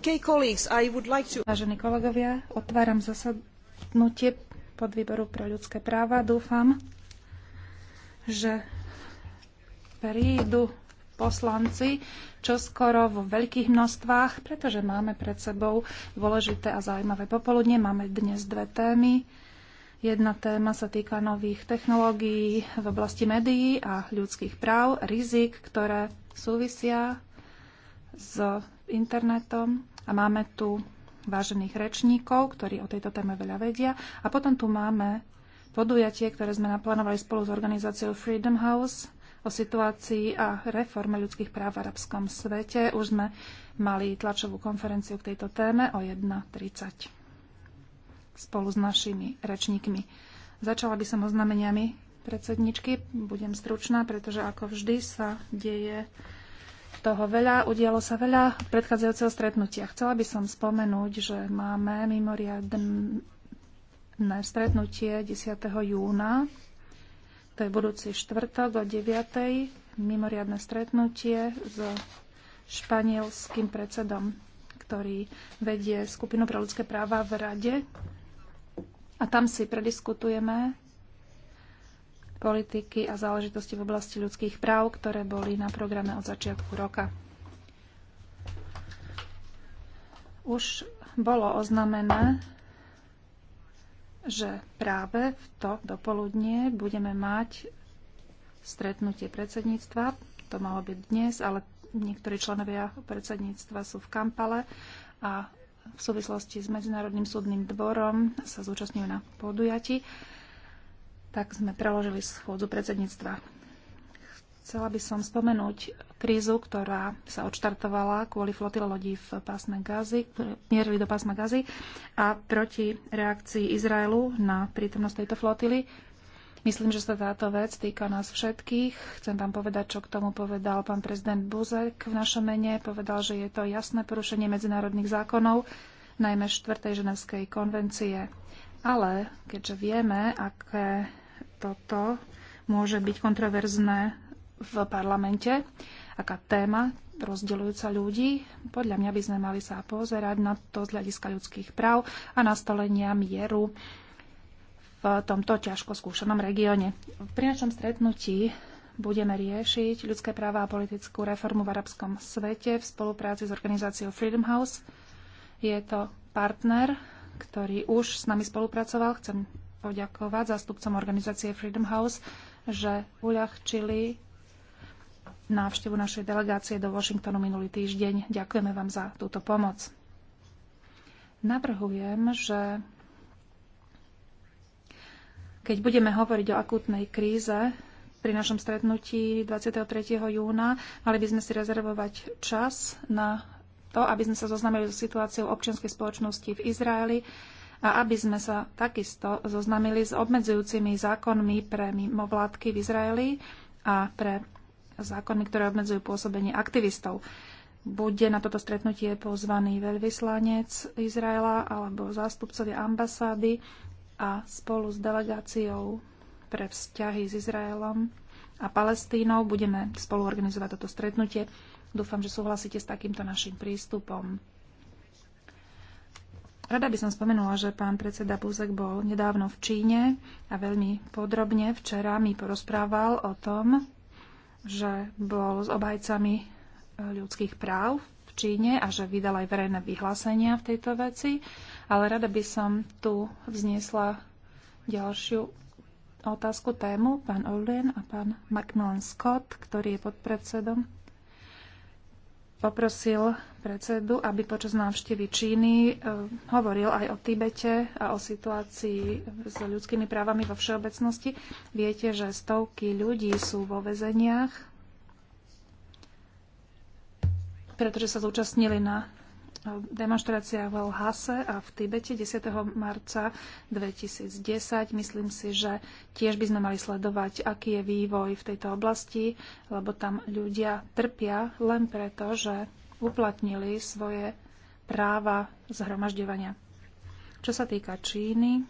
Vážení kolegovia, otváram zasadnutie podvýboru pre ľudské práva. Dúfam, že prídu poslanci čoskoro vo veľkých množstvách, pretože máme pred sebou dôležité a zaujímavé popoludne. Máme dnes dve témy. Jedna téma sa týka nových technológií v oblasti médií a ľudských práv, rizik, ktoré súvisia s internetom a máme tu vážených rečníkov, ktorí o tejto téme veľa vedia. A potom tu máme podujatie, ktoré sme naplánovali spolu s organizáciou Freedom House o situácii a reforme ľudských práv v arabskom svete. Už sme mali tlačovú konferenciu k tejto téme o 1.30 spolu s našimi rečníkmi. Začala by som oznameniami predsedničky. Budem stručná, pretože ako vždy sa deje toho veľa, udialo sa veľa predchádzajúceho stretnutia. Chcela by som spomenúť, že máme mimoriadne stretnutie 10. júna, to je budúci štvrtok o 9. mimoriadne stretnutie s španielským predsedom, ktorý vedie skupinu pre ľudské práva v Rade. A tam si prediskutujeme politiky a záležitosti v oblasti ľudských práv, ktoré boli na programe od začiatku roka. Už bolo oznamené, že práve v to dopoludnie budeme mať stretnutie predsedníctva. To malo byť dnes, ale niektorí členovia predsedníctva sú v Kampale a v súvislosti s Medzinárodným súdnym dvorom sa zúčastňujú na podujati tak sme preložili schôdzu predsedníctva. Chcela by som spomenúť krízu, ktorá sa odštartovala kvôli flotile lodí v pásme Gazy, mierili do pásma Gazy a proti reakcii Izraelu na prítomnosť tejto flotily. Myslím, že sa táto vec týka nás všetkých. Chcem vám povedať, čo k tomu povedal pán prezident Buzek v našom mene. Povedal, že je to jasné porušenie medzinárodných zákonov, najmä 4. ženevskej konvencie. Ale keďže vieme, aké toto môže byť kontroverzné v parlamente, aká téma rozdeľujúca ľudí. Podľa mňa by sme mali sa pozerať na to z hľadiska ľudských práv a nastolenia mieru v tomto ťažko skúšanom regióne. Pri našom stretnutí budeme riešiť ľudské práva a politickú reformu v arabskom svete v spolupráci s organizáciou Freedom House. Je to partner, ktorý už s nami spolupracoval. Chcem poďakovať zástupcom organizácie Freedom House, že uľahčili návštevu našej delegácie do Washingtonu minulý týždeň. Ďakujeme vám za túto pomoc. Navrhujem, že keď budeme hovoriť o akútnej kríze, pri našom stretnutí 23. júna mali by sme si rezervovať čas na to, aby sme sa zoznamili so situáciou občianskej spoločnosti v Izraeli, a aby sme sa takisto zoznamili s obmedzujúcimi zákonmi pre mimovládky v Izraeli a pre zákony, ktoré obmedzujú pôsobenie aktivistov. Bude na toto stretnutie pozvaný veľvyslanec Izraela alebo zástupcovia ambasády a spolu s delegáciou pre vzťahy s Izraelom a Palestínou budeme spolu organizovať toto stretnutie. Dúfam, že súhlasíte s takýmto našim prístupom. Rada by som spomenula, že pán predseda Buzek bol nedávno v Číne a veľmi podrobne včera mi porozprával o tom, že bol s obhajcami e, ľudských práv v Číne a že vydal aj verejné vyhlásenia v tejto veci. Ale rada by som tu vzniesla ďalšiu otázku tému, pán Olin a pán Macmillan Scott, ktorý je podpredsedom poprosil predsedu, aby počas návštevy Číny e, hovoril aj o Tibete a o situácii s ľudskými právami vo všeobecnosti. Viete, že stovky ľudí sú vo väzeniach, pretože sa zúčastnili na demonstrácia v Lhase a v Tibete 10. marca 2010. Myslím si, že tiež by sme mali sledovať, aký je vývoj v tejto oblasti, lebo tam ľudia trpia len preto, že uplatnili svoje práva zhromažďovania. Čo sa týka Číny,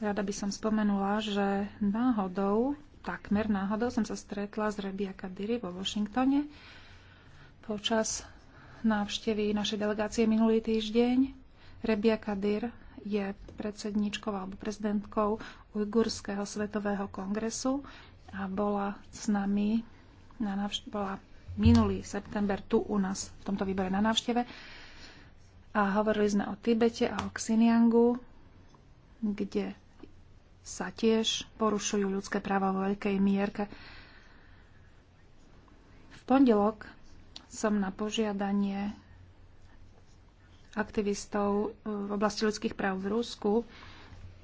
rada by som spomenula, že náhodou, takmer náhodou som sa stretla s Rebiaka Diri vo Washingtone počas návštevy našej delegácie minulý týždeň. Rebia Kadir je predsedničkou alebo prezidentkou Ujgurského svetového kongresu a bola s nami na návšteve, bola minulý september tu u nás v tomto výbore na návšteve a hovorili sme o Tibete a o Xinjiangu, kde sa tiež porušujú ľudské práva vo veľkej mierke. V pondelok som na požiadanie aktivistov e, v oblasti ľudských práv v Rusku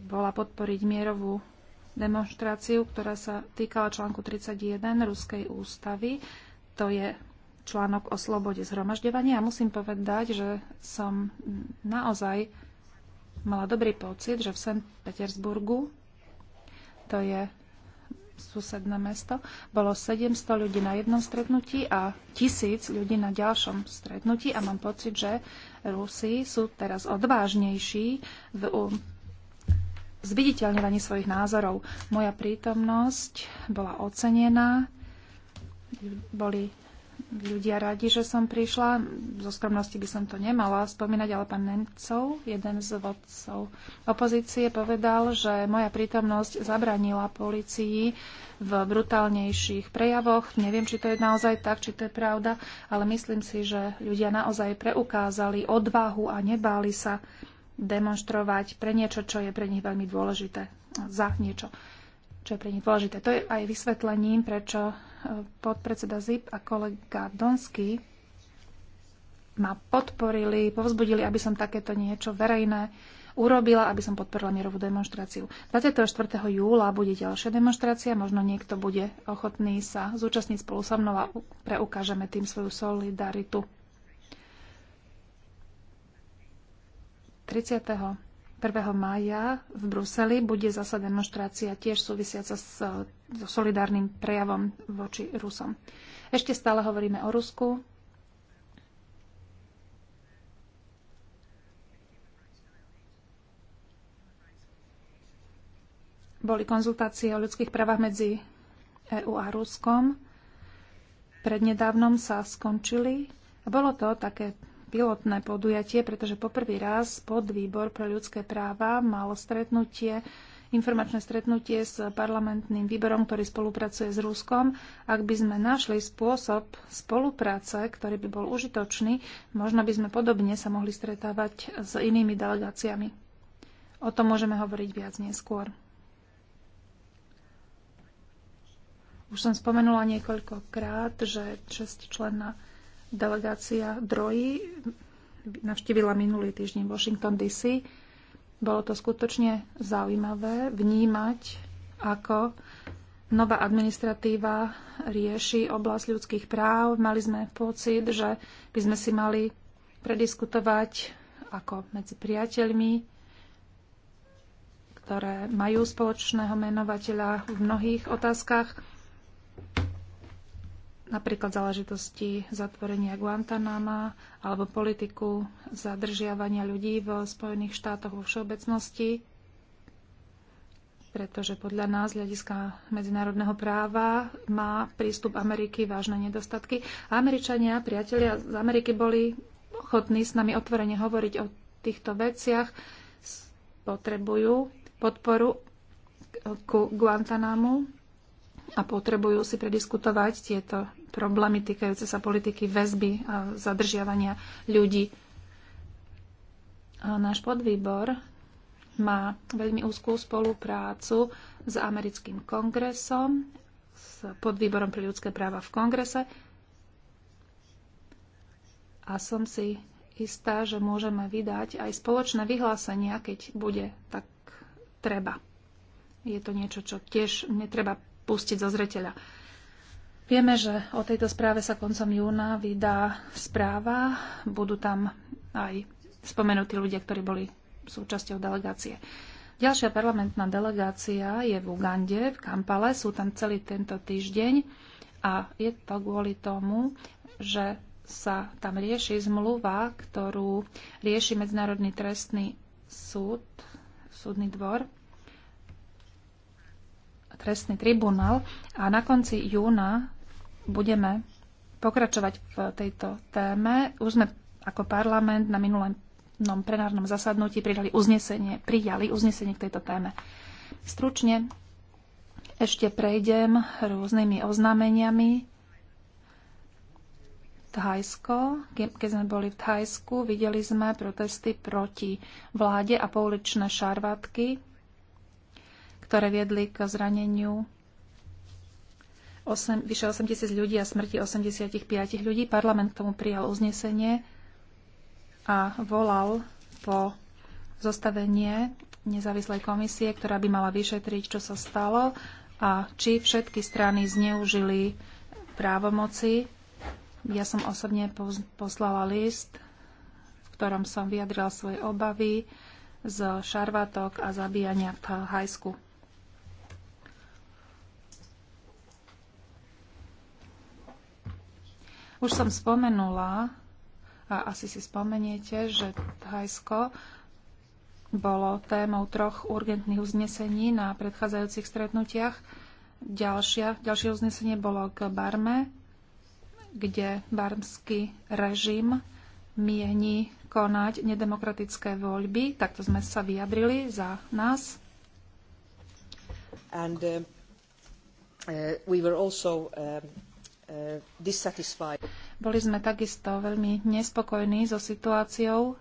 bola podporiť mierovú demonstráciu, ktorá sa týkala článku 31 Ruskej ústavy. To je článok o slobode zhromažďovania a musím povedať, že som naozaj mala dobrý pocit, že v St. Petersburgu, to je susedné mesto. Bolo 700 ľudí na jednom stretnutí a tisíc ľudí na ďalšom stretnutí a mám pocit, že Rusi sú teraz odvážnejší v zviditeľňovaní svojich názorov. Moja prítomnosť bola ocenená, boli ľudia radi, že som prišla. Zo skromnosti by som to nemala spomínať, ale pán Nemcov, jeden z vodcov opozície, povedal, že moja prítomnosť zabranila policii v brutálnejších prejavoch. Neviem, či to je naozaj tak, či to je pravda, ale myslím si, že ľudia naozaj preukázali odvahu a nebáli sa demonstrovať pre niečo, čo je pre nich veľmi dôležité. Za niečo čo je pre nich dôležité. To je aj vysvetlením, prečo e, podpredseda ZIP a kolega Donsky ma podporili, povzbudili, aby som takéto niečo verejné urobila, aby som podporila mierovú demonstráciu. 24. júla bude ďalšia demonstrácia, možno niekto bude ochotný sa zúčastniť spolu so mnou a preukážeme tým svoju solidaritu. 30. 1. mája v Bruseli bude zasa demonstrácia tiež súvisiaca s, so solidárnym prejavom voči Rusom. Ešte stále hovoríme o Rusku. Boli konzultácie o ľudských právach medzi EÚ a Ruskom. Prednedávnom sa skončili. Bolo to také pilotné podujatie, pretože poprvý raz pod výbor pre ľudské práva mal stretnutie, informačné stretnutie s parlamentným výborom, ktorý spolupracuje s Ruskom. Ak by sme našli spôsob spolupráce, ktorý by bol užitočný, možno by sme podobne sa mohli stretávať s inými delegáciami. O tom môžeme hovoriť viac neskôr. Už som spomenula niekoľkokrát, že čestčlenná členná Delegácia Droji navštívila minulý týždeň Washington DC. Bolo to skutočne zaujímavé vnímať, ako nová administratíva rieši oblasť ľudských práv. Mali sme pocit, že by sme si mali prediskutovať ako medzi priateľmi, ktoré majú spoločného menovateľa v mnohých otázkach napríklad záležitosti zatvorenia Guantanama alebo politiku zadržiavania ľudí v Spojených štátoch vo všeobecnosti, pretože podľa nás, hľadiska medzinárodného práva, má prístup Ameriky vážne nedostatky. A Američania, priatelia z Ameriky boli ochotní s nami otvorene hovoriť o týchto veciach, potrebujú podporu ku Guantanamu a potrebujú si prediskutovať tieto problémy týkajúce sa politiky väzby a zadržiavania ľudí. A náš podvýbor má veľmi úzkú spoluprácu s americkým kongresom, s podvýborom pre ľudské práva v kongrese a som si istá, že môžeme vydať aj spoločné vyhlásenia, keď bude tak treba. Je to niečo, čo tiež netreba pustiť zo zreteľa. Vieme, že o tejto správe sa koncom júna vydá správa. Budú tam aj spomenutí ľudia, ktorí boli súčasťou delegácie. Ďalšia parlamentná delegácia je v Ugande, v Kampale. Sú tam celý tento týždeň a je to kvôli tomu, že sa tam rieši zmluva, ktorú rieši Medzinárodný trestný súd, súdny dvor trestný tribunál a na konci júna budeme pokračovať v tejto téme. Už sme ako parlament na minulom plenárnom zasadnutí prijali uznesenie, prijali uznesenie k tejto téme. Stručne ešte prejdem rôznymi oznámeniami. Thajsko. Keď sme boli v Thajsku, videli sme protesty proti vláde a pouličné šarvátky ktoré viedli k zraneniu 8, vyše 8 tisíc ľudí a smrti 85 ľudí. Parlament k tomu prijal uznesenie a volal po zostavenie nezávislej komisie, ktorá by mala vyšetriť, čo sa stalo a či všetky strany zneužili právomoci. Ja som osobne poslala list, v ktorom som vyjadrila svoje obavy z šarvatok a zabíjania v Thajsku. Už som spomenula, a asi si spomeniete, že Thajsko bolo témou troch urgentných uznesení na predchádzajúcich stretnutiach. Ďalšia, ďalšie uznesenie bolo k Barme, kde barmský režim mieni konať nedemokratické voľby. Takto sme sa vyjadrili za nás. And, uh, uh, we were also, uh... Uh, Boli sme takisto veľmi nespokojní so situáciou,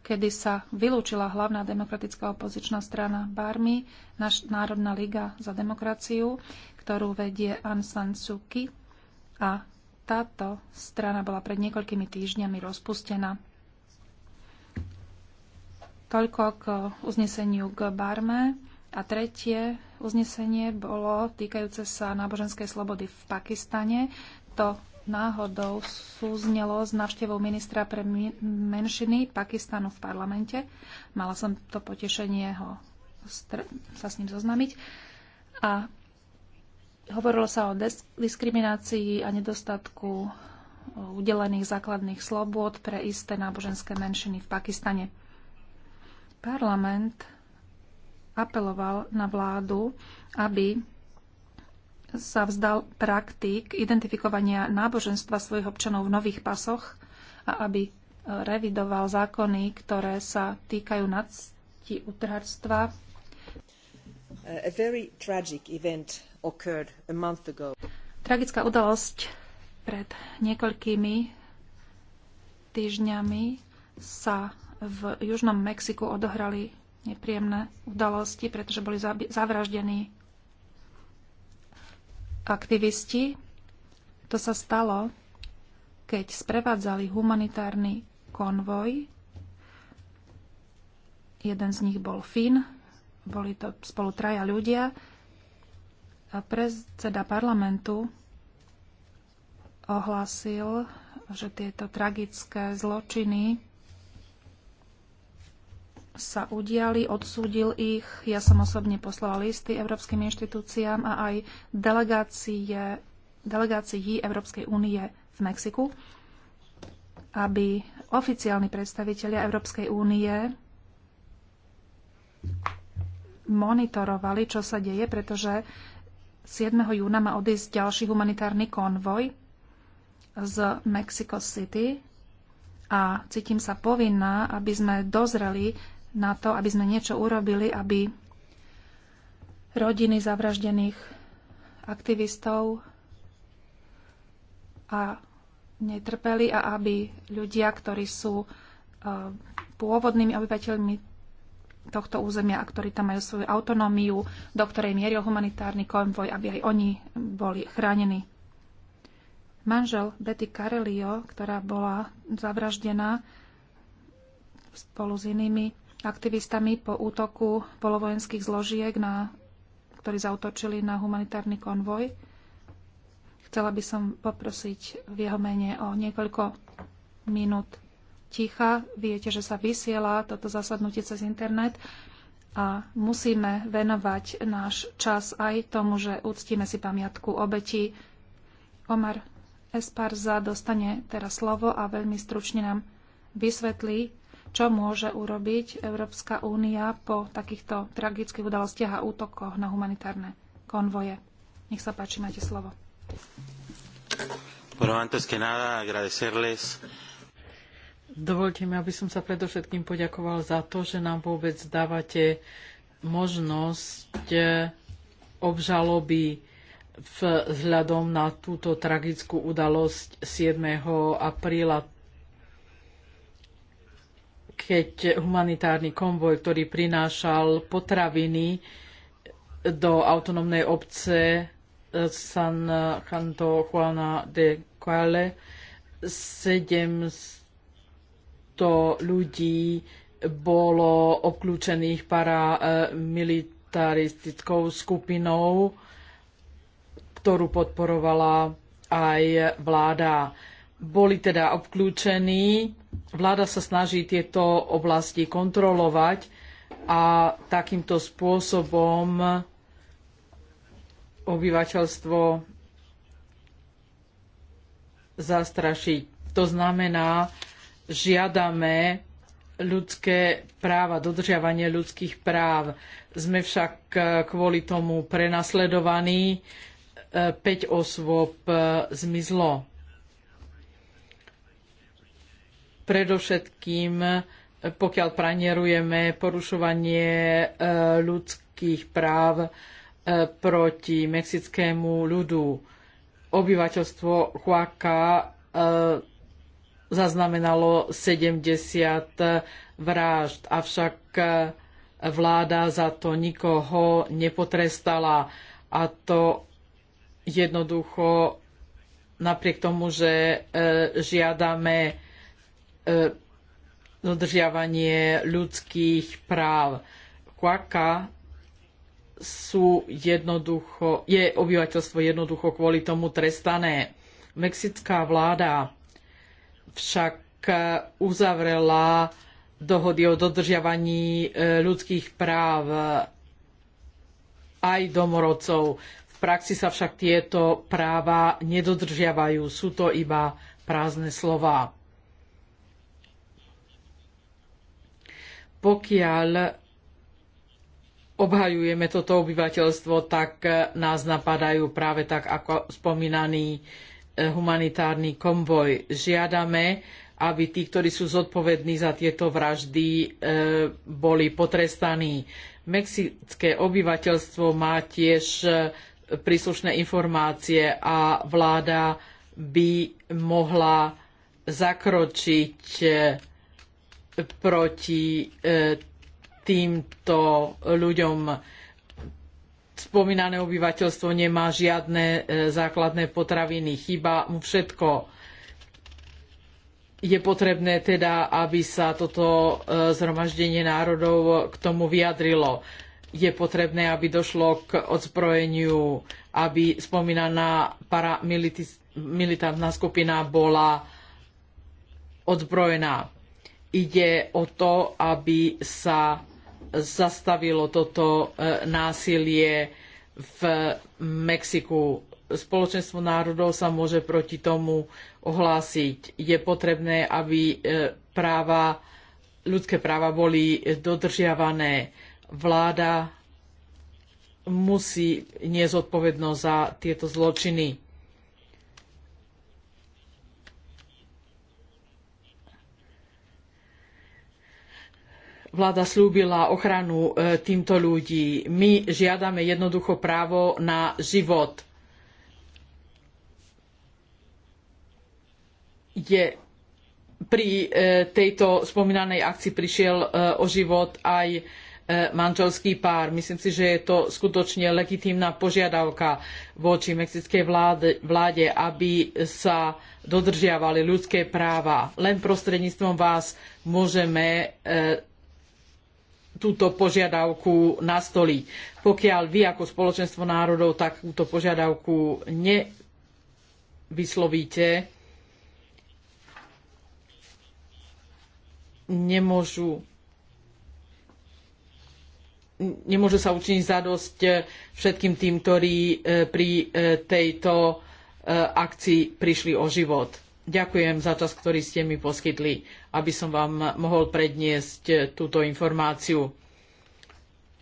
kedy sa vylúčila hlavná demokratická opozičná strana Barmy, náš Národná liga za demokraciu, ktorú vedie Aung San Suu Kyi a táto strana bola pred niekoľkými týždňami rozpustená. Toľko k uzneseniu k Barme. A tretie, uznesenie bolo týkajúce sa náboženskej slobody v Pakistane. To náhodou súznelo s návštevou ministra pre menšiny Pakistanu v parlamente. Mala som to potešenie ho sa s ním zoznamiť. A hovorilo sa o diskriminácii a nedostatku udelených základných slobôd pre isté náboženské menšiny v Pakistane. Parlament apeloval na vládu, aby sa vzdal praktík identifikovania náboženstva svojich občanov v nových pasoch a aby e, revidoval zákony, ktoré sa týkajú nadsti utrárstva. Tragická udalosť pred niekoľkými týždňami sa v južnom Mexiku odohrali nepríjemné udalosti, pretože boli zavraždení aktivisti. To sa stalo, keď sprevádzali humanitárny konvoj. Jeden z nich bol Fín, boli to spolu traja ľudia. A predseda parlamentu ohlásil, že tieto tragické zločiny sa udiali, odsúdil ich. Ja som osobne poslala listy európskym inštitúciám a aj delegácie, delegácii Európskej únie v Mexiku, aby oficiálni predstavitelia Európskej únie monitorovali, čo sa deje, pretože 7. júna má odísť ďalší humanitárny konvoj z Mexico City a cítim sa povinná, aby sme dozreli na to, aby sme niečo urobili, aby rodiny zavraždených aktivistov a netrpeli a aby ľudia, ktorí sú eh, pôvodnými obyvateľmi tohto územia a ktorí tam majú svoju autonómiu, do ktorej mieril humanitárny konvoj, aby aj oni boli chránení. Manžel Betty Carelio, ktorá bola zavraždená spolu s inými aktivistami po útoku polovojenských zložiek, na, ktorí zautočili na humanitárny konvoj. Chcela by som poprosiť v jeho mene o niekoľko minút ticha. Viete, že sa vysiela toto zasadnutie cez internet a musíme venovať náš čas aj tomu, že uctíme si pamiatku obeti. Omar Esparza dostane teraz slovo a veľmi stručne nám vysvetlí, čo môže urobiť Európska únia po takýchto tragických udalostiach a útokoch na humanitárne konvoje. Nech sa páči, máte slovo. Dovolte mi, aby som sa predovšetkým poďakoval za to, že nám vôbec dávate možnosť eh, obžaloby vzhľadom na túto tragickú udalosť 7. apríla keď humanitárny konvoj, ktorý prinášal potraviny do autonómnej obce eh, San Canto Juana de Quale, 700 ľudí bolo obklúčených paramilitaristickou skupinou, ktorú podporovala aj vláda boli teda obklúčení. Vláda sa snaží tieto oblasti kontrolovať a takýmto spôsobom obyvateľstvo zastrašiť. To znamená, žiadame ľudské práva, dodržiavanie ľudských práv. Sme však e, kvôli tomu prenasledovaní. 5 e, osôb e, zmizlo Predovšetkým, e, pokiaľ pranierujeme porušovanie e, ľudských práv e, proti mexickému ľudu. Obyvateľstvo Huaca zaznamenalo 70 vražd, avšak vláda za to nikoho nepotrestala. A to jednoducho napriek tomu, že žiadame E, dodržiavanie ľudských práv. Kvaka sú jednoducho, je obyvateľstvo jednoducho kvôli tomu trestané. Mexická vláda však uzavrela dohody o dodržiavaní e, ľudských práv aj domorodcov. V praxi sa však tieto práva nedodržiavajú. Sú to iba prázdne slová. pokiaľ obhajujeme toto obyvateľstvo, tak nás napadajú práve tak ako spomínaný eh, humanitárny konvoj. Žiadame, aby tí, ktorí sú zodpovední za tieto vraždy, eh, boli potrestaní. Mexické obyvateľstvo má tiež eh, príslušné informácie a vláda by mohla zakročiť proti e, týmto ľuďom. Spomínané obyvateľstvo nemá žiadne e, základné potraviny, chyba mu všetko. Je potrebné teda, aby sa toto e, zhromaždenie národov k tomu vyjadrilo je potrebné, aby došlo k odzbrojeniu, aby spomínaná paramilitantná skupina bola odzbrojená ide o to, aby sa zastavilo toto e, násilie v Mexiku. Spoločenstvo národov sa môže proti tomu ohlásiť. Je potrebné, aby e, práva, ľudské práva boli dodržiavané. Vláda musí niesť zodpovednosť za tieto zločiny Vláda slúbila ochranu e, týmto ľudí. My žiadame jednoducho právo na život. Je pri e, tejto spomínanej akcii prišiel e, o život aj manželský pár. Myslím si, že je to skutočne legitímna požiadavka voči mexickej vláde, vláde, aby sa dodržiavali ľudské práva. Len prostredníctvom vás môžeme túto požiadavku nastolí. Pokiaľ vy ako spoločenstvo národov takúto požiadavku nevyslovíte, nemôžu nemôže sa učiniť zadosť všetkým tým, ktorí eh, pri eh, tejto eh, akcii prišli o život. Ďakujem za čas, ktorý ste mi poskytli, aby som vám mohol predniesť eh, túto informáciu.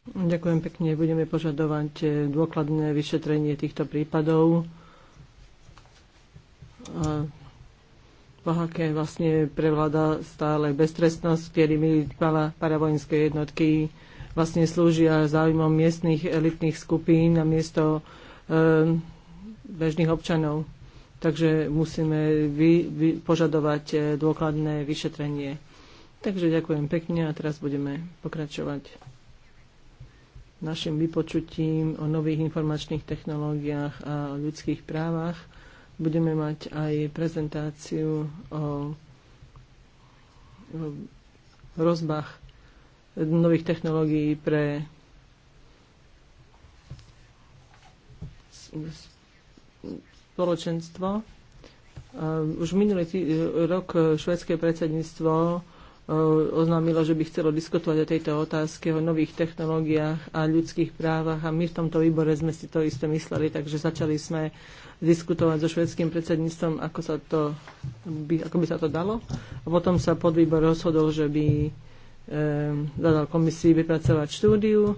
Ďakujem pekne. Budeme požadovať eh, dôkladné vyšetrenie týchto prípadov. A Oaxaca vlastne prevláda stále beztrestnosť, ktorými paravojenské jednotky vlastne slúžia záujmom miestnych elitných skupín namiesto miesto eh, bežných občanov. Takže musíme vy, vy, požadovať e, dôkladné vyšetrenie. Takže ďakujem pekne a teraz budeme pokračovať našim vypočutím o nových informačných technológiách a ľudských právach. Budeme mať aj prezentáciu o, o rozbách nových technológií pre spoločenstvo. E, už minulý e, rok švedské predsedníctvo e, oznámilo, že by chcelo diskutovať o tejto otázke, o nových technológiách a ľudských právach a my v tomto výbore sme si to isté mysleli, takže začali sme diskutovať so švedským predsedníctvom, ako, sa to, by, ako by sa to dalo. A potom sa podvýbor rozhodol, že by e, zadal komisii vypracovať štúdiu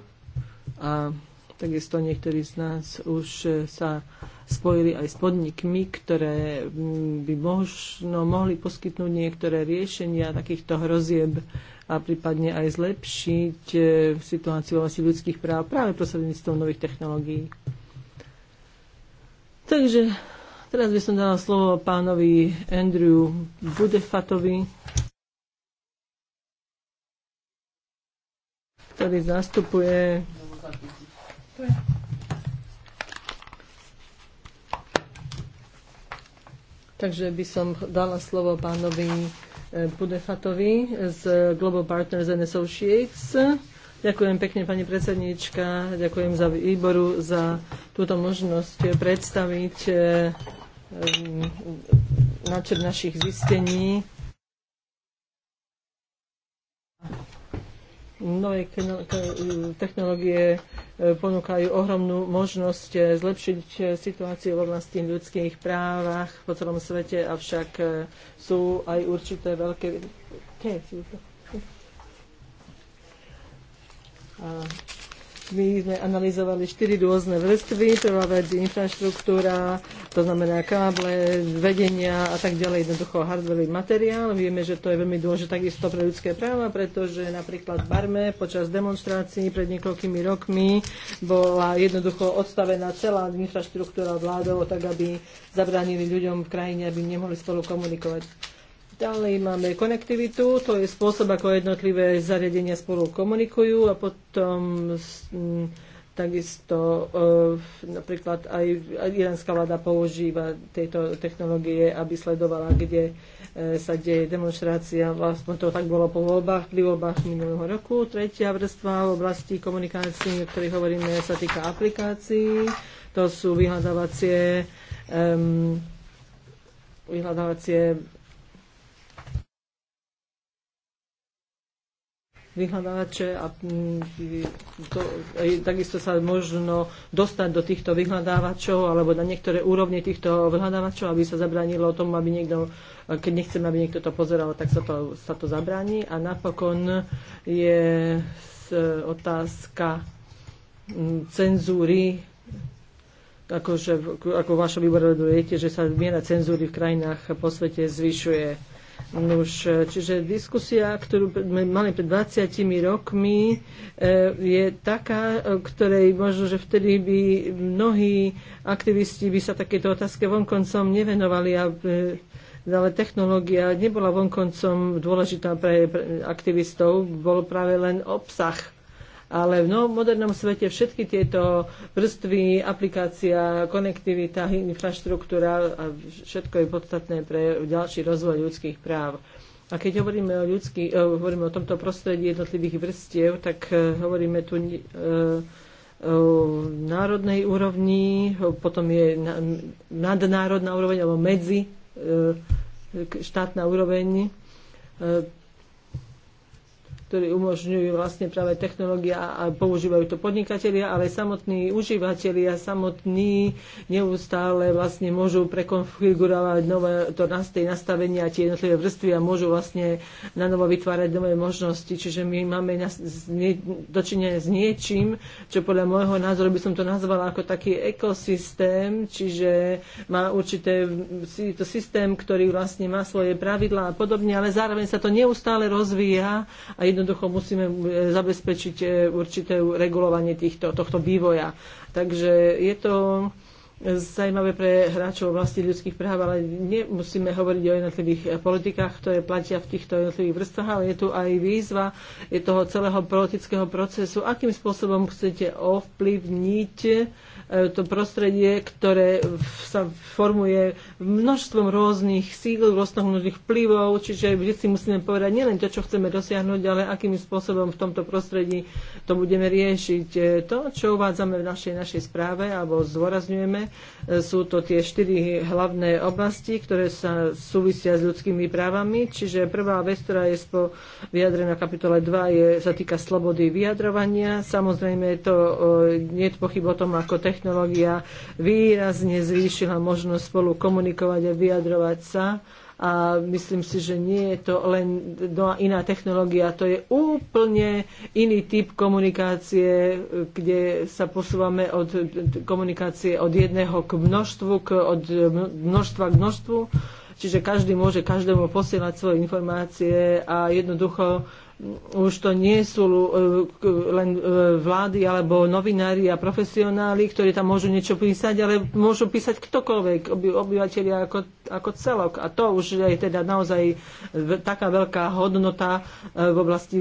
a takisto niektorí z nás už sa spojili aj s podnikmi, ktoré mm, by možno mohli poskytnúť niektoré riešenia takýchto hrozieb a prípadne aj zlepšiť e, situáciu vlastne ľudských práv práve prostredníctvom nových technológií. Takže teraz by som dala slovo pánovi Andrew Budefatovi, ktorý zastupuje Takže by som dala slovo pánovi Budefatovi eh, z Global Partners and Associates. Ďakujem pekne, pani predsednička. Ďakujem za výboru za túto možnosť predstaviť eh, načer našich zistení nové technológie e, ponúkajú ohromnú možnosť e, zlepšiť e, situáciu v oblasti ľudských právach po celom svete, avšak sú aj určité veľké... A vrstvy sme analyzovali štyri rôzne vrstvy. Prvá vec je infraštruktúra, to znamená káble, vedenia a tak ďalej, jednoducho hardware materiál. Vieme, že to je veľmi dôležité takisto pre ľudské práva, pretože napríklad v Barme počas demonstrácií pred niekoľkými rokmi bola jednoducho odstavená celá infraštruktúra vládov, tak aby zabránili ľuďom v krajine, aby nemohli spolu komunikovať. Ďalej máme konektivitu, to je spôsob, ako jednotlivé zariadenia spolu komunikujú a potom takisto e, napríklad aj iránska vláda používa tieto technológie, aby sledovala, kde e, sa deje demonstrácia. Vlastne to tak bolo po voľbách, pri voľbách minulého roku. Tretia vrstva v oblasti komunikácií, o ktorej hovoríme, sa týka aplikácií. To sú vyhľadávacie um, vyhľadávacie vyhľadávače a mm, to, takisto sa možno dostať do týchto vyhľadávačov alebo na niektoré úrovne týchto vyhľadávačov, aby sa zabránilo tomu, aby niekto, keď nechceme, aby niekto to pozeral, tak sa to, sa to zabráni. A napokon je otázka mm, cenzúry akože, ako vaša výbor viete, že sa miera cenzúry v krajinách po svete zvyšuje Nuž, čiže diskusia, ktorú sme mali pred 20 rokmi, e, je taká, e, ktorej možno, že vtedy by mnohí aktivisti by sa takéto otázke vonkoncom nevenovali a e, ale technológia nebola vonkoncom dôležitá pre, aktivistov, bol práve len obsah ale v novom modernom svete všetky tieto vrstvy, aplikácia, konektivita, infraštruktúra a všetko je podstatné pre ďalší rozvoj ľudských práv. A keď hovoríme o, ľudský, e, hovoríme o tomto prostredí jednotlivých vrstiev, tak e, hovoríme tu e, národnej úrovni, potom je nadnárodná úroveň alebo medzi štátna úroveň ktorý umožňujú vlastne práve technológia a používajú to podnikatelia, ale samotní užívateľia, samotní neustále vlastne môžu prekonfigurovať nové to nastavenia, tie jednotlivé vrstvy a môžu vlastne na novo vytvárať nové možnosti. Čiže my máme dočinenie s niečím, čo podľa môjho názoru by som to nazvala ako taký ekosystém, čiže má určité to systém, ktorý vlastne má svoje pravidlá a podobne, ale zároveň sa to neustále rozvíja a jedno jednoducho musíme e, zabezpečiť e, určité regulovanie týchto, tohto vývoja. Takže je to zaujímavé pre hráčov oblasti ľudských práv, ale nemusíme hovoriť o jednotlivých politikách, ktoré platia v týchto jednotlivých vrstvách, ale je tu aj výzva je toho celého politického procesu. Akým spôsobom chcete ovplyvniť E, to prostredie, ktoré sa formuje množstvom rôznych síl, rôznych vplyvov, čiže vždy si musíme povedať nielen to, čo chceme dosiahnuť, ale akým spôsobom v tomto prostredí to budeme riešiť. E, to, čo uvádzame v našej, našej správe alebo zdôrazňujeme, e, sú to tie štyri hlavné oblasti, ktoré sa súvisia s ľudskými právami, čiže prvá vec, ktorá je spo vyjadrená kapitole 2, je, sa týka slobody vyjadrovania. Samozrejme, to nie je pochyb o tom, ako technik technológia výrazne zvýšila možnosť spolu komunikovať a vyjadrovať sa a myslím si, že nie je to len iná technológia, to je úplne iný typ komunikácie, kde sa posúvame od komunikácie od jedného k množstvu, k, od množstva k množstvu. Čiže každý môže každému posielať svoje informácie a jednoducho už to nie sú e, len e, vlády alebo novinári a profesionáli, ktorí tam môžu niečo písať, ale môžu písať ktokoľvek, obyvateľia ako, ako celok. A to už je teda naozaj taká veľká hodnota e, v oblasti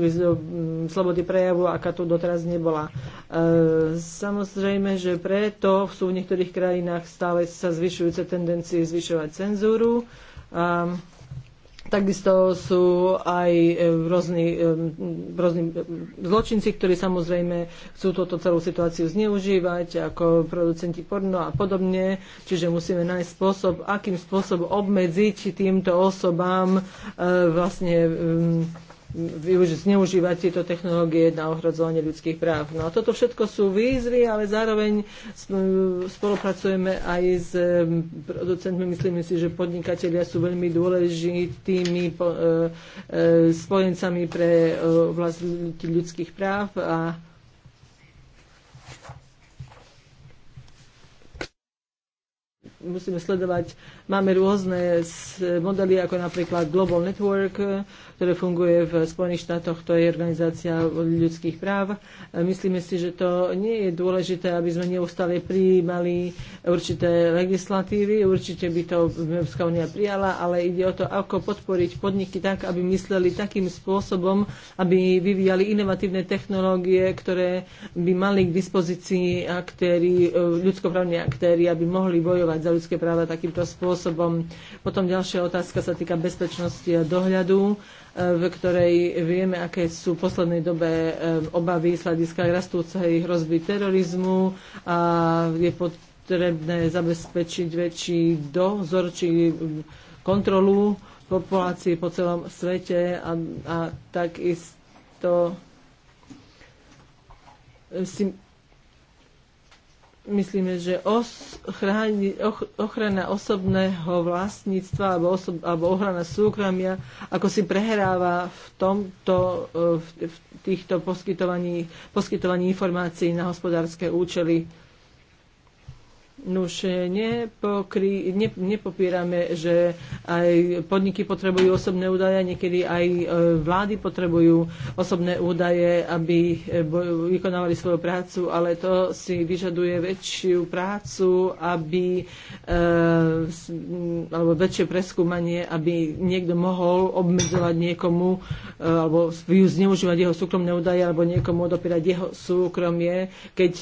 slobody prejavu, aká tu doteraz nebola. Samozrejme, že preto sú v niektorých krajinách stále sa zvyšujúce tendencie zvyšovať cenzúru. A Takisto sú aj e, rôzni, e, rôzni e, zločinci, ktorí samozrejme chcú túto celú situáciu zneužívať, ako producenti porno a podobne. Čiže musíme nájsť spôsob, akým spôsobom obmedziť týmto osobám vlastne zneužívať tieto technológie na ohrozovanie ľudských práv. No a toto všetko sú výzvy, ale zároveň spolupracujeme aj s producentmi. Myslím si, že podnikatelia sú veľmi dôležitými e, e, spojencami pre vlast e, ľudských práv a musíme sledovať Máme rôzne modely, ako napríklad Global Network, ktoré funguje v Spojených štátoch, to je organizácia ľudských práv. Myslíme si, že to nie je dôležité, aby sme neustále prijímali určité legislatívy. Určite by to Európska únia prijala, ale ide o to, ako podporiť podniky tak, aby mysleli takým spôsobom, aby vyvíjali inovatívne technológie, ktoré by mali k dispozícii aktéry, ľudskoprávne aktéry, aby mohli bojovať za ľudské práva takýmto spôsobom spôsobom. Potom ďalšia otázka sa týka bezpečnosti a dohľadu, e, v ktorej vieme, aké sú v poslednej dobe e, obavy z hľadiska rastúcej hrozby terorizmu a je potrebné zabezpečiť väčší dozor či kontrolu populácie po celom svete a, a takisto si myslíme, že os, chráni, och, ochrana osobného vlastníctva alebo, osob, alebo ochrana súkromia ako si prehráva v tomto, e, v, v týchto poskytovaní, poskytovaní informácií na hospodárske účely. Nuž nepokry, ne, nepopírame, že aj podniky potrebujú osobné údaje, niekedy aj e, vlády potrebujú osobné údaje, aby e, vykonávali svoju prácu, ale to si vyžaduje väčšiu prácu, aby, e, alebo väčšie preskúmanie, aby niekto mohol obmedzovať niekomu alebo zneužívať jeho súkromné údaje alebo niekomu odopierať jeho súkromie, keď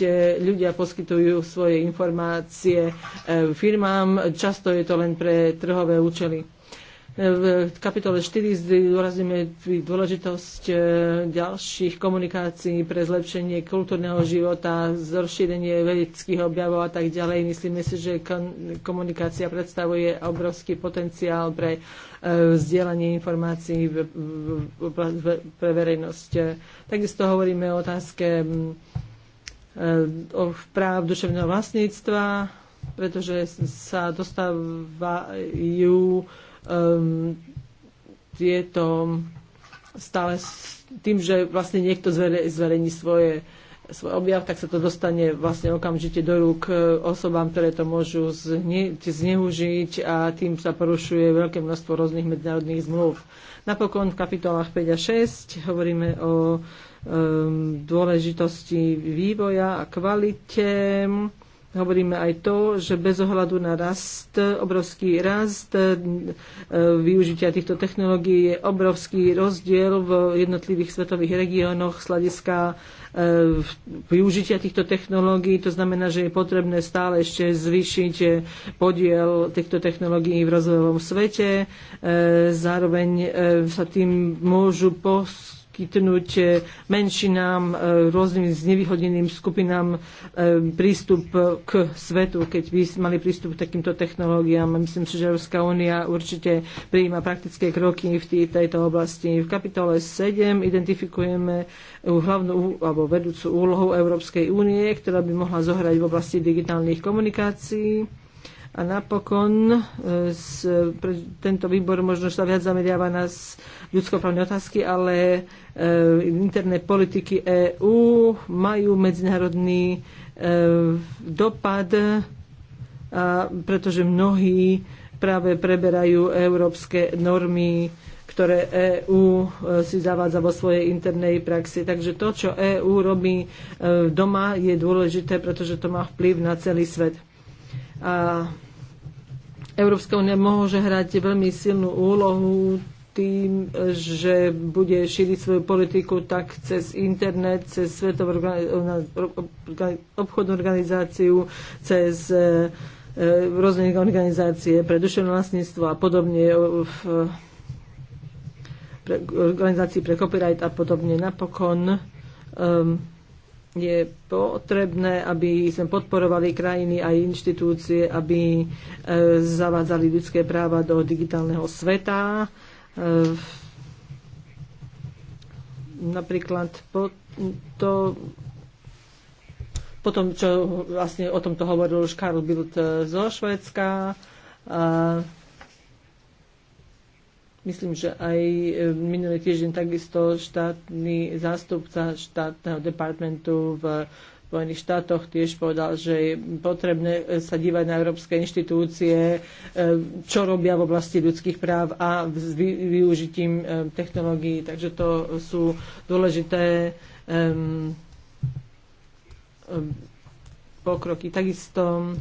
ľudia poskytujú svoje informácie dotácie e, firmám. Často je to len pre trhové účely. E, v kapitole 4 zdôrazňujeme dôležitosť e, ďalších komunikácií pre zlepšenie kultúrneho života, zrozšírenie vedeckých objavov a tak ďalej. Myslíme si, že komunikácia predstavuje obrovský potenciál pre vzdielanie informácií pre verejnosť. Takisto hovoríme o otázke E, práv duševného vlastníctva, pretože sa dostávajú um, tieto stále s tým, že vlastne niekto zvere, zverejní svoje, svoj objav, tak sa to dostane vlastne okamžite do rúk e, osobám, ktoré to môžu zne, zneužiť a tým sa porušuje veľké množstvo rôznych medzinárodných zmluv. Napokon v kapitolách 5 a 6 hovoríme o Um, dôležitosti vývoja a kvalite. Hovoríme aj to, že bez ohľadu na rast, obrovský rast e, využitia týchto technológií je obrovský rozdiel v jednotlivých svetových regiónoch z hľadiska e, využitia týchto technológií. To znamená, že je potrebné stále ešte zvýšiť podiel týchto technológií v rozvojovom svete. E, zároveň sa tým môžu post poskytnúť eh, menšinám, eh, rôznym znevýhodneným skupinám eh, prístup k svetu, keď by mali prístup k takýmto technológiám. Myslím si, že Európska únia určite prijíma praktické kroky v tejto oblasti. V kapitole 7 identifikujeme hlavnú alebo vedúcu úlohu Európskej únie, ktorá by mohla zohrať v oblasti digitálnych komunikácií a napokon z, e, pre, tento výbor možno sa viac zameriava na ľudskoprávne otázky, ale e, interné politiky EÚ majú medzinárodný e, dopad, a, pretože mnohí práve preberajú európske normy, ktoré EÚ e, si zavádza vo svojej internej praxi. Takže to, čo EÚ robí e, doma, je dôležité, pretože to má vplyv na celý svet. A Európska únia môže hrať veľmi silnú úlohu tým, že bude šíriť svoju politiku tak cez internet, cez Svetovú obchodnú organizáciu, cez e, e, rôzne organizácie pre duševné vlastníctvo a podobne e, v organizácii pre copyright a podobne. Napokon um, je potrebné, aby sme podporovali krajiny a inštitúcie, aby e, zavádzali ľudské práva do digitálneho sveta. E, napríklad po to potom, čo vlastne o tomto hovoril už Karl Bild e, zo Švedska, Myslím, že aj e, minulý týždeň takisto štátny zástupca štátneho departmentu v Spojených štátoch tiež povedal, že je potrebné e, sa dívať na európske inštitúcie, e, čo robia v oblasti ľudských práv a s využitím technológií. Takže to sú dôležité pokroky. Takisto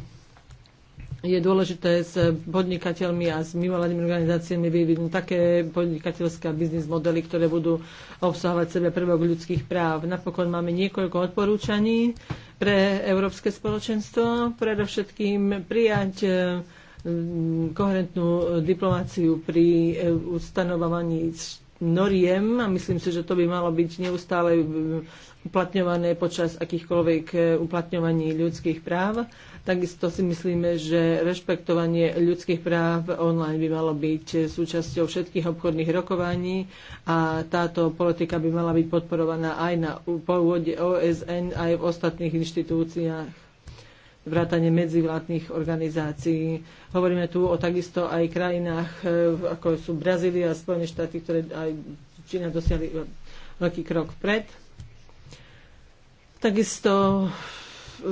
je dôležité s podnikateľmi a s mimovládnymi organizáciami vyvinúť také podnikateľské biznis modely, ktoré budú obsahovať sebe prvok ľudských práv. Napokon máme niekoľko odporúčaní pre Európske spoločenstvo, predovšetkým prijať e, koherentnú diplomáciu pri e, ustanovovaní noriem a myslím si, že to by malo byť neustále uplatňované počas akýchkoľvek eh, uplatňovaní ľudských práv. Takisto si myslíme, že rešpektovanie ľudských práv online by malo byť eh, súčasťou všetkých obchodných rokovaní a táto politika by mala byť podporovaná aj na pôvode OSN, aj v ostatných inštitúciách vrátane medzivládnych organizácií. Hovoríme tu o takisto aj krajinách, eh, ako sú Brazília a Spojené štáty, ktoré aj Čína dosiahli veľký krok vpred. Takisto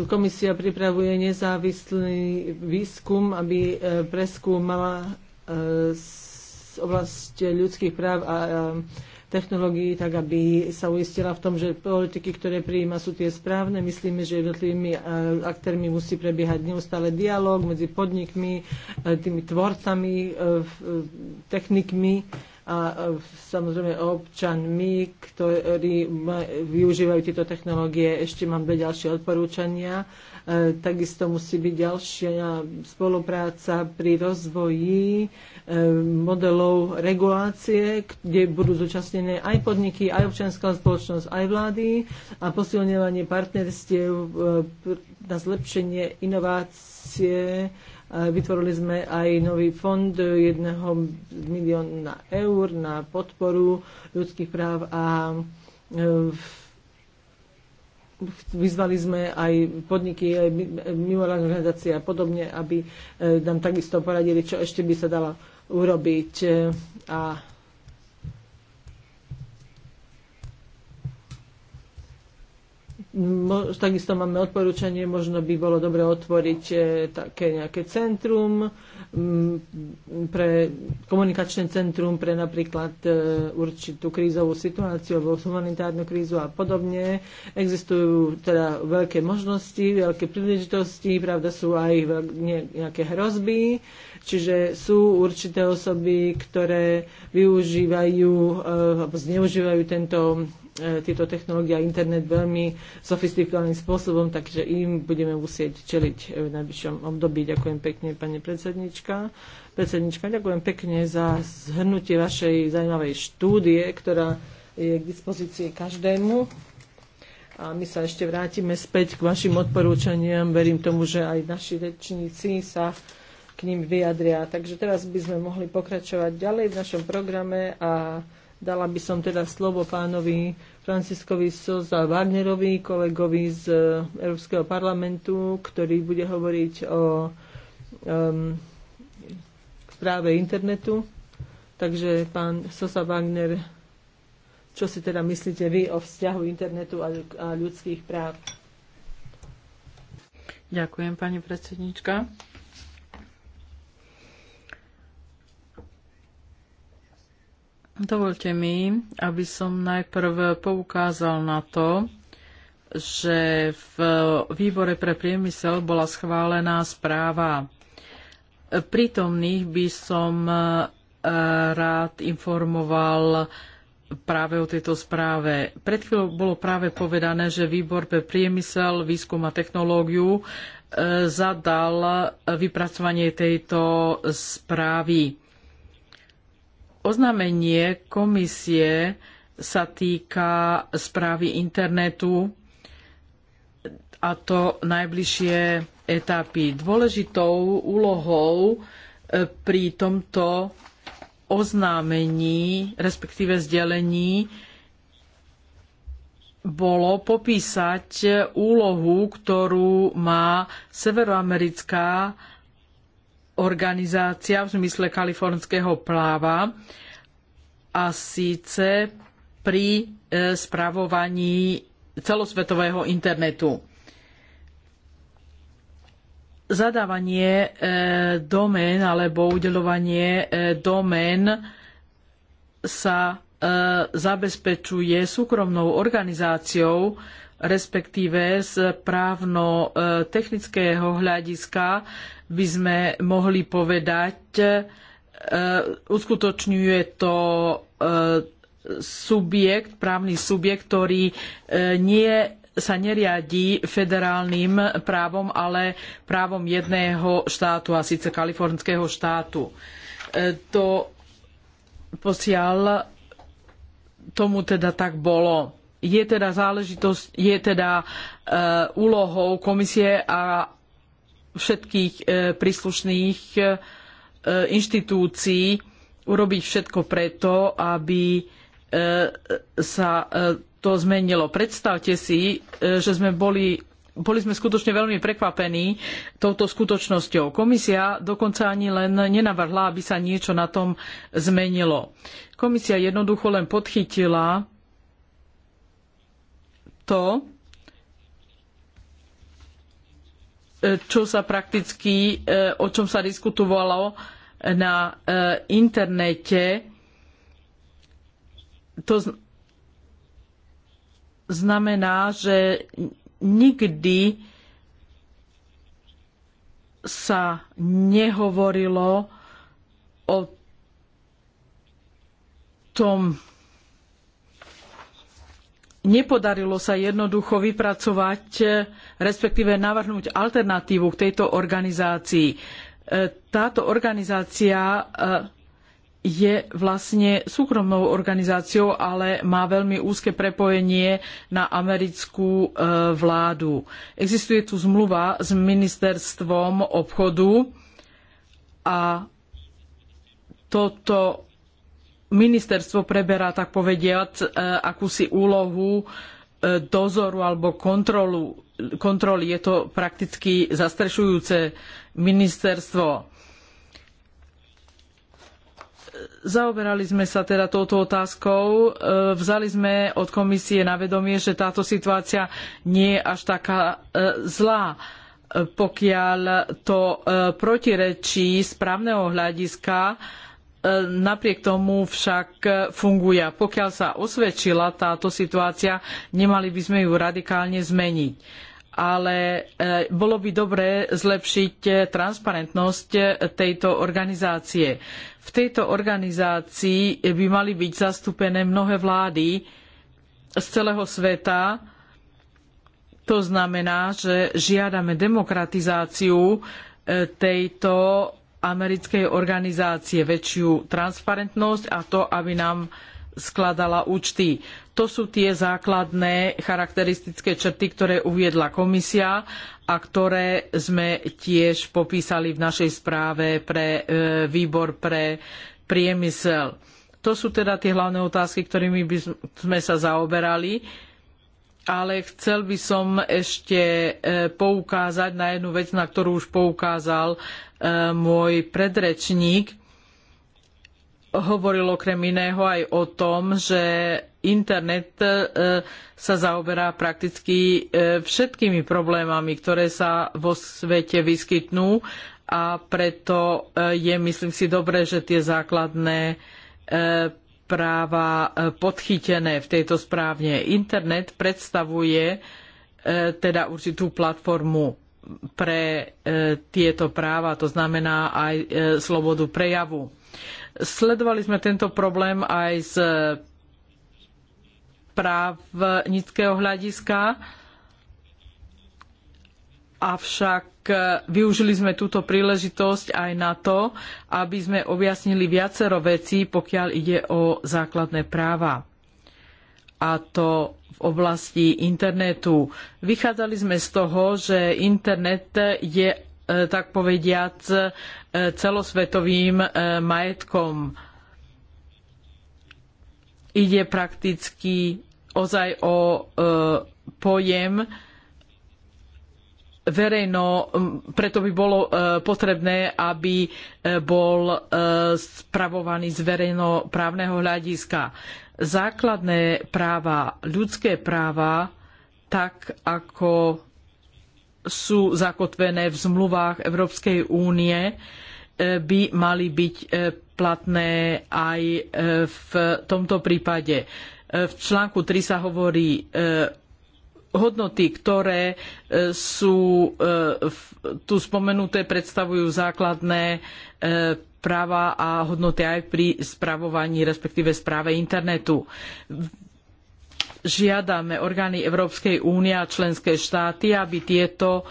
komisia pripravuje nezávislý výskum, aby e, preskúmala z e, oblasti ľudských práv a e, technológií, tak aby sa uistila v tom, že politiky, ktoré prijíma, sú tie správne. Myslíme, že jednotlivými aktérmi musí prebiehať neustále dialog medzi podnikmi, tými tvorcami, technikmi a e, samozrejme občanmi, ktorí využívajú tieto technológie. Ešte mám dve ďalšie odporúčania. E, takisto musí byť ďalšia spolupráca pri rozvoji e, modelov regulácie, kde budú zúčastnené aj podniky, aj občianská spoločnosť, aj vlády a posilňovanie partnerstiev na zlepšenie inovácie Vytvorili sme aj nový fond e, jedného milióna eur na podporu ľudských práv a e, vyzvali sme aj podniky, aj mimovládne organizácie a podobne, aby e, nám takisto poradili, čo ešte by sa dalo urobiť. A Takisto máme odporúčanie, možno by bolo dobre otvoriť e, také nejaké centrum, mm, pre komunikačné centrum pre napríklad e, určitú krízovú situáciu alebo humanitárnu krízu a podobne. Existujú teda veľké možnosti, veľké príležitosti, pravda sú aj nejaké hrozby, čiže sú určité osoby, ktoré využívajú e, alebo zneužívajú tento E, tieto technológie a internet veľmi sofistikovaným spôsobom, takže im budeme musieť čeliť e, v najbližšom období. Ďakujem pekne, pani predsednička. Predsednička, ďakujem pekne za zhrnutie vašej zaujímavej štúdie, ktorá je k dispozícii každému. A my sa ešte vrátime späť k vašim odporúčaniam. Verím tomu, že aj naši rečníci sa k ním vyjadria. Takže teraz by sme mohli pokračovať ďalej v našom programe a Dala by som teda slovo pánovi Franciskovi Soza Wagnerovi, kolegovi z e, Európskeho parlamentu, ktorý bude hovoriť o um, správe internetu. Takže pán Sosa Wagner, čo si teda myslíte vy o vzťahu internetu a, a ľudských práv? Ďakujem, pani predsednička. Dovolte mi, aby som najprv poukázal na to, že v výbore pre priemysel bola schválená správa. Prítomných by som e, rád informoval práve o tejto správe. Pred chvíľou bolo práve povedané, že výbor pre priemysel, výskum a technológiu e, zadal e, vypracovanie tejto správy Oznámenie komisie sa týka správy internetu a to najbližšie etapy. Dôležitou úlohou e, pri tomto oznámení, respektíve zdelení, bolo popísať úlohu, ktorú má severoamerická organizácia v zmysle kalifornského práva a síce pri e, spravovaní celosvetového internetu. Zadávanie e, domén alebo udeľovanie e, domén sa zabezpečuje súkromnou organizáciou, respektíve z právno-technického hľadiska by sme mohli povedať, e, uskutočňuje to e, subjekt, právny subjekt, ktorý e, nie sa neriadí federálnym právom, ale právom jedného štátu, a síce kalifornského štátu. To posiaľ tomu teda tak bolo. Je teda záležitosť, je teda e, úlohou komisie a všetkých e, príslušných e, e, inštitúcií urobiť všetko preto, aby sa to zmenilo. Predstavte si, že sme boli boli sme skutočne veľmi prekvapení touto skutočnosťou. Komisia dokonca ani len nenavrhla, aby sa niečo na tom zmenilo. Komisia jednoducho len podchytila to, čo sa prakticky, e, o čom sa diskutovalo na e, internete. To znamená, že nikdy sa nehovorilo o tom, nepodarilo sa jednoducho vypracovať, e, respektíve navrhnúť alternatívu k tejto organizácii. E, táto organizácia e, je vlastne súkromnou organizáciou, ale má veľmi úzke prepojenie na americkú vládu. Existuje tu zmluva s ministerstvom obchodu a toto ministerstvo preberá, tak povediať, e, akúsi úlohu e, dozoru alebo kontrolu, kontroly. Je to prakticky zastrešujúce ministerstvo. Zaoberali sme sa teda touto otázkou. E, vzali sme od komisie na vedomie, že táto situácia nie je až taká zlá pokiaľ to protirečí z právneho hľadiska E, napriek tomu však e, funguje. Pokiaľ sa osvedčila táto situácia, nemali by sme ju radikálne zmeniť. Ale e, bolo by dobré zlepšiť transparentnosť tejto organizácie. V tejto organizácii by mali byť zastúpené mnohé vlády z celého sveta, to znamená, že žiadame demokratizáciu tejto americkej organizácie väčšiu transparentnosť a to, aby nám skladala účty. To sú tie základné charakteristické črty, ktoré uviedla komisia a ktoré sme tiež popísali v našej správe pre e, výbor pre priemysel. To sú teda tie hlavné otázky, ktorými by sme sa zaoberali ale chcel by som ešte e, poukázať na jednu vec, na ktorú už poukázal E, môj predrečník, hovoril okrem iného aj o tom, že internet e, sa zaoberá prakticky e, všetkými problémami, ktoré sa vo svete vyskytnú a preto je, myslím si, dobré, že tie základné práva podchytené v tejto správne. Internet predstavuje teda určitú platformu pre e, tieto práva, to znamená aj e, slobodu prejavu. Sledovali sme tento problém aj z právnického hľadiska, avšak e, využili sme túto príležitosť aj na to, aby sme objasnili viacero vecí, pokiaľ ide o základné práva a to v oblasti internetu. Vychádzali sme z toho, že internet je e, tak povediac e, celosvetovým e, majetkom. Ide prakticky ozaj o pojem, verejno, preto by bolo potrebné, aby bol spravovaný z verejnoprávneho hľadiska základné práva, ľudské práva, tak ako sú zakotvené v zmluvách Európskej únie, e, by mali byť e, platné aj e, v tomto prípade. V článku 3 sa hovorí hodnoty, ktoré sú tu spomenuté, predstavujú základné práva a hodnoty aj pri spravovaní, respektíve správe internetu žiadame orgány Európskej únie a členské štáty, aby tieto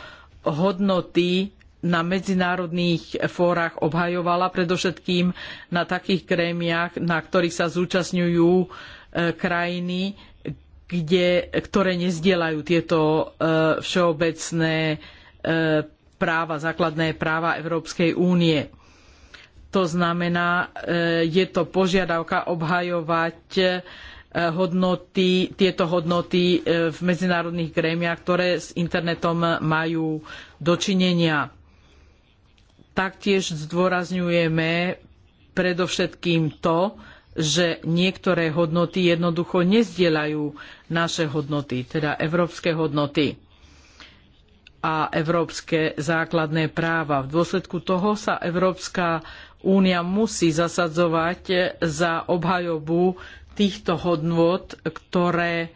hodnoty na medzinárodných fórach obhajovala, predovšetkým na takých krémiach, na ktorých sa zúčastňujú e, krajiny, kde, ktoré nezdielajú tieto e, všeobecné e, práva, základné práva Európskej únie to znamená, e, je to požiadavka obhajovať e, hodnoty, tieto hodnoty e, v medzinárodných grémiach, ktoré s internetom majú dočinenia. Taktiež zdôrazňujeme predovšetkým to, že niektoré hodnoty jednoducho nezdieľajú naše hodnoty, teda európske hodnoty a európske základné práva. V dôsledku toho sa Európska Únia musí zasadzovať za obhajobu týchto hodnôt, ktoré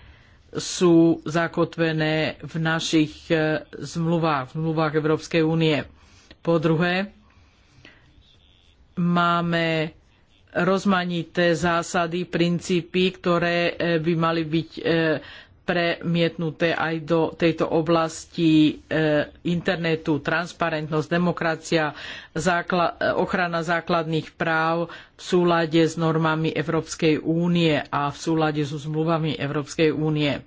sú zakotvené v našich e, zmluvách, v zmluvách Európskej únie. Po druhé, máme rozmanité zásady, princípy, ktoré e, by mali byť e, premietnuté aj do tejto oblasti e, internetu, transparentnosť, demokracia, e, ochrana základných práv v súlade s normami Európskej únie a v súlade so zmluvami Európskej únie.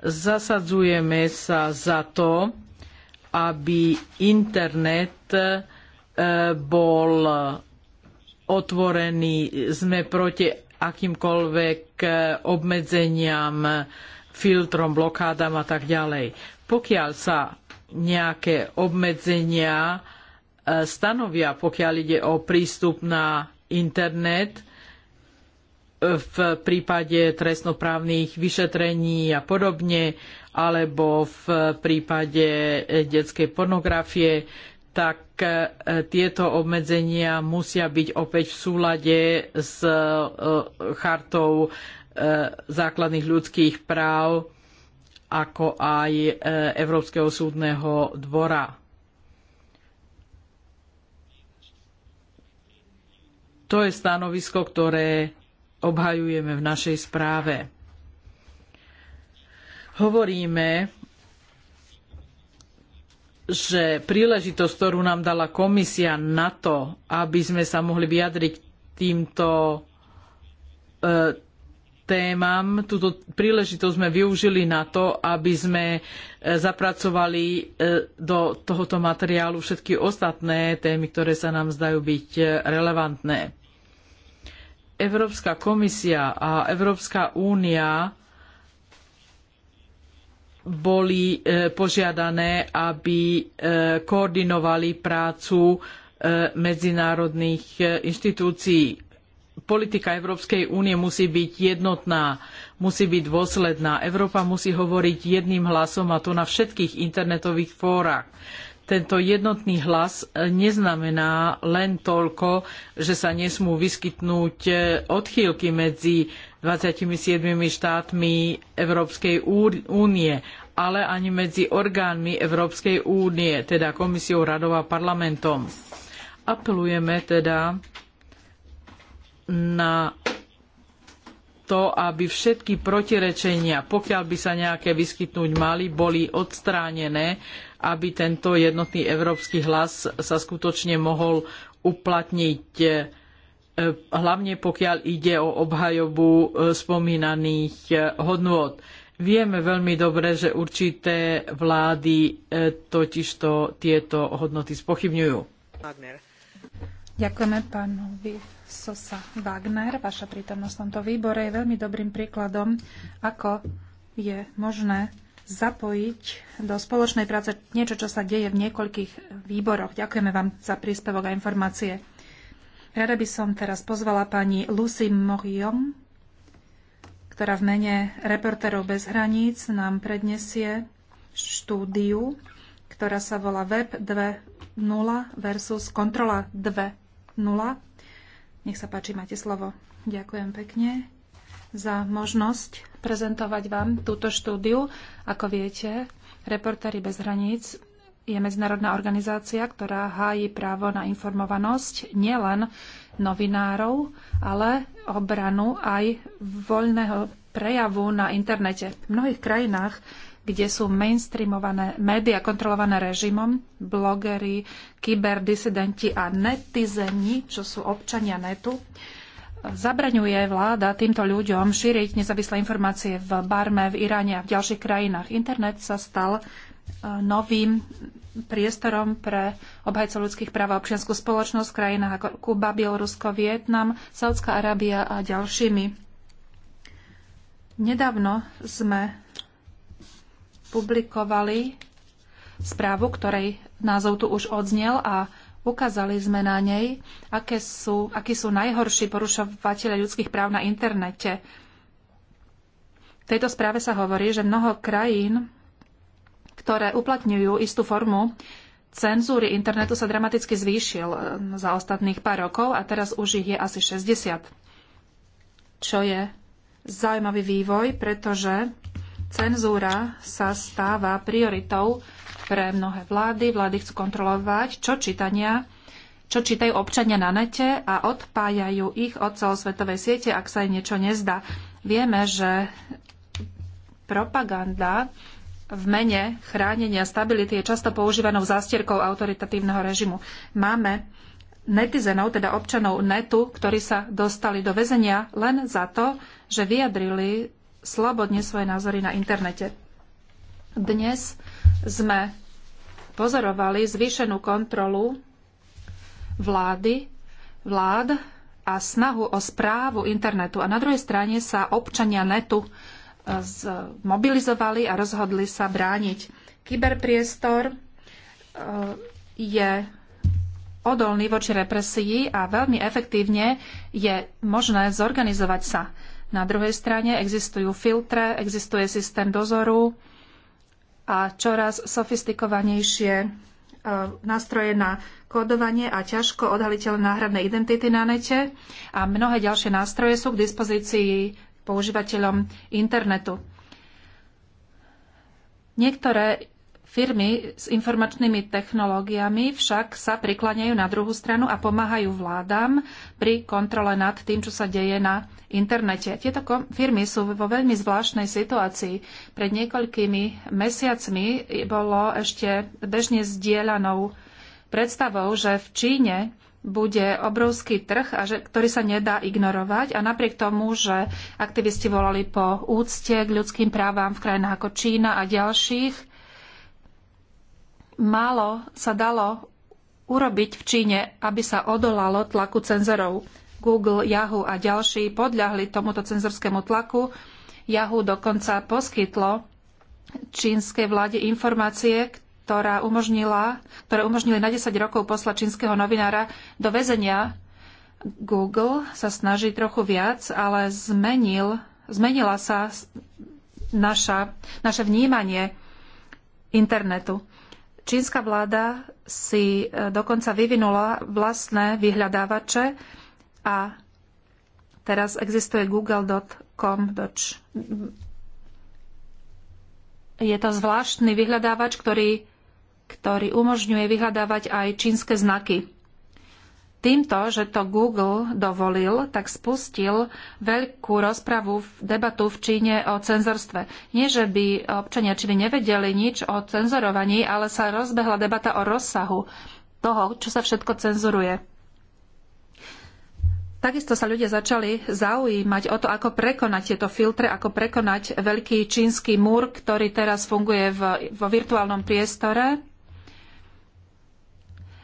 Zasadzujeme sa za to, aby internet e, bol otvorený, sme proti akýmkoľvek obmedzeniam filtrom, blokádam a tak ďalej. Pokiaľ sa nejaké obmedzenia e, stanovia, pokiaľ ide o prístup na internet, e, v prípade trestnoprávnych vyšetrení a podobne, alebo v prípade e, detskej pornografie, tak tieto obmedzenia musia byť opäť v súlade s chartou E, základných ľudských práv, ako aj e, Európskeho súdneho dvora. To je stanovisko, ktoré obhajujeme v našej správe. Hovoríme, že príležitosť, ktorú nám dala komisia na to, aby sme sa mohli vyjadriť týmto e, témam. Túto príležitosť sme využili na to, aby sme e, zapracovali e, do tohoto materiálu všetky ostatné témy, ktoré sa nám zdajú byť e, relevantné. Európska komisia a Európska únia boli požiadané, aby koordinovali prácu medzinárodných inštitúcií politika Európskej únie musí byť jednotná, musí byť dôsledná. Európa musí hovoriť jedným hlasom a to na všetkých internetových fórach. Tento jednotný hlas e, neznamená len toľko, že sa nesmú vyskytnúť e, odchýlky medzi 27 štátmi Európskej únie, ale ani medzi orgánmi Európskej únie, teda komisiou, radou a parlamentom. Apelujeme teda na to, aby všetky protirečenia, pokiaľ by sa nejaké vyskytnúť mali, boli odstránené, aby tento jednotný európsky hlas sa skutočne mohol uplatniť, e, hlavne pokiaľ ide o obhajobu e, spomínaných e, hodnôt. Vieme veľmi dobre, že určité vlády totižto tieto hodnoty spochybňujú. Ďakujeme pánovi Sosa Wagner. Vaša prítomnosť v tomto výbore je veľmi dobrým príkladom, ako je možné zapojiť do spoločnej práce niečo, čo sa deje v niekoľkých výboroch. Ďakujeme vám za príspevok a informácie. Rada by som teraz pozvala pani Lucy Morion, ktorá v mene Reporterov bez hraníc nám prednesie štúdiu, ktorá sa volá Web 2.0 versus Kontrola 2.0 nech sa páči, máte slovo. Ďakujem pekne za možnosť prezentovať vám túto štúdiu. Ako viete, Reportéri bez hraníc je medzinárodná organizácia, ktorá hájí právo na informovanosť nielen novinárov, ale obranu aj voľného prejavu na internete. V mnohých krajinách kde sú mainstreamované médiá kontrolované režimom, blogery, kyberdisidenti a netizeni, čo sú občania netu, zabraňuje vláda týmto ľuďom šíriť nezávislé informácie v Barme, v Iráne a v ďalších krajinách. Internet sa stal e, novým priestorom pre obhajcov ľudských práv a občianskú spoločnosť v krajinách ako Kuba, Bielorusko, Vietnam, Saudská Arábia a ďalšími. Nedávno sme publikovali správu, ktorej názov tu už odznel a ukázali sme na nej, aké sú, akí sú najhorší porušovateľe ľudských práv na internete. V tejto správe sa hovorí, že mnoho krajín, ktoré uplatňujú istú formu cenzúry internetu, sa dramaticky zvýšil e, za ostatných pár rokov a teraz už ich je asi 60. Čo je zaujímavý vývoj, pretože Cenzúra sa stáva prioritou pre mnohé vlády. Vlády chcú kontrolovať, čo čítania čo čítajú občania na nete a odpájajú ich od celosvetovej siete, ak sa im niečo nezdá. Vieme, že propaganda v mene chránenia stability je často používanou zástierkou autoritatívneho režimu. Máme netizenov, teda občanov netu, ktorí sa dostali do väzenia len za to, že vyjadrili slobodne svoje názory na internete. Dnes sme pozorovali zvýšenú kontrolu vlády, vlád a snahu o správu internetu. A na druhej strane sa občania netu e, mobilizovali a rozhodli sa brániť. Kyberpriestor e, je odolný voči represii a veľmi efektívne je možné zorganizovať sa. Na druhej strane existujú filtre, existuje systém dozoru a čoraz sofistikovanejšie e, nástroje na kódovanie a ťažko odhaliteľné náhradné identity na nete a mnohé ďalšie nástroje sú k dispozícii používateľom internetu. Niektoré Firmy s informačnými technológiami však sa prikláňajú na druhú stranu a pomáhajú vládam pri kontrole nad tým, čo sa deje na internete. Tieto firmy sú vo veľmi zvláštnej situácii. Pred niekoľkými mesiacmi bolo ešte bežne zdieľanou predstavou, že v Číne bude obrovský trh, a že, ktorý sa nedá ignorovať. A napriek tomu, že aktivisti volali po úcte k ľudským právam v krajinách ako Čína a ďalších, málo sa dalo urobiť v Číne, aby sa odolalo tlaku cenzorov. Google, Yahoo a ďalší podľahli tomuto cenzorskému tlaku. Yahoo dokonca poskytlo čínskej vláde informácie, ktorá umožnila, ktoré umožnili na 10 rokov posla čínskeho novinára do väzenia. Google sa snaží trochu viac, ale zmenil, zmenila sa naša, naše vnímanie internetu. Čínska vláda si e, dokonca vyvinula vlastné vyhľadávače a teraz existuje google.com. Je to zvláštny vyhľadávač, ktorý, ktorý umožňuje vyhľadávať aj čínske znaky. Týmto, že to Google dovolil, tak spustil veľkú rozpravu, debatu v Číne o cenzorstve. Nie, že by občania Číny nevedeli nič o cenzorovaní, ale sa rozbehla debata o rozsahu toho, čo sa všetko cenzuruje. Takisto sa ľudia začali zaujímať o to, ako prekonať tieto filtre, ako prekonať veľký čínsky múr, ktorý teraz funguje v, vo virtuálnom priestore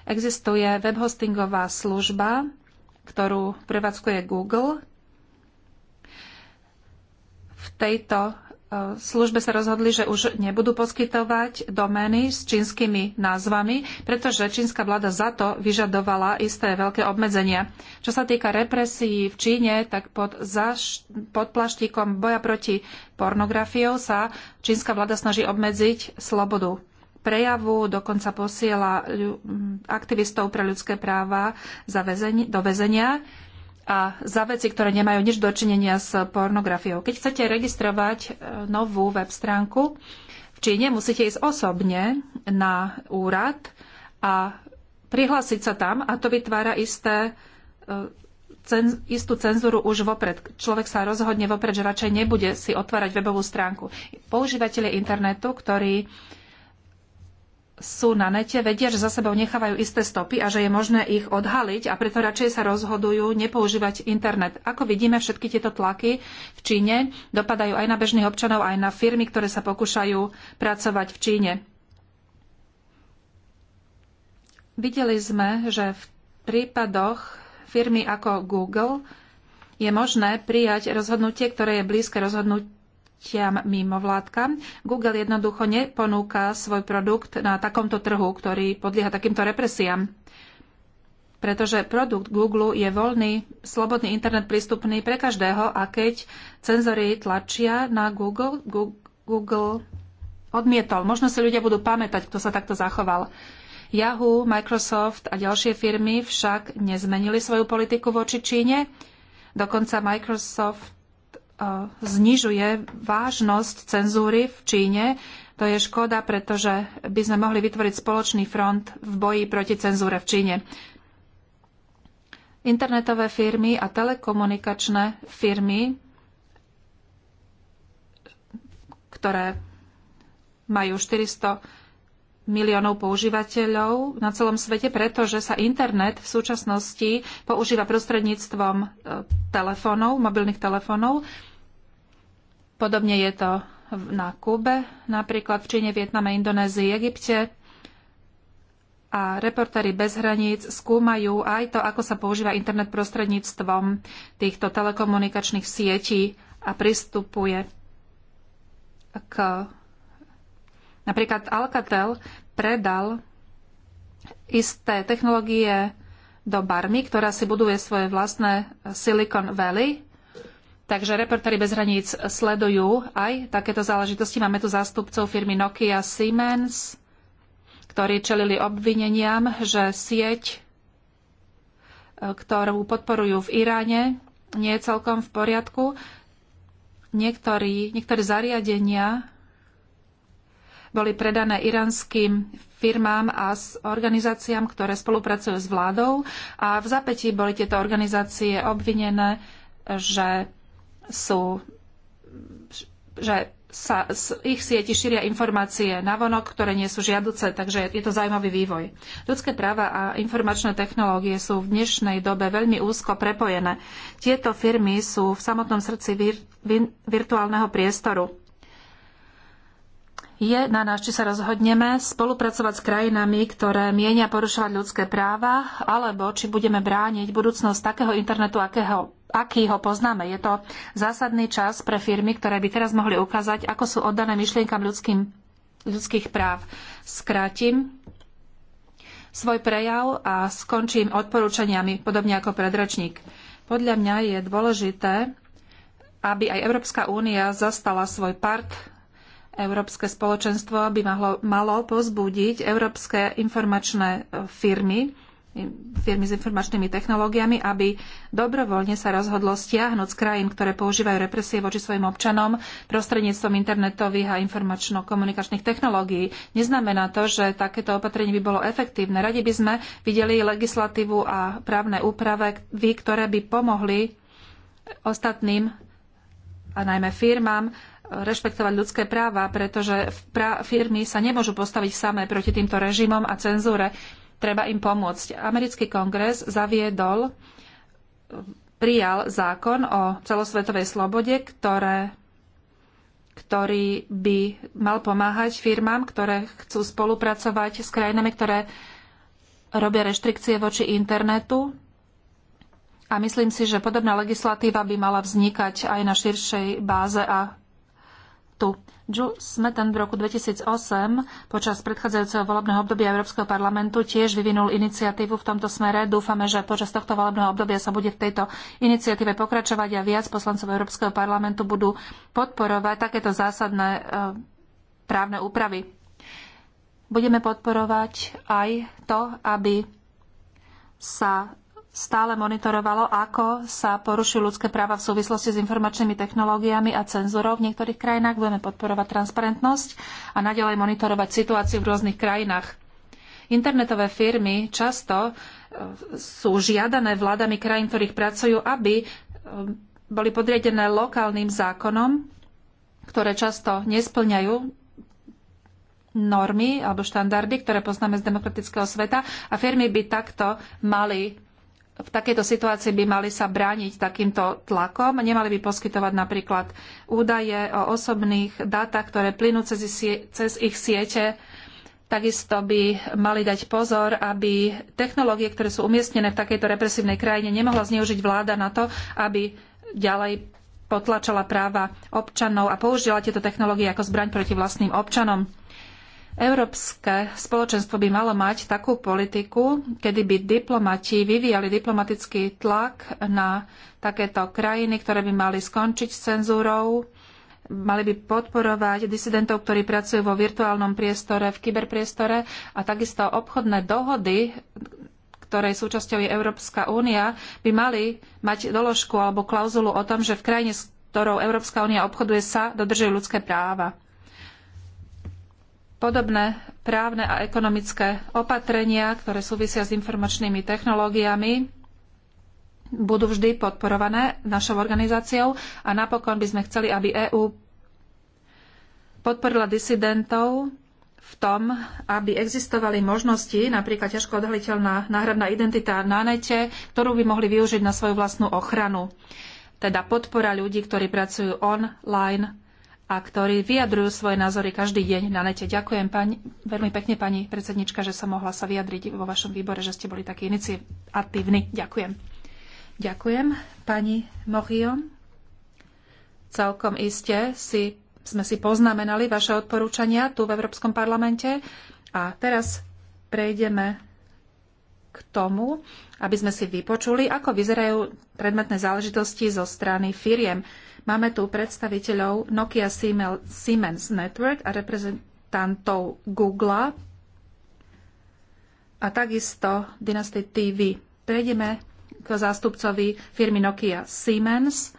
Existuje webhostingová služba, ktorú prevádzkuje Google. V tejto e, službe sa rozhodli, že už nebudú poskytovať domény s čínskymi názvami, pretože čínska vláda za to vyžadovala isté veľké obmedzenia. Čo sa týka represií v Číne, tak pod, zaš- pod plaštíkom boja proti pornografiou sa čínska vláda snaží obmedziť slobodu prejavu, dokonca posiela aktivistov pre ľudské práva za väzeň- do väzenia a za veci, ktoré nemajú nič dočinenia s pornografiou. Keď chcete registrovať e, novú web stránku v Číne, musíte ísť osobne na úrad a prihlásiť sa tam a to vytvára isté, e, istú cenzúru už vopred. Človek sa rozhodne vopred, že radšej nebude si otvárať webovú stránku. Používateľe internetu, ktorí sú na nete, vedia, že za sebou nechávajú isté stopy a že je možné ich odhaliť a preto radšej sa rozhodujú nepoužívať internet. Ako vidíme, všetky tieto tlaky v Číne dopadajú aj na bežných občanov, aj na firmy, ktoré sa pokúšajú pracovať v Číne. Videli sme, že v prípadoch firmy ako Google je možné prijať rozhodnutie, ktoré je blízke rozhodnutie sietiam mimovládkam. Google jednoducho neponúka svoj produkt na takomto trhu, ktorý podlieha takýmto represiám. Pretože produkt Google je voľný, slobodný internet prístupný pre každého a keď cenzory tlačia na Google, Google odmietol. Možno si ľudia budú pamätať, kto sa takto zachoval. Yahoo, Microsoft a ďalšie firmy však nezmenili svoju politiku voči Číne. Dokonca Microsoft znižuje vážnosť cenzúry v Číne. To je škoda, pretože by sme mohli vytvoriť spoločný front v boji proti cenzúre v Číne. Internetové firmy a telekomunikačné firmy, ktoré majú 400 miliónov používateľov na celom svete, pretože sa internet v súčasnosti používa prostredníctvom e, telefónov, mobilných telefónov Podobne je to na Kube, napríklad v Číne, Vietname, Indonézii, Egypte. A reportéri bez hraníc skúmajú aj to, ako sa používa internet prostredníctvom týchto telekomunikačných sietí a pristupuje k... Napríklad Alcatel predal isté technológie do Barmy, ktorá si buduje svoje vlastné Silicon Valley Takže reportéri bez hraníc sledujú aj takéto záležitosti. Máme tu zástupcov firmy Nokia Siemens, ktorí čelili obvineniam, že sieť, e, ktorú podporujú v Iráne, nie je celkom v poriadku. Niektorí, niektoré zariadenia boli predané iránskym firmám a s organizáciám, ktoré spolupracujú s vládou a v zapätí boli tieto organizácie obvinené, že sú, že sa z ich sieti šíria informácie navonok, ktoré nie sú žiaduce, takže je to zaujímavý vývoj. Ľudské práva a informačné technológie sú v dnešnej dobe veľmi úzko prepojené. Tieto firmy sú v samotnom srdci vir, vir, virtuálneho priestoru. Je na nás, či sa rozhodneme spolupracovať s krajinami, ktoré mienia porušovať ľudské práva, alebo či budeme brániť budúcnosť takého internetu, akého aký ho poznáme. Je to zásadný čas pre firmy, ktoré by teraz mohli ukázať, ako sú oddané myšlienkam ľudským, ľudských práv. Skrátim svoj prejav a skončím odporúčaniami, podobne ako predračník. Podľa mňa je dôležité, aby aj Európska únia zastala svoj part. Európske spoločenstvo by malo, malo pozbudiť európske informačné firmy, firmy s informačnými technológiami, aby dobrovoľne sa rozhodlo stiahnuť z krajín, ktoré používajú represie voči svojim občanom prostredníctvom internetových a informačno-komunikačných technológií. Neznamená to, že takéto opatrenie by bolo efektívne. Radi by sme videli legislatívu a právne úpravy, ktoré by pomohli ostatným a najmä firmám rešpektovať ľudské práva, pretože firmy sa nemôžu postaviť samé proti týmto režimom a cenzúre treba im pomôcť. Americký kongres zaviedol, prijal zákon o celosvetovej slobode, ktoré, ktorý by mal pomáhať firmám, ktoré chcú spolupracovať s krajinami, ktoré robia reštrikcie voči internetu. A myslím si, že podobná legislatíva by mala vznikať aj na širšej báze a tu. sme ten v roku 2008 počas predchádzajúceho volebného obdobia Európskeho parlamentu tiež vyvinul iniciatívu v tomto smere. Dúfame, že počas tohto volebného obdobia sa bude v tejto iniciatíve pokračovať a viac poslancov Európskeho parlamentu budú podporovať takéto zásadné e, právne úpravy. Budeme podporovať aj to, aby sa stále monitorovalo, ako sa porušujú ľudské práva v súvislosti s informačnými technológiami a cenzúrou v niektorých krajinách. Budeme podporovať transparentnosť a nadalej monitorovať situáciu v rôznych krajinách. Internetové firmy často e, sú žiadané vládami krajín, ktorých pracujú, aby e, boli podriadené lokálnym zákonom, ktoré často nesplňajú normy alebo štandardy, ktoré poznáme z demokratického sveta a firmy by takto mali v takejto situácii by mali sa brániť takýmto tlakom. Nemali by poskytovať napríklad údaje o osobných dátach, ktoré plynú cez, cez ich siete. Takisto by mali dať pozor, aby technológie, ktoré sú umiestnené v takejto represívnej krajine, nemohla zneužiť vláda na to, aby ďalej potlačala práva občanov a použila tieto technológie ako zbraň proti vlastným občanom. Európske spoločenstvo by malo mať takú politiku, kedy by diplomati vyvíjali diplomatický tlak na takéto krajiny, ktoré by mali skončiť s cenzúrou, mali by podporovať disidentov, ktorí pracujú vo virtuálnom priestore, v kyberpriestore a takisto obchodné dohody, ktorej súčasťou je Európska únia, by mali mať doložku alebo klauzulu o tom, že v krajine, s ktorou Európska únia obchoduje, sa dodržujú ľudské práva podobné právne a ekonomické opatrenia, ktoré súvisia s informačnými technológiami, budú vždy podporované našou organizáciou a napokon by sme chceli, aby EÚ podporila disidentov v tom, aby existovali možnosti, napríklad ťažko odhaliteľná náhradná identita na nete, ktorú by mohli využiť na svoju vlastnú ochranu. Teda podpora ľudí, ktorí pracujú online a ktorí vyjadrujú svoje názory každý deň na nete. Ďakujem pani, veľmi pekne, pani predsednička, že som mohla sa vyjadriť vo vašom výbore, že ste boli takí iniciatívni. Ďakujem. Ďakujem, pani Mohio. Celkom iste si, sme si poznamenali vaše odporúčania tu v Európskom parlamente a teraz prejdeme k tomu, aby sme si vypočuli, ako vyzerajú predmetné záležitosti zo strany firiem. Máme tu predstaviteľov Nokia Siemens Network a reprezentantov Google a takisto Dynasty TV. Prejdeme k zástupcovi firmy Nokia Siemens.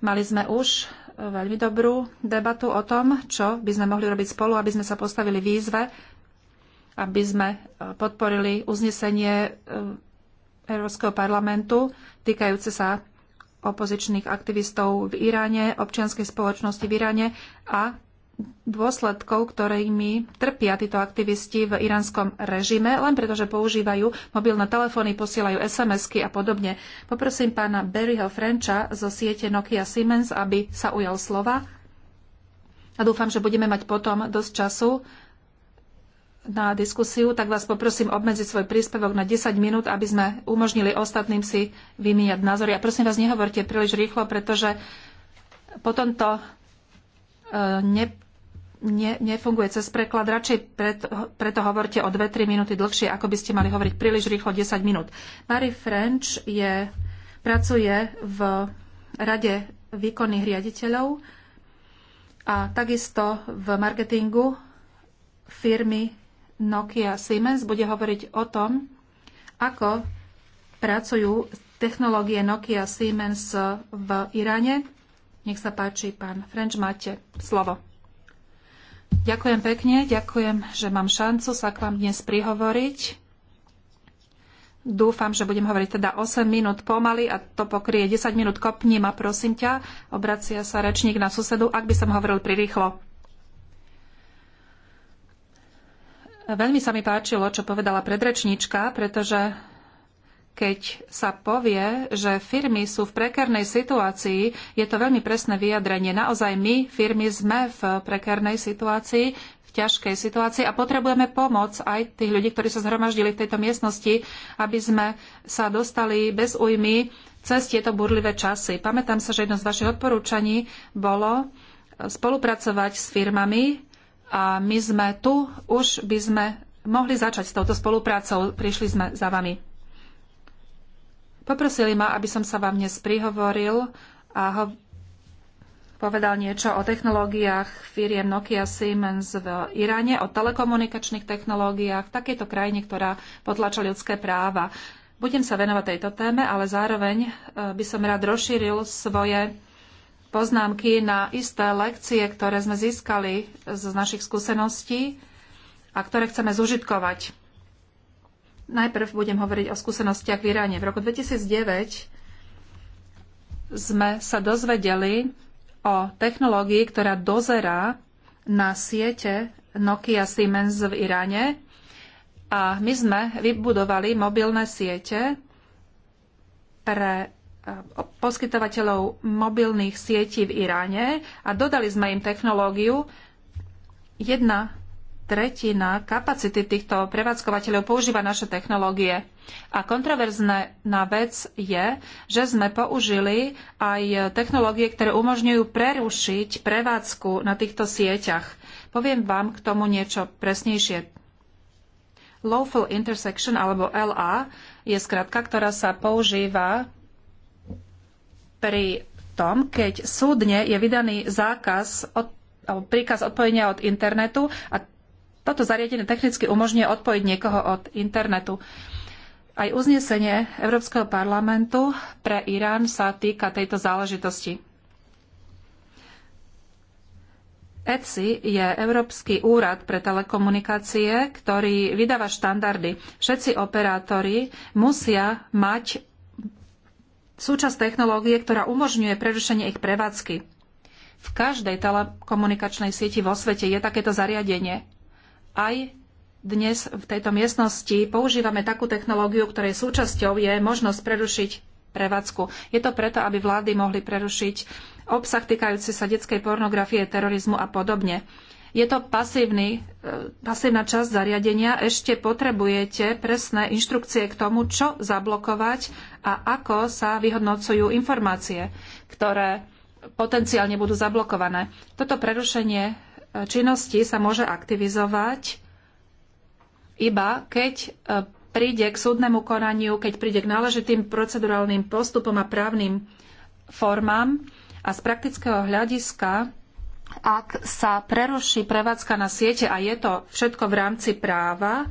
Mali sme už veľmi dobrú debatu o tom, čo by sme mohli robiť spolu, aby sme sa postavili výzve, aby sme e, podporili uznesenie e, Európskeho parlamentu týkajúce sa opozičných aktivistov v Iráne, občianskej spoločnosti v Iráne a dôsledkov, ktorými trpia títo aktivisti v iránskom režime, len preto, že používajú mobilné telefóny, posielajú SMS-ky a podobne. Poprosím pána Barryho Frencha zo siete Nokia Siemens, aby sa ujal slova. A dúfam, že budeme mať potom dosť času na diskusiu, tak vás poprosím obmedziť svoj príspevok na 10 minút, aby sme umožnili ostatným si vymieňať názory. A prosím vás, nehovorte príliš rýchlo, pretože potom to e, ne, ne, nefunguje cez preklad. Radšej preto, preto hovorte o 2-3 minúty dlhšie, ako by ste mali hovoriť príliš rýchlo 10 minút. Mary French je, pracuje v Rade výkonných riaditeľov a takisto v marketingu firmy Nokia Siemens bude hovoriť o tom, ako pracujú technológie Nokia Siemens v Iráne. Nech sa páči, pán French, máte slovo. Ďakujem pekne, ďakujem, že mám šancu sa k vám dnes prihovoriť. Dúfam, že budem hovoriť teda 8 minút pomaly a to pokrie 10 minút kopním a prosím ťa, obracia sa rečník na susedu, ak by som hovoril prirýchlo. Veľmi sa mi páčilo, čo povedala predrečníčka, pretože keď sa povie, že firmy sú v prekernej situácii, je to veľmi presné vyjadrenie. Naozaj my, firmy, sme v prekernej situácii, v ťažkej situácii a potrebujeme pomoc aj tých ľudí, ktorí sa zhromaždili v tejto miestnosti, aby sme sa dostali bez újmy cez tieto burlivé časy. Pamätám sa, že jedno z vašich odporúčaní bolo spolupracovať s firmami, a my sme tu, už by sme mohli začať s touto spoluprácou. Prišli sme za vami. Poprosili ma, aby som sa vám dnes prihovoril a ho povedal niečo o technológiách firiem Nokia Siemens v Iráne, o telekomunikačných technológiách v takejto krajine, ktorá potlača ľudské práva. Budem sa venovať tejto téme, ale zároveň eh, by som rád rozšíril svoje poznámky na isté lekcie, ktoré sme získali z našich skúseností a ktoré chceme zužitkovať. Najprv budem hovoriť o skúsenostiach v Iráne. V roku 2009 sme sa dozvedeli o technológii, ktorá dozerá na siete Nokia Siemens v Iráne a my sme vybudovali mobilné siete pre poskytovateľov mobilných sietí v Iráne a dodali sme im technológiu. Jedna tretina kapacity týchto prevádzkovateľov používa naše technológie. A na vec je, že sme použili aj technológie, ktoré umožňujú prerušiť prevádzku na týchto sieťach. Poviem vám k tomu niečo presnejšie. Lawful Intersection alebo LA je skratka, ktorá sa používa pri tom, keď súdne je vydaný zákaz od, príkaz odpojenia od internetu a toto zariadenie technicky umožňuje odpojiť niekoho od internetu. Aj uznesenie Európskeho parlamentu pre Irán sa týka tejto záležitosti. ETSI je Európsky úrad pre telekomunikácie, ktorý vydáva štandardy. Všetci operátori musia mať súčasť technológie, ktorá umožňuje prerušenie ich prevádzky. V každej telekomunikačnej sieti vo svete je takéto zariadenie. Aj dnes v tejto miestnosti používame takú technológiu, ktorej súčasťou je možnosť prerušiť prevádzku. Je to preto, aby vlády mohli prerušiť obsah týkajúci sa detskej pornografie, terorizmu a podobne. Je to pasívny, e, pasívna časť zariadenia. Ešte potrebujete presné inštrukcie k tomu, čo zablokovať a ako sa vyhodnocujú informácie, ktoré potenciálne budú zablokované. Toto prerušenie e, činnosti sa môže aktivizovať iba keď e, príde k súdnemu konaniu, keď príde k náležitým procedurálnym postupom a právnym formám a z praktického hľadiska ak sa preruší prevádzka na siete a je to všetko v rámci práva,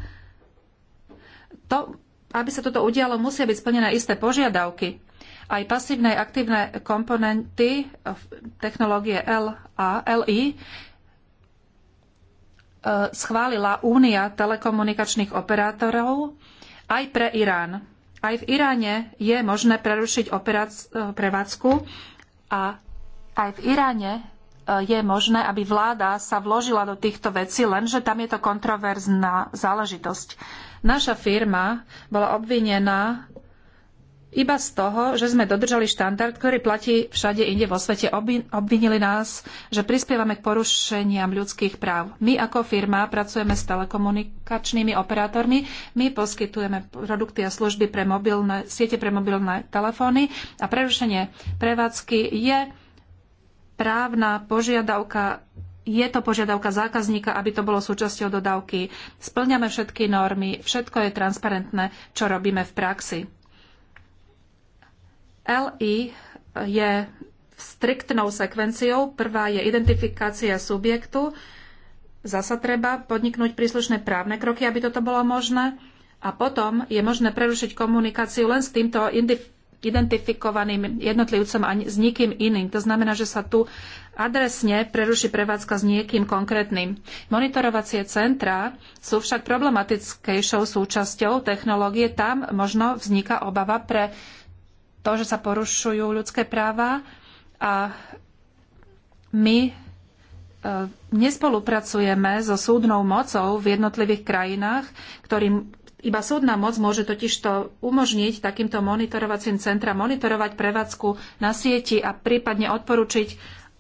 to, aby sa toto udialo, musia byť splnené isté požiadavky. Aj pasívne a aktívne komponenty eh, technológie LA, LI eh, schválila Únia telekomunikačných operátorov aj pre Irán. Aj v Iráne je možné prerušiť eh, prevádzku a aj v Iráne je možné, aby vláda sa vložila do týchto vecí, lenže tam je to kontroverzná záležitosť. Naša firma bola obvinená iba z toho, že sme dodržali štandard, ktorý platí všade inde vo svete. Obvinili nás, že prispievame k porušeniam ľudských práv. My ako firma pracujeme s telekomunikačnými operátormi, my poskytujeme produkty a služby pre mobilné, siete pre mobilné telefóny a prerušenie prevádzky je právna požiadavka, je to požiadavka zákazníka, aby to bolo súčasťou dodávky. Splňame všetky normy, všetko je transparentné, čo robíme v praxi. LI je striktnou sekvenciou. Prvá je identifikácia subjektu. Zasa treba podniknúť príslušné právne kroky, aby toto bolo možné. A potom je možné prerušiť komunikáciu len s týmto identifikovaným jednotlivcom a s nikým iným. To znamená, že sa tu adresne preruší prevádzka s niekým konkrétnym. Monitorovacie centra sú však problematickejšou súčasťou technológie. Tam možno vzniká obava pre to, že sa porušujú ľudské práva a my e, nespolupracujeme so súdnou mocou v jednotlivých krajinách, ktorým iba súdna moc môže totižto umožniť takýmto monitorovacím centram monitorovať prevádzku na sieti a prípadne odporučiť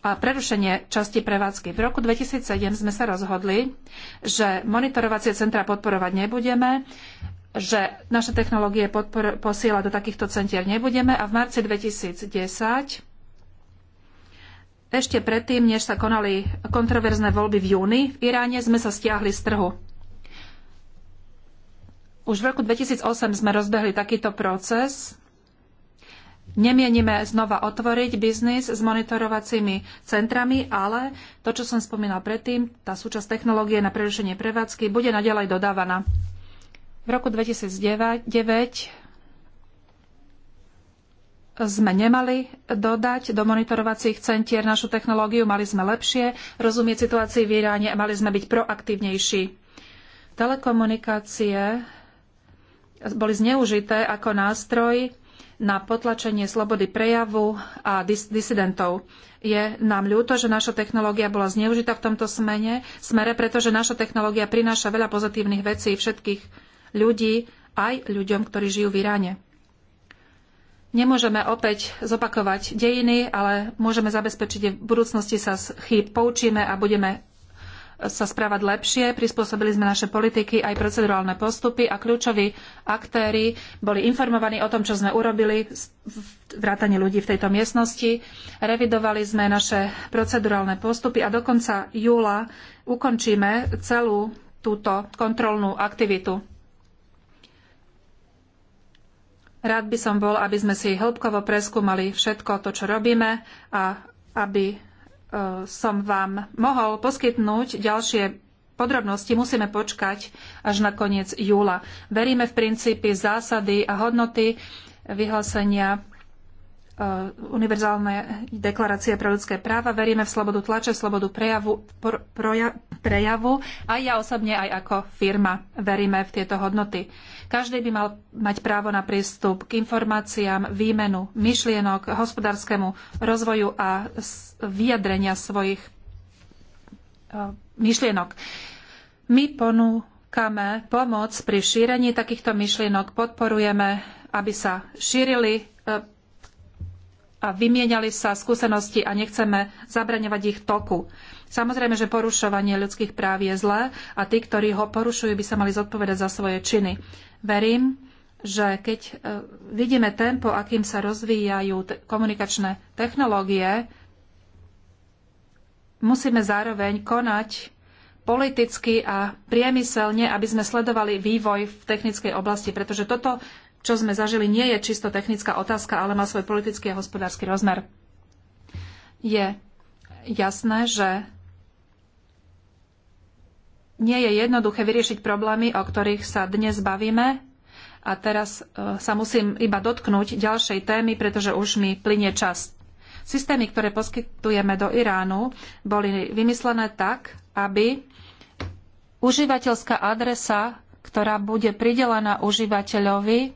a prerušenie časti prevádzky. V roku 2007 sme sa rozhodli, že monitorovacie centra podporovať nebudeme, že naše technológie podpor- do takýchto centier nebudeme a v marci 2010 ešte predtým, než sa konali kontroverzné voľby v júni v Iráne, sme sa stiahli z trhu. Už v roku 2008 sme rozbehli takýto proces. Nemienime znova otvoriť biznis s monitorovacími centrami, ale to, čo som spomínal predtým, tá súčasť technológie na prerušenie prevádzky bude naďalej dodávaná. V roku 2009 sme nemali dodať do monitorovacích centier našu technológiu, mali sme lepšie rozumieť situácii v Iráne a mali sme byť proaktívnejší. Telekomunikácie boli zneužité ako nástroj na potlačenie slobody prejavu a dis- disidentov. Je nám ľúto, že naša technológia bola zneužitá v tomto smene, smere, pretože naša technológia prináša veľa pozitívnych vecí všetkých ľudí, aj ľuďom, ktorí žijú v Iráne. Nemôžeme opäť zopakovať dejiny, ale môžeme zabezpečiť, že v budúcnosti sa z chýb poučíme a budeme sa správať lepšie, prispôsobili sme naše politiky aj procedurálne postupy a kľúčoví aktéri boli informovaní o tom, čo sme urobili, vrátanie ľudí v tejto miestnosti. Revidovali sme naše procedurálne postupy a do konca júla ukončíme celú túto kontrolnú aktivitu. Rád by som bol, aby sme si hĺbkovo preskúmali všetko to, čo robíme a aby som vám mohol poskytnúť ďalšie podrobnosti, musíme počkať až na koniec júla. Veríme v princípy, zásady a hodnoty vyhlásenia Eh, univerzálne deklarácie pre ľudské práva. Veríme v slobodu tlače, v slobodu prejavu, proja, prejavu. Aj ja osobne, aj ako firma veríme v tieto hodnoty. Každý by mal mať právo na prístup k informáciám, výmenu myšlienok, hospodárskemu rozvoju a vyjadrenia svojich eh, myšlienok. My ponúkame pomoc pri šírení takýchto myšlienok, podporujeme, aby sa šírili eh, a vymieniali sa skúsenosti a nechceme zabraňovať ich toku. Samozrejme, že porušovanie ľudských práv je zlé a tí, ktorí ho porušujú, by sa mali zodpovedať za svoje činy. Verím, že keď e, vidíme tempo, akým sa rozvíjajú komunikačné technológie, musíme zároveň konať politicky a priemyselne, aby sme sledovali vývoj v technickej oblasti, pretože toto čo sme zažili, nie je čisto technická otázka, ale má svoj politický a hospodársky rozmer. Je jasné, že nie je jednoduché vyriešiť problémy, o ktorých sa dnes bavíme. A teraz e, sa musím iba dotknúť ďalšej témy, pretože už mi plinie čas. Systémy, ktoré poskytujeme do Iránu, boli vymyslené tak, aby užívateľská adresa, ktorá bude pridelená užívateľovi,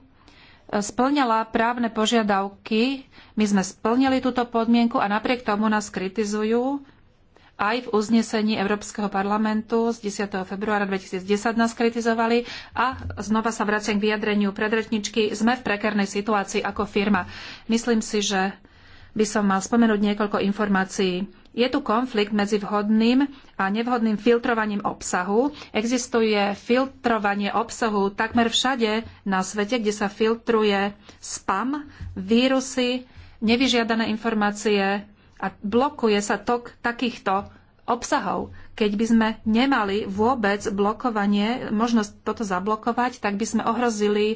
splňala právne požiadavky. My sme splnili túto podmienku a napriek tomu nás kritizujú. Aj v uznesení Európskeho parlamentu z 10. februára 2010 nás kritizovali a znova sa vraciam k vyjadreniu predretničky. Sme v prekernej situácii ako firma. Myslím si, že by som mal spomenúť niekoľko informácií je tu konflikt medzi vhodným a nevhodným filtrovaním obsahu. Existuje filtrovanie obsahu takmer všade na svete, kde sa filtruje spam, vírusy, nevyžiadané informácie a blokuje sa tok takýchto obsahov. Keď by sme nemali vôbec blokovanie, možnosť toto zablokovať, tak by sme ohrozili e,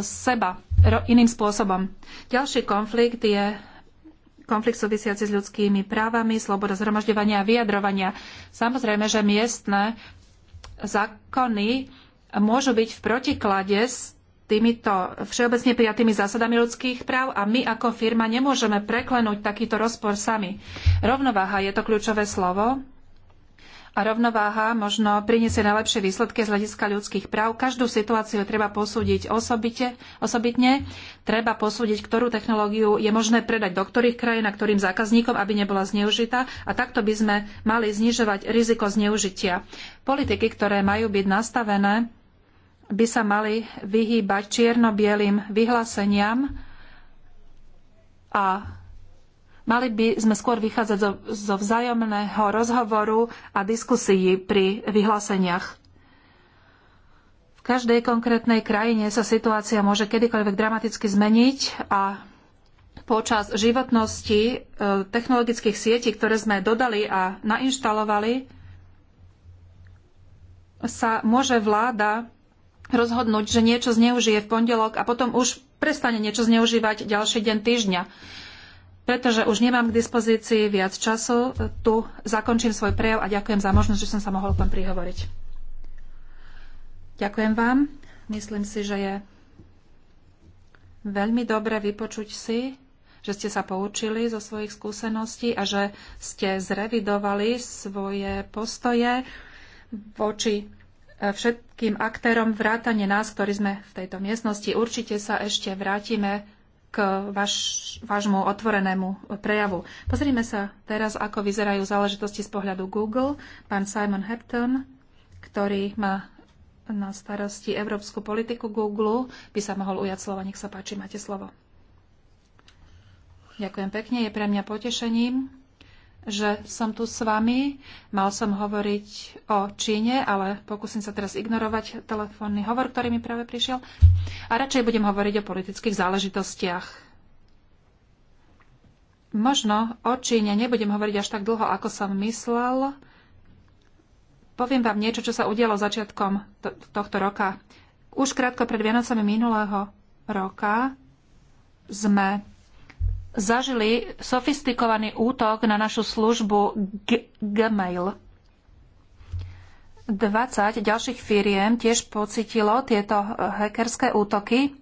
seba iným spôsobom. Ďalší konflikt je konflikt súvisiaci s ľudskými právami, sloboda zhromažďovania a vyjadrovania. Samozrejme, že miestne zákony môžu byť v protiklade s týmito všeobecne prijatými zásadami ľudských práv a my ako firma nemôžeme preklenúť takýto rozpor sami. Rovnováha je to kľúčové slovo a rovnováha možno priniesie najlepšie výsledky z hľadiska ľudských práv. Každú situáciu treba posúdiť osobite, osobitne. Treba posúdiť, ktorú technológiu je možné predať do ktorých krajín a ktorým zákazníkom, aby nebola zneužitá. A takto by sme mali znižovať riziko zneužitia. Politiky, ktoré majú byť nastavené, by sa mali vyhýbať čierno-bielým vyhláseniam a Mali by sme skôr vychádzať zo, zo vzájomného rozhovoru a diskusií pri vyhláseniach. V každej konkrétnej krajine sa situácia môže kedykoľvek dramaticky zmeniť a počas životnosti e, technologických sietí, ktoré sme dodali a nainštalovali, sa môže vláda rozhodnúť, že niečo zneužije v pondelok a potom už prestane niečo zneužívať ďalší deň týždňa. Pretože už nemám k dispozícii viac času, tu zakončím svoj prejav a ďakujem za možnosť, že som sa mohol k vám prihovoriť. Ďakujem vám. Myslím si, že je veľmi dobre vypočuť si, že ste sa poučili zo svojich skúseností a že ste zrevidovali svoje postoje voči eh, všetkým aktérom vrátane nás, ktorí sme v tejto miestnosti. Určite sa ešte vrátime k vaš, vášmu otvorenému prejavu. Pozrime sa teraz, ako vyzerajú záležitosti z pohľadu Google. Pán Simon Hepton, ktorý má na starosti európsku politiku Google, by sa mohol ujať slova. Nech sa páči, máte slovo. Ďakujem pekne, je pre mňa potešením že som tu s vami. Mal som hovoriť o Číne, ale pokúsim sa teraz ignorovať telefónny hovor, ktorý mi práve prišiel. A radšej budem hovoriť o politických záležitostiach. Možno o Číne nebudem hovoriť až tak dlho, ako som myslel. Poviem vám niečo, čo sa udialo začiatkom tohto roka. Už krátko pred Vianocami minulého roka sme zažili sofistikovaný útok na našu službu G- Gmail. 20 ďalších firiem tiež pocitilo tieto hackerské útoky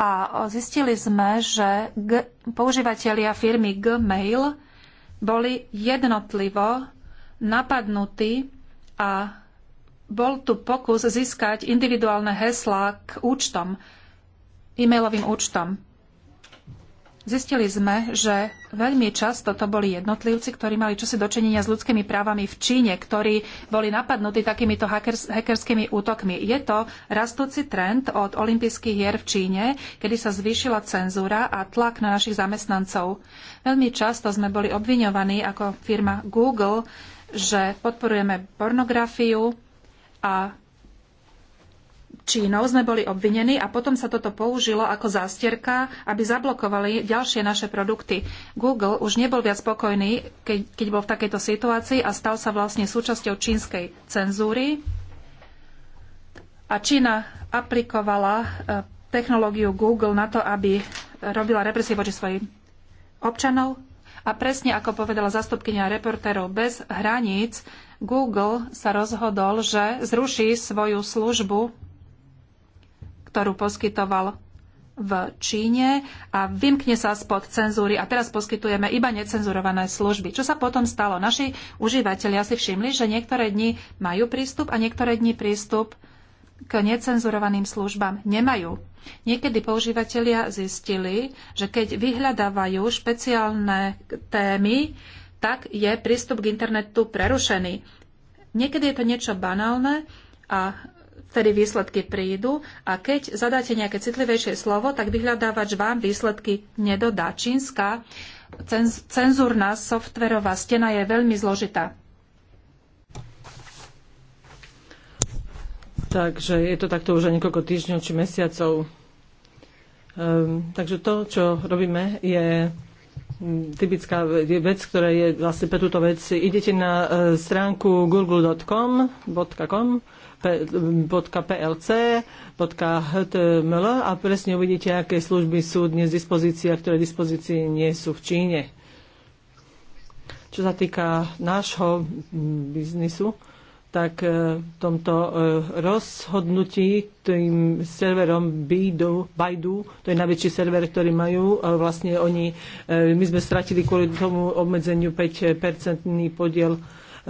a zistili sme, že g- používateľia firmy Gmail boli jednotlivo napadnutí a bol tu pokus získať individuálne heslá k účtom, e-mailovým účtom. Zistili sme, že veľmi často to boli jednotlivci, ktorí mali čosi dočinenia s ľudskými právami v Číne, ktorí boli napadnutí takýmito hackers, hackerskými útokmi. Je to rastúci trend od olympijských hier v Číne, kedy sa zvýšila cenzúra a tlak na našich zamestnancov. Veľmi často sme boli obviňovaní ako firma Google, že podporujeme pornografiu a Čínou sme boli obvinení a potom sa toto použilo ako zástierka, aby zablokovali ďalšie naše produkty. Google už nebol viac spokojný, keď, keď bol v takejto situácii a stal sa vlastne súčasťou čínskej cenzúry. A Čína aplikovala e, technológiu Google na to, aby robila represie voči svojim občanov. A presne ako povedala zastupkynia reportérov bez hraníc, Google sa rozhodol, že zruší svoju službu ktorú poskytoval v Číne a vymkne sa spod cenzúry a teraz poskytujeme iba necenzurované služby. Čo sa potom stalo? Naši užívateľia si všimli, že niektoré dni majú prístup a niektoré dni prístup k necenzurovaným službám nemajú. Niekedy používateľia zistili, že keď vyhľadávajú špeciálne témy, tak je prístup k internetu prerušený. Niekedy je to niečo banálne a vtedy výsledky prídu a keď zadáte nejaké citlivejšie slovo, tak vyhľadávač vám výsledky nedodá. Čínska cenzúrna softverová stena je veľmi zložitá. Takže je to takto už niekoľko týždňov či mesiacov. Um, takže to, čo robíme, je mm, typická vec, ktorá je vlastne pre túto vec. Idete na e, stránku google.com.com .plc, .html a presne uvidíte, aké služby sú dnes a ktoré dispozícii nie sú v Číne. Čo sa týka nášho biznisu, tak e, v tomto e, rozhodnutí tým serverom Baidu, Baidu, to je najväčší server, ktorý majú, e, vlastne oni, my sme stratili kvôli tomu obmedzeniu 5-percentný podiel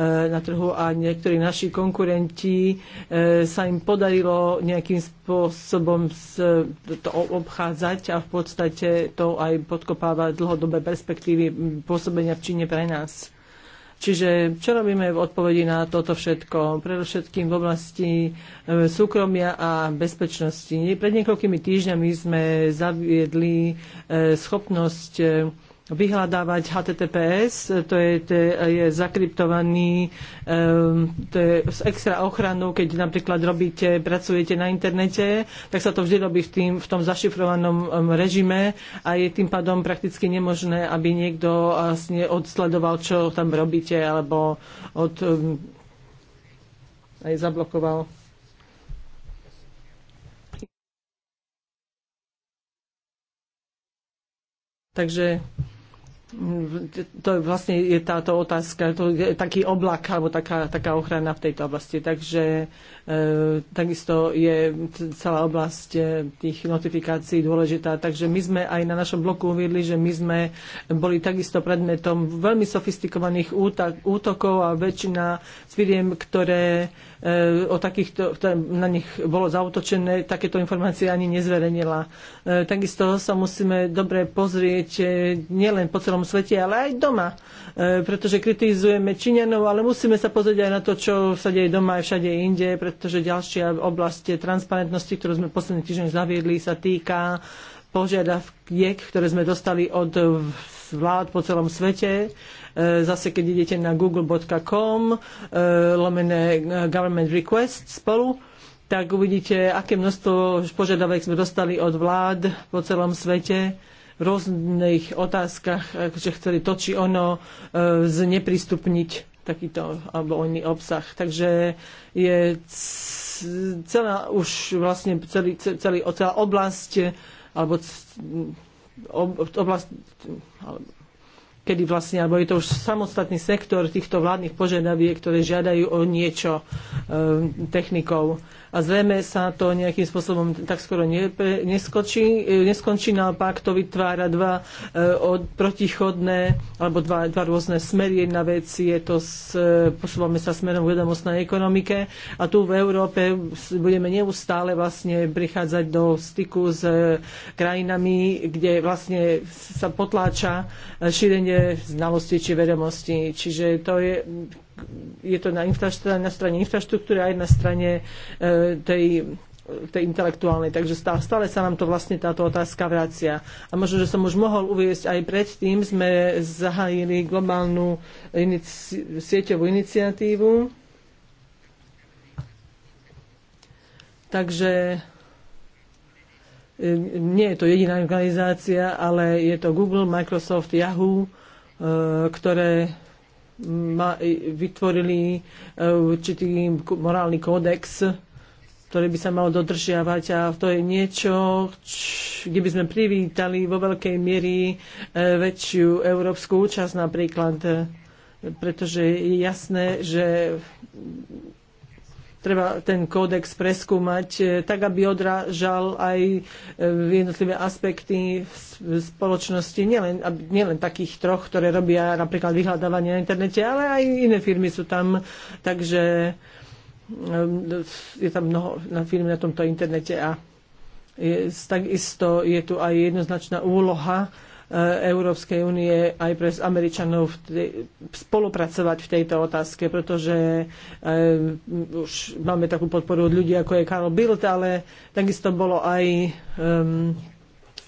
E, na trhu a niektorí naši konkurenti e, sa im podarilo nejakým spôsobom to obchádzať a v podstate to aj podkopáva dlhodobé perspektívy pôsobenia v Číne pre nás. Čiže čo robíme v odpovedi na toto všetko? Predovšetkým v oblasti e, súkromia a bezpečnosti. Pred niekoľkými týždňami sme zaviedli schopnosť vyhľadávať HTTPS, to je, to je zakryptovaný, um, to je s extra ochranou, keď napríklad robíte, pracujete na internete, tak sa to vždy robí v, tým, v tom zašifrovanom ehm, režime a je tým pádom prakticky nemožné, aby niekto vlastne odsledoval, čo tam robíte, alebo od, um, aj zablokoval. Takže to vlastne je táto otázka, to je taký oblak alebo taká, taká ochrana v tejto oblasti. Takže E, takisto je celá oblasť e, tých notifikácií dôležitá. Takže my sme aj na našom bloku uviedli, že my sme boli takisto predmetom veľmi sofistikovaných útokov a väčšina z firiem, ktoré e, o takýchto, na nich bolo zautočené, takéto informácie ani nezverejnila. Takisto sa musíme dobre pozrieť nielen po celom svete, ale aj doma, pretože kritizujeme Číňanov, ale musíme sa pozrieť aj na to, čo sa deje doma aj všade inde, pretože ďalšia oblasť transparentnosti, ktorú sme posledný týždeň zaviedli, sa týka požiadaviek, ktoré sme dostali od vlád po celom svete. E, zase, keď idete na google.com, e, lomené e, government request spolu, tak uvidíte, aké množstvo požiadavek sme dostali od vlád po celom svete v rôznych otázkach, že chceli to či ono zneprístupniť takýto alebo iný obsah. Takže je celá už vlastne celý, celý, celá oblasť alebo oblasť alebo, kedy vlastne, alebo je to už samostatný sektor týchto vládnych požiadaviek, ktoré žiadajú o niečo e, technikov a zrejme sa to nejakým spôsobom tak skoro nepre, neskočí, e, neskončí, naopak to vytvára dva e, od, protichodné alebo dva, dva rôzne smery. Jedna vec je to, s, e, posúvame sa smerom vedomostnej ekonomike a tu v Európe budeme neustále vlastne prichádzať do styku s e, krajinami, kde vlastne sa potláča e, šírenie znalosti či vedomosti. Čiže to je je to na, na strane infraštruktúry aj na strane e, tej tej intelektuálnej. Takže stále sa nám to vlastne táto otázka vracia. A možno, že som už mohol uvieť aj predtým, sme zahájili globálnu inici- sieťovú iniciatívu. Takže e, nie je to jediná organizácia, ale je to Google, Microsoft, Yahoo, e, ktoré vytvorili e, určitý morálny kódex, ktorý by sa mal dodržiavať a to je niečo, kde by sme privítali vo veľkej miery e, väčšiu európsku účasť napríklad, pretože je jasné, že treba ten kódex preskúmať e, tak, aby odrážal aj e, jednotlivé aspekty v spoločnosti, nielen, nielen takých troch, ktoré robia napríklad vyhľadávanie na internete, ale aj iné firmy sú tam, takže e, je tam mnoho na firmy na tomto internete a je, takisto je tu aj jednoznačná úloha Eh, Európskej únie aj pre Američanov spolupracovať v tejto otázke, pretože eh, už máme takú podporu od ľudí, ako je Karl Bildt, ale takisto bolo aj ehm,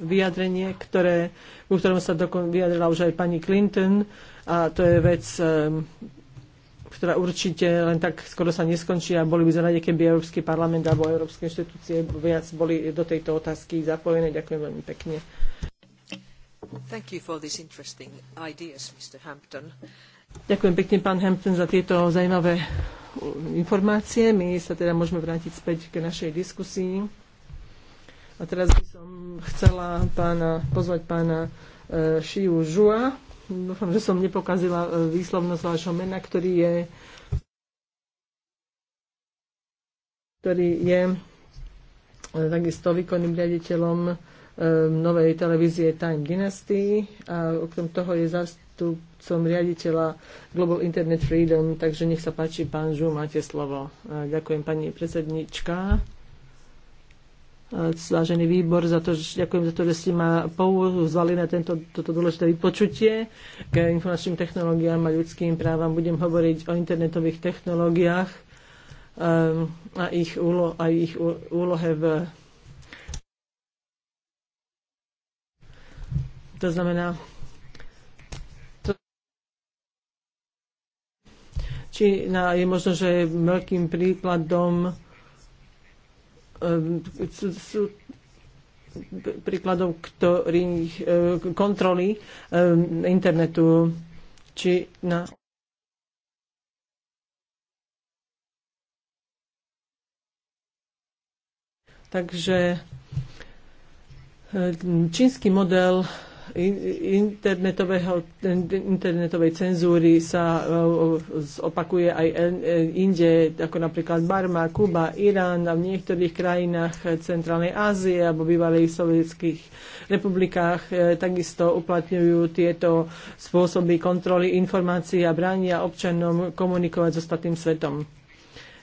vyjadrenie, ktoré, ku ktorom sa dokon, vyjadrila už aj pani Clinton a to je vec ehm, ktorá určite len tak skoro sa neskončí a boli by sme radi, keby Európsky parlament alebo Európske inštitúcie viac boli do tejto otázky zapojené. Ďakujem veľmi pekne. Ďakujem pekne, pán Hampton, za tieto zaujímavé uh, informácie. My sa teda môžeme vrátiť späť k našej diskusii. A teraz by som chcela pána, pozvať pána e, Šiu Žua. Dúfam, že som nepokazila uh, výslovnosť vášho mena, ktorý je ktorý je takisto výkonným riaditeľom Ehm, novej televízie Time Dynasty a okrem toho je zástupcom riaditeľa Global Internet Freedom, takže nech sa páči, pán Žu, máte slovo. Ďakujem pani predsednička Zvážený výbor, za to, že, ďakujem za to, že ste ma pouzvali na tento, toto dôležité vypočutie k informačným technológiám a ľudským právam. Budem hovoriť o internetových technológiách um, a ich, úlo, a ich úlohe v To znamená, či na, je možno, že veľkým príkladom eh, sú príkladov, ktorých eh, kontroly eh, internetu, či na Takže čínsky model internetovej cenzúry sa e, e, opakuje aj e, inde, ako napríklad Barma, Kuba, Irán a v niektorých krajinách Centrálnej Ázie alebo bývalých sovietských republikách takisto uplatňujú tieto spôsoby kontroly informácií a bránia občanom komunikovať s so ostatným svetom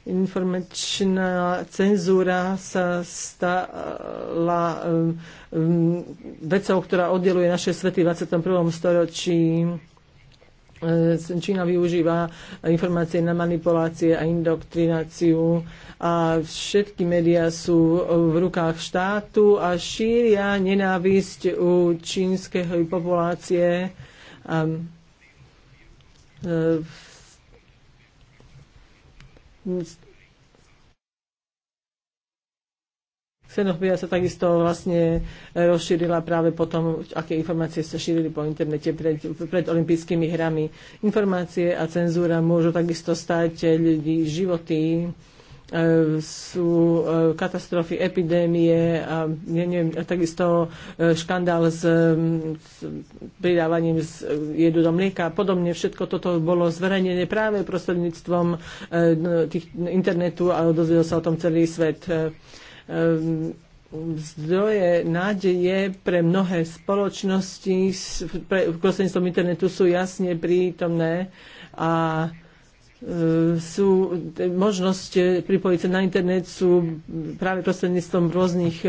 informačná cenzúra sa stala um, um, vecou, ktorá oddeluje naše svety v 21. storočí. Uh, Čína využíva informácie na manipulácie a indoktrináciu a všetky médiá sú v rukách štátu a šíria nenávisť u čínskej populácie. v um, uh, Xenofobia sa takisto vlastne rozšírila práve po tom, aké informácie sa šírili po internete pred, pred olympijskými hrami. Informácie a cenzúra môžu takisto stať ľudí životy, E, sú e, katastrofy, epidémie a, ja neviem, takisto e, škandál s, s pridávaním z jedu do mlieka a podobne. Všetko toto bolo zverejnené práve prostredníctvom no, tých internetu a dozvedel sa o tom celý svet zdroje nádeje pre mnohé spoločnosti prostredníctvom internetu sú jasne prítomné a E, sú e, možnosť e, pripojiť sa na internet sú práve prostredníctvom rôznych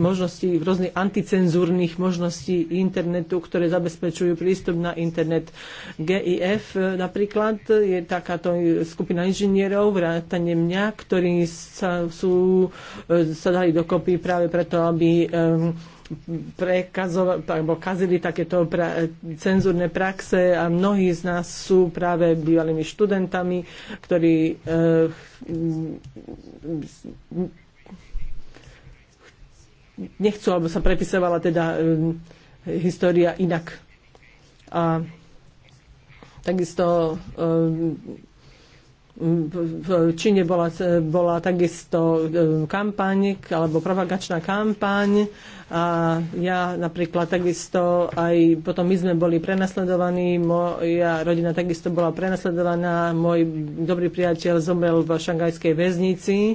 možností, rôznych anticenzúrnych možností internetu, ktoré zabezpečujú prístup na internet. GIF napríklad je takáto skupina inžinierov, vrátane mňa, ktorí sa, sú, sa dali dokopy práve preto, aby um, prekazovali, alebo kazili takéto pra, cenzúrne praxe a mnohí z nás sú práve bývalými študentami, ktorí eh, nechcú, aby sa prepisovala teda eh, história inak. A takisto eh, v Číne bola, bola takisto e, kampaň alebo propagačná kampaň a ja napríklad takisto aj potom my sme boli prenasledovaní, moja rodina takisto bola prenasledovaná, môj dobrý priateľ zomrel v šangajskej väznici. E,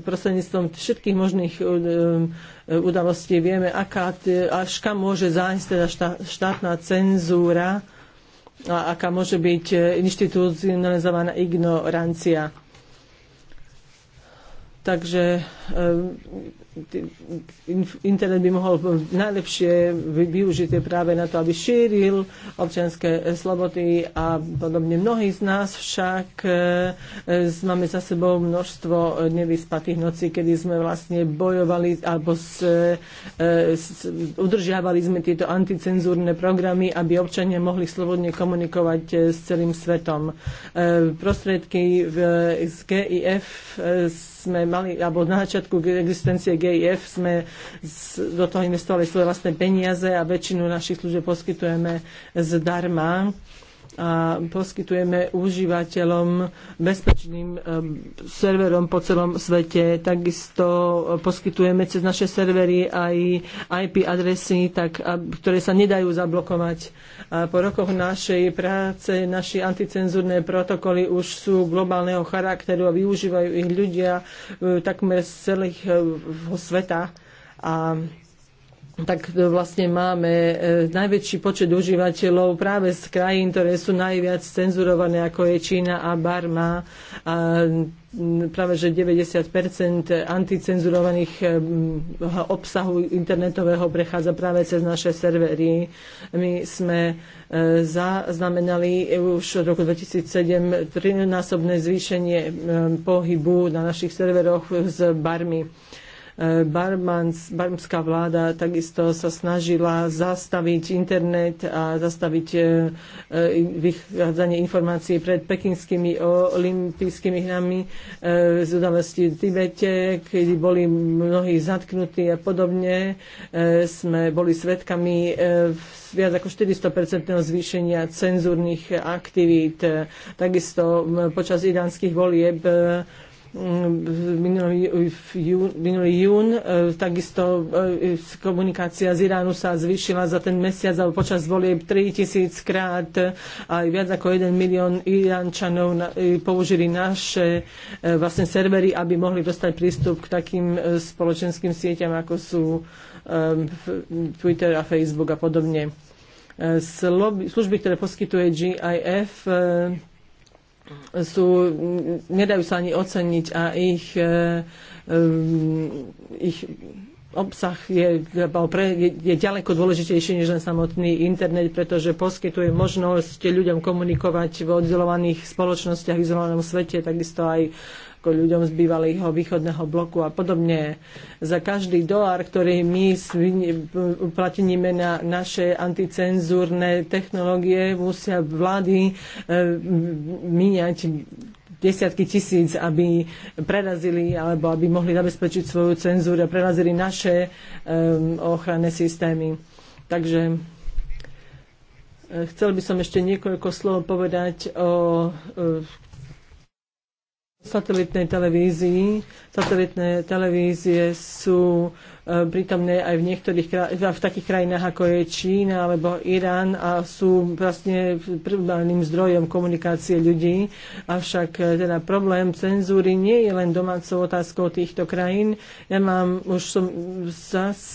prostredníctvom všetkých možných e, udalostí vieme, aká, až kam môže zájsť teda štátna cenzúra No a aká môže byť e, inštitucionalizovaná ignorancia. Takže e, internet by mohol najlepšie využiť práve na to, aby šíril občianské eh, slobody a podobne. Mnohí z nás však eh, máme za sebou množstvo eh, nevyspatých nocí, kedy sme vlastne bojovali alebo s, s, udržiavali sme tieto anticenzúrne programy, aby občania mohli slobodne komunikovať s celým svetom. Prostriedky v GIF sme mali, alebo na začiatku existencie GIF sme do toho investovali svoje vlastné peniaze a väčšinu našich služieb poskytujeme zdarma a poskytujeme užívateľom bezpečným e, serverom po celom svete. Takisto poskytujeme cez naše servery aj IP adresy, tak, ktoré sa nedajú zablokovať. A po rokoch našej práce naši anticenzúrne protokoly už sú globálneho charakteru a využívajú ich ľudia e, takmer z celých e, sveta. A tak e, vlastne máme e, najväčší počet užívateľov práve z krajín, ktoré sú najviac cenzurované, ako je Čína a Barma. A práve že 90 anticenzurovaných e, obsahu internetového prechádza práve cez naše servery. My sme zaznamenali už v roku 2007 trinásobné zvýšenie pohybu na našich serveroch z Barmy. Barmans, barmská vláda takisto sa snažila zastaviť internet a zastaviť e, e, vychádzanie informácií pred pekinskými olympijskými hrami e, z udalosti v Tibete, kedy boli mnohí zatknutí a podobne. Sme boli svetkami viac ako 400% zvýšenia cenzúrnych aktivít. Takisto počas iránskych volieb Mm, minulý, jún, minulý jún. E, takisto e, e, komunikácia z Iránu sa zvýšila za ten mesiac alebo počas volieb 3000 krát. Aj viac ako 1 milión Iránčanov použili naše vlastne servery, aby mohli dostať prístup k takým spoločenským sieťam, ako sú Twitter a Facebook a podobne. Služby, ktoré poskytuje GIF, sú, nedajú sa ani oceniť a ich, e, e ich obsah je, je ďaleko dôležitejší než len samotný internet, pretože poskytuje možnosť ľuďom komunikovať v oddelovaných spoločnostiach, v izolovanom svete, takisto aj ako ľuďom z bývalého východného bloku a podobne. Za každý dolár, ktorý my uplatníme na naše anticenzúrne technológie, musia vlády e, míňať desiatky tisíc, aby prerazili alebo aby mohli zabezpečiť svoju cenzúru a prerazili naše um, ochranné systémy. Takže e, chcel by som ešte niekoľko slov povedať o, o satelitnej televízii. Satelitné televízie sú e, prítomné aj v niektorých v takých krajinách ako je Čína alebo Irán a sú vlastne prvným zdrojom komunikácie ľudí. Avšak e, teda problém cenzúry nie je len domácou otázkou týchto krajín. Ja mám, už som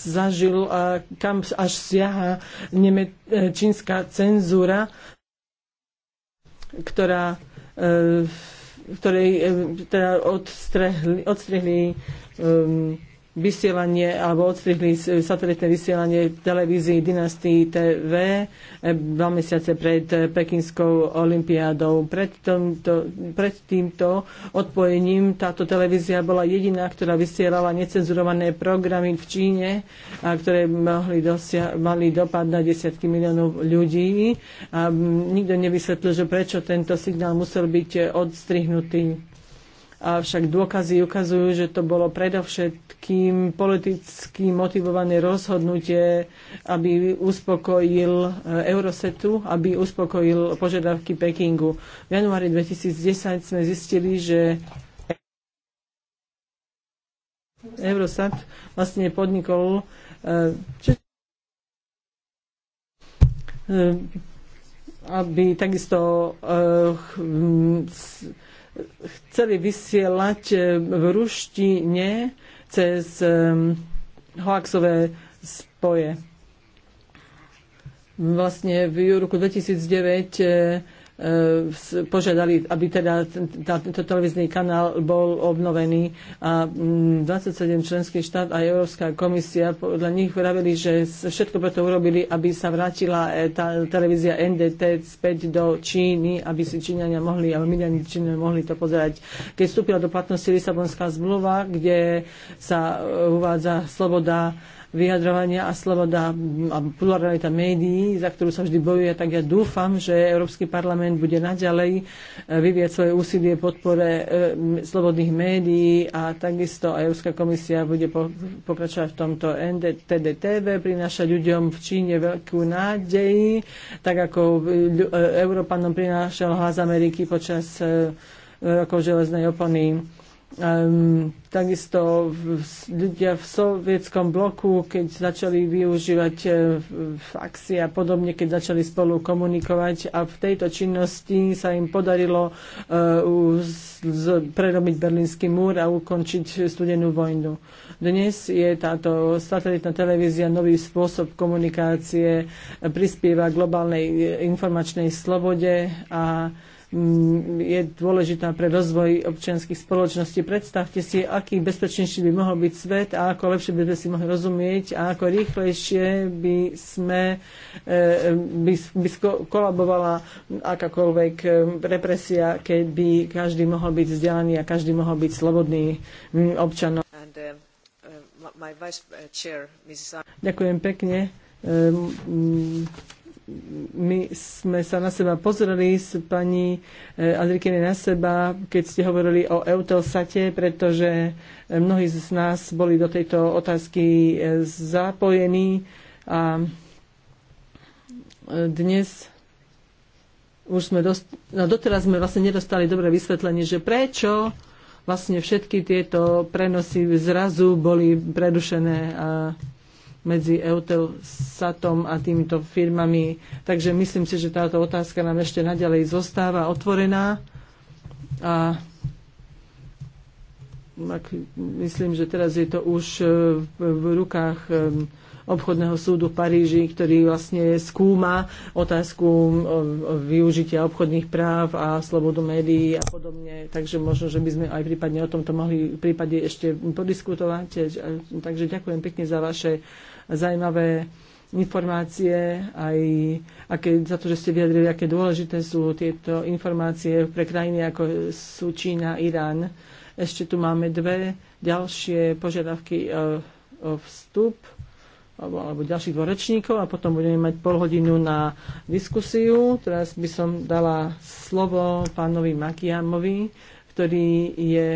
zažil, a kam až siaha e, čínska cenzúra, ktorá e, ktorej teda odstrehli, odstrehli um, vysielanie alebo odstrihli satelitné vysielanie televízii Dynastii TV e, dva mesiace pred e, Pekinskou olimpiádou. Pred, tomto, pred týmto odpojením táto televízia bola jediná, ktorá vysielala necenzurované programy v Číne, a ktoré mohli dosia- mali dopad na desiatky miliónov ľudí. A nikto nevysvetlil, že prečo tento signál musel byť e, odstrihnutý avšak dôkazy ukazujú, že to bolo predovšetkým politicky motivované rozhodnutie, aby uspokojil e, Eurosetu, aby uspokojil požiadavky Pekingu. V januári 2010 sme zistili, že Eurosat vlastne podnikol e, e, aby takisto chceli vysielať eh, v ruštine cez ehm, hoaxové spoje. Vlastne v roku 2009 E, požiadali, aby teda tento televízny kanál bol obnovený a 27 mm, členských štát a Európska komisia podľa nich vravili, že všetko preto urobili, aby sa vrátila e, tá televízia NDT späť do Číny, aby si Číňania mohli, alebo miliani Číňania mohli to pozerať. Keď vstúpila do platnosti Lisabonská zmluva, kde sa e, uvádza sloboda vyjadrovania a sloboda mm, a pluralita médií, za ktorú sa vždy bojuje, tak ja dúfam, že Európsky parlament bude naďalej e, vyvieť svoje úsilie podpore e, slobodných médií a takisto Európska komisia bude pokračovať v tomto NDTDTV, prinášať ľuďom v Číne veľkú nádej, tak ako e, Európanom prinášal hlas Ameriky počas rokov železnej opony Um, takisto v, ľudia v sovietskom bloku, keď začali využívať uh, faxy a podobne, keď začali spolu komunikovať a v tejto činnosti sa im podarilo uh, z, z, prerobiť Berlínsky múr a ukončiť studenú vojnu. Dnes je táto satelitná televízia nový spôsob komunikácie, prispieva globálnej e, informačnej slobode a Mm, je dôležitá pre rozvoj občianských spoločností. Predstavte si, aký bezpečnejší by mohol byť svet a ako lepšie by sme si mohli rozumieť a ako rýchlejšie by sme e, by, by kolabovala akákoľvek e, represia, keby každý mohol byť vzdelaný a každý mohol byť slobodný mm, občanom. Um, uh, uh, Ďakujem pekne. Um, my sme sa na seba pozreli s pani e, Adrikene na seba, keď ste hovorili o Eutelsate, pretože e, mnohí z nás boli do tejto otázky e, zapojení a dnes už sme dost, no doteraz sme vlastne nedostali dobré vysvetlenie, že prečo vlastne všetky tieto prenosy zrazu boli prerušené a medzi Eutelsatom a týmito firmami. Takže myslím si, že táto otázka nám ešte naďalej zostáva otvorená a myslím, že teraz je to už eh, v rukách eh, obchodného súdu v Paríži, ktorý vlastne skúma otázku um, um, využitia obchodných práv a slobodu médií a podobne. Takže možno, že by sme aj prípadne o tomto mohli v prípade ešte podiskutovať. Takže ďakujem pekne za vaše zaujímavé informácie, aj aké, za to, že ste vyjadrili, aké dôležité sú tieto informácie pre krajiny ako sú Čína, Irán. Ešte tu máme dve ďalšie požiadavky eh, o vstup alebo, alebo ďalších dvoch rečníkov a potom budeme mať pol hodinu na diskusiu. Teraz by som dala slovo pánovi Makiamovi, ktorý je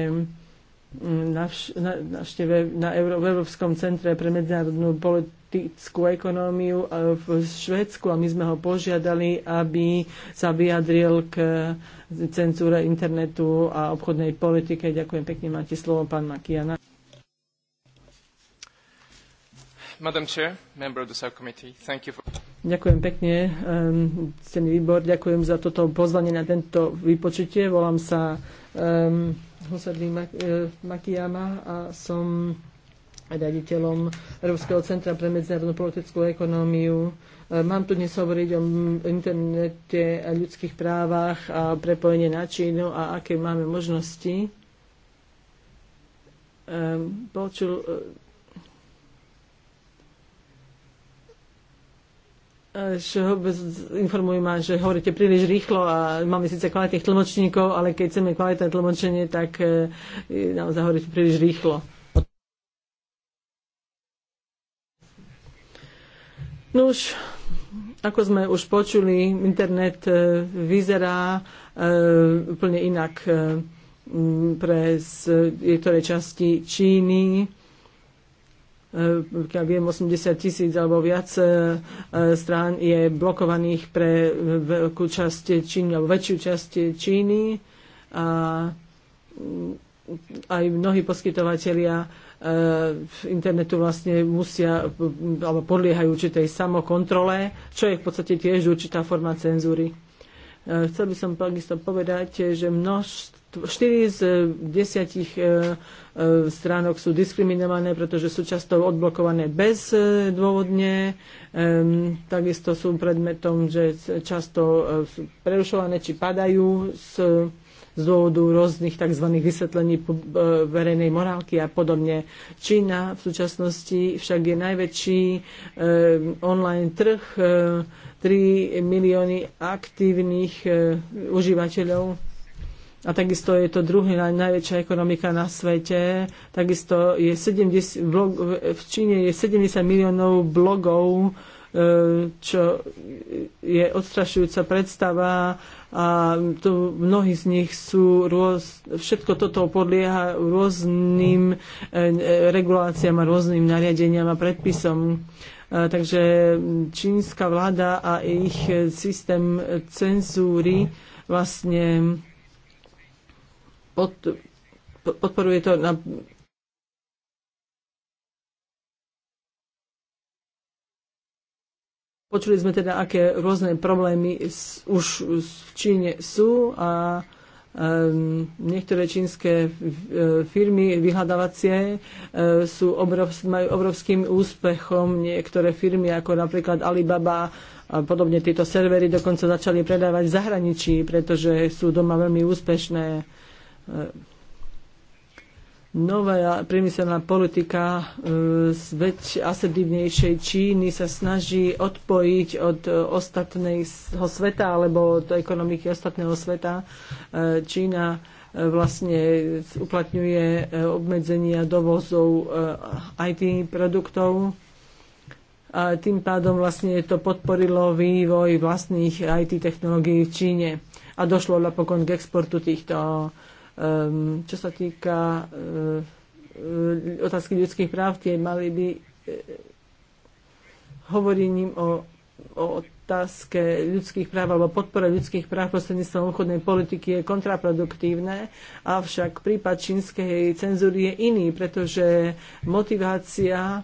mm, vš- na, navšteve na Euró- v Európskom centre pre medzinárodnú politickú ekonómiu e, v Švédsku a my sme ho požiadali, aby sa vyjadril k cenzúre internetu a obchodnej politike. Ďakujem pekne, máte slovo, pán Makiana. Madam Chair, member of the subcommittee, thank you for... Ďakujem pekne, um, ehm, cený výbor, ďakujem za toto pozvanie na tento vypočutie. Volám sa um, ehm, Husadli e, Makiyama a som riaditeľom Európskeho centra pre medzinárodnú politickú ekonómiu. E, mám tu dnes hovoriť o internete a ľudských právach a prepojenie na Čínu a aké máme možnosti. Ehm, počul, e, informujú ma, že hovoríte príliš rýchlo a máme síce kvalitných tlmočníkov, ale keď chceme kvalitné tlmočenie, tak e, naozaj hovoríte príliš rýchlo. No už, ako sme už počuli, internet e, vyzerá e, úplne inak pre niektoré časti Číny ja viem, 80 tisíc alebo viac e, e, strán je blokovaných pre veľkú časť Číny, alebo väčšiu časť Číny. A mm, aj mnohí poskytovateľia e, v internetu vlastne musia alebo podliehajú určitej samokontrole, čo je v podstate tiež určitá forma cenzúry. Chcel by som takisto povedať, že množstvo 4 z 10 eh, eh, eh, stránok sú diskriminované, pretože sú často odblokované bezdôvodne. Ehm, takisto sú predmetom, že často sú prerušované či padajú z, z dôvodu rôznych tzv. vysvetlení verejnej morálky a podobne. Čína v súčasnosti však je najväčší online trh, 3 milióny aktívnych užívateľov a takisto je to druhá najväčšia ekonomika na svete. Takisto je 70, blog, v Číne je 70 miliónov blogov, e, čo je odstrašujúca predstava a tu mnohí z nich sú rôz, všetko toto podlieha rôznym e, e, reguláciám a rôznym nariadeniam a predpisom. Takže čínska vláda a ich systém cenzúry vlastne pod, podporuje to na Počuli sme teda, aké rôzne problémy už v Číne sú a niektoré čínske eh, firmy vyhľadávacie eh, sú obrovský, majú obrovským úspechom. Niektoré firmy, ako napríklad Alibaba a podobne, tieto servery dokonca začali predávať v zahraničí, pretože sú doma veľmi úspešné E, nová priemyselná politika z e, väč asertívnejšej Číny sa snaží odpojiť od ostatného sveta alebo od ekonomiky ostatného sveta. E, Čína vlastne uplatňuje obmedzenia dovozov IT produktov a tým pádom vlastne to podporilo vývoj vlastných IT technológií v Číne a došlo napokon k exportu týchto Ehm, čo sa týka eh, eh, otázky ľudských práv, tie mali by eh, hovorením o, o otázke ľudských práv alebo podpore ľudských práv prostredníctvom obchodnej politiky je kontraproduktívne, avšak prípad čínskej cenzúry je iný, pretože motivácia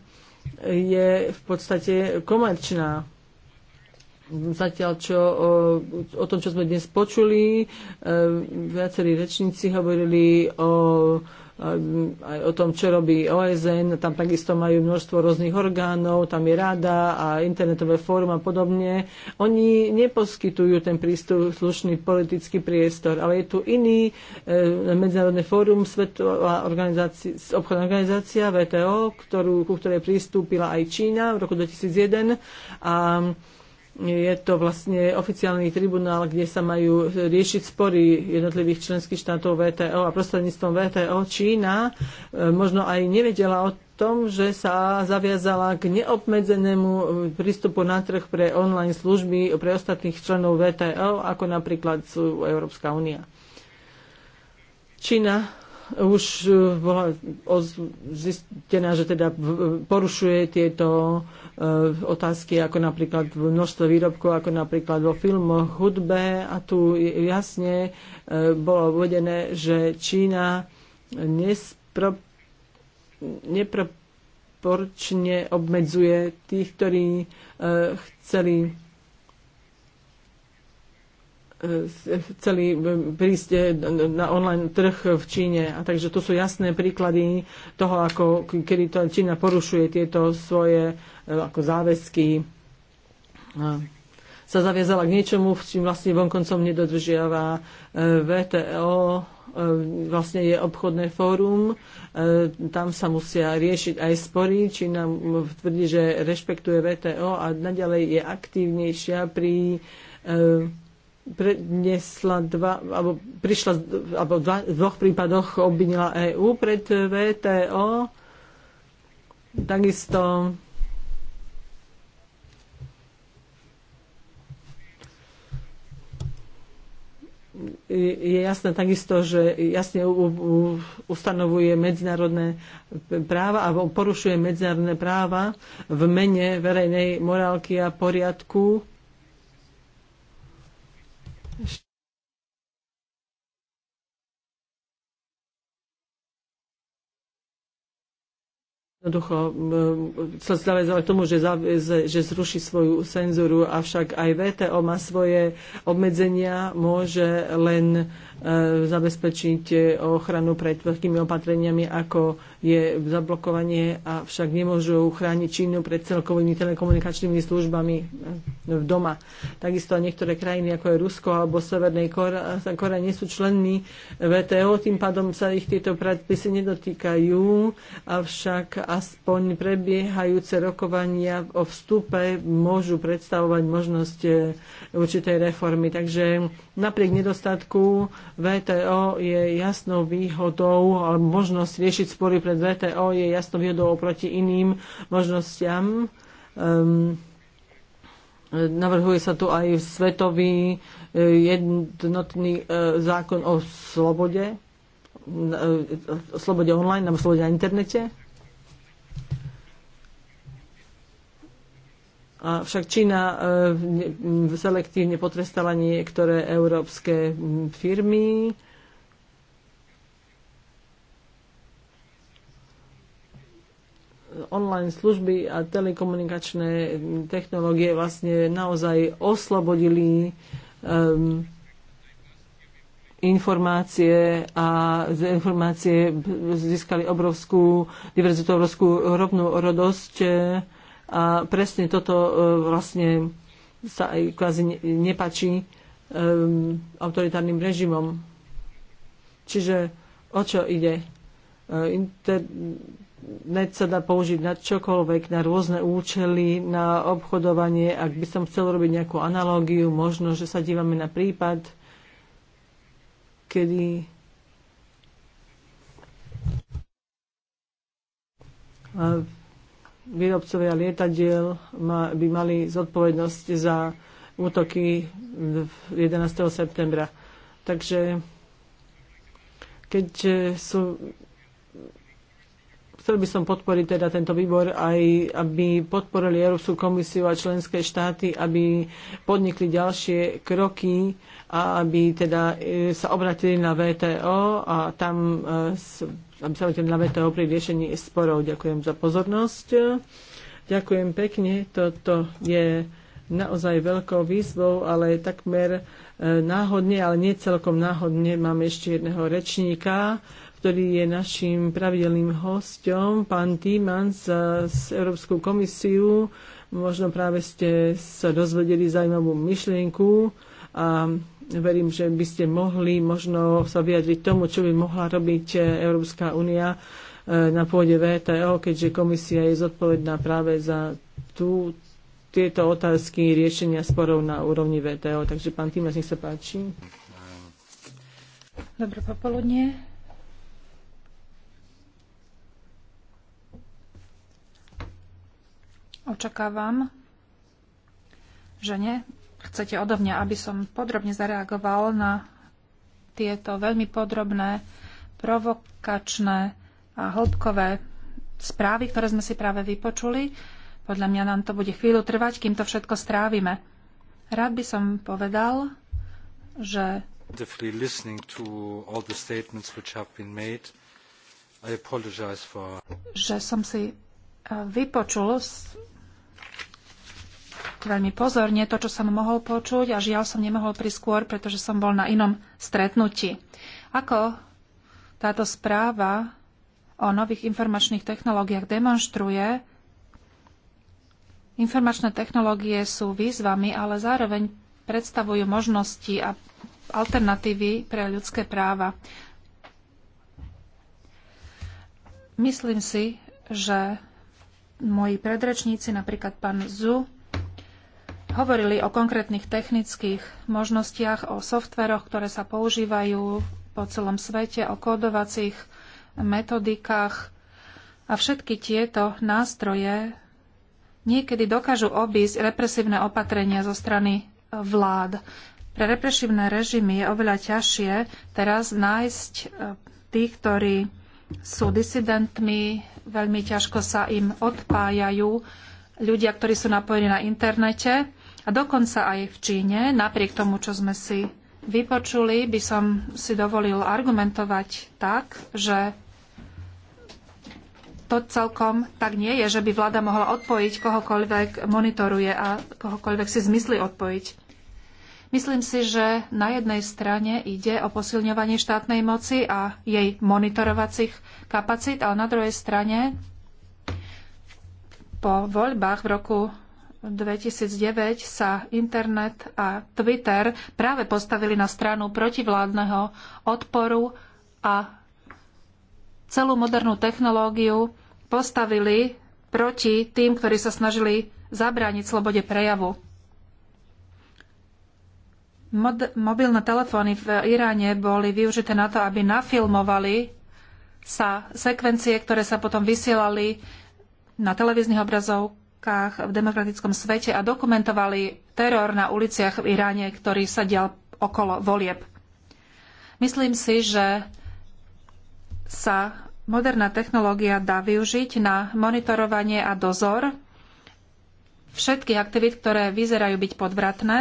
je v podstate komerčná zatiaľ čo, o, o tom, čo sme dnes počuli, e, viacerí rečníci hovorili o e, aj o tom, čo robí OSN, tam takisto majú množstvo rôznych orgánov, tam je rada a internetové fórum a podobne. Oni neposkytujú ten prístup slušný politický priestor, ale je tu iný e, medzinárodné fórum, Svetová organizácia, obchodná organizácia VTO, ktorú, ku ktorej pristúpila aj Čína v roku 2001 a je to vlastne oficiálny tribunál, kde sa majú riešiť spory jednotlivých členských štátov VTO a prostredníctvom VTO Čína e, možno aj nevedela o tom, že sa zaviazala k neobmedzenému prístupu na trh pre online služby pre ostatných členov VTO, ako napríklad sú Európska únia. Čína už e, bola zistená, že teda porušuje tieto e, otázky, ako napríklad v množstve výrobkov, ako napríklad vo filmoch, hudbe. A tu jasne e, bolo uvedené, že Čína nespro, neproporčne obmedzuje tých, ktorí chceli chceli prísť na online trh v Číne. A takže to sú jasné príklady toho, ako, kedy to Čína porušuje tieto svoje eh, ako záväzky. A sa zaviazala k niečomu, v čím vlastne vonkoncom nedodržiava eh, VTO, eh, vlastne je obchodné fórum, tam sa musia riešiť aj spory, či nám tvrdí, že rešpektuje VTO a naďalej je aktívnejšia pri prednesla dva, alebo prišla, alebo dva, v dvoch prípadoch obvinila EÚ pred VTO. Takisto je jasné takisto, že jasne ustanovuje medzinárodné práva a porušuje medzinárodné práva v mene verejnej morálky a poriadku jednoducho e, sa zavezala k tomu, že, že zruší svoju cenzúru, avšak aj VTO má svoje obmedzenia, môže len E, zabezpečiť e, ochranu pred veľkými opatreniami, ako je zablokovanie, avšak nemôžu chrániť Čínu pred celkovými telekomunikačnými službami e, v doma. Takisto niektoré krajiny, ako je Rusko alebo Severnej Korea, nie sú členmi VTO, tým pádom sa ich tieto predpisy nedotýkajú, avšak aspoň prebiehajúce rokovania o vstupe môžu predstavovať možnosť určitej reformy. Takže Napriek nedostatku VTO je jasnou výhodou, alebo možnosť riešiť spory pred VTO je jasnou výhodou oproti iným možnostiam. Um, Navrhuje sa tu aj svetový e, jednotný e, zákon o slobode, e, o slobode online, alebo slobode na internete. A však Čína e, selektívne potrestala niektoré európske firmy. online služby a telekomunikačné technológie vlastne naozaj oslobodili um, informácie a z informácie získali obrovskú diverzitu, obrovskú rovnú rodosť a presne toto e, vlastne sa aj kvázi nepačí um, autoritárnym režimom. Čiže o čo ide? E, internet sa dá použiť na čokoľvek, na rôzne účely, na obchodovanie. Ak by som chcel robiť nejakú analógiu, možno, že sa dívame na prípad, kedy uh, výrobcovia lietadiel by mali zodpovednosť za útoky 11. septembra. Takže keď eh, sú chcel by som podporiť teda tento výbor aj, aby podporili Európsku komisiu a členské štáty, aby podnikli ďalšie kroky a aby teda eh, sa obratili na VTO a tam eh, absolútne vetov pri riešení sporov. Ďakujem za pozornosť. Ďakujem pekne. Toto je naozaj veľkou výzvou, ale takmer e, náhodne, ale nie celkom náhodne, máme ešte jedného rečníka, ktorý je našim pravidelným hostom, pán Týman z, z Európsku komisiu. Možno práve ste sa dozvedeli zaujímavú myšlienku a verím, že by ste mohli možno sa vyjadriť tomu, čo by mohla robiť e, Európska únia e, na pôde VTO, keďže komisia je zodpovedná práve za tú, tieto otázky riešenia sporov na úrovni VTO. Takže pán Týmas, nech sa páči. Dobro popoludne. Očakávam, že ne, chcete odo mňa, aby som podrobne zareagoval na tieto veľmi podrobné, provokačné a hĺbkové správy, ktoré sme si práve vypočuli. Podľa mňa nám to bude chvíľu trvať, kým to všetko strávime. Rád by som povedal, že že som si eh, vypočul veľmi pozorne to, čo som mohol počuť a žiaľ som nemohol priskôr, pretože som bol na inom stretnutí. Ako táto správa o nových informačných technológiách demonstruje, informačné technológie sú výzvami, ale zároveň predstavujú možnosti a alternatívy pre ľudské práva. Myslím si, že moji predrečníci, napríklad pán Zu, hovorili o konkrétnych technických možnostiach, o softveroch, ktoré sa používajú po celom svete, o kódovacích metodikách. A všetky tieto nástroje niekedy dokážu obísť represívne opatrenia zo strany vlád. Pre represívne režimy je oveľa ťažšie teraz nájsť e, tých, ktorí sú disidentmi, veľmi ťažko sa im odpájajú ľudia, ktorí sú napojení na internete. A dokonca aj v Číne, napriek tomu, čo sme si vypočuli, by som si dovolil argumentovať tak, že to celkom tak nie je, že by vláda mohla odpojiť kohokoľvek monitoruje a kohokoľvek si zmyslí odpojiť. Myslím si, že na jednej strane ide o posilňovanie štátnej moci a jej monitorovacích kapacít, ale na druhej strane po voľbách v roku 2009 sa internet a Twitter práve postavili na stranu protivládneho odporu a celú modernú technológiu postavili proti tým, ktorí sa snažili zabrániť slobode prejavu. Mod- mobilné telefóny v Iráne boli využité na to, aby nafilmovali sa sekvencie, ktoré sa potom vysielali na televíznych obrazovkách v demokratickom svete a dokumentovali teror na uliciach v Iráne, ktorý sa dial okolo volieb. Myslím si, že sa moderná technológia dá využiť na monitorovanie a dozor všetkých aktivít, ktoré vyzerajú byť podvratné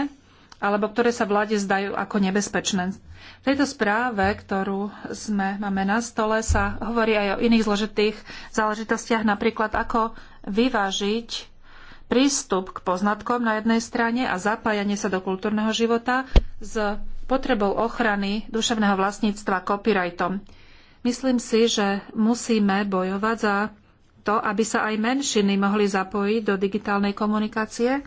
alebo ktoré sa vláde zdajú ako nebezpečné. V tejto správe, ktorú sme, máme na stole, sa hovorí aj o iných zložitých záležitostiach, napríklad ako vyvážiť prístup k poznatkom na jednej strane a zapájanie sa do kultúrneho života s potrebou ochrany duševného vlastníctva copyrightom. Myslím si, že musíme bojovať za to, aby sa aj menšiny mohli zapojiť do digitálnej komunikácie.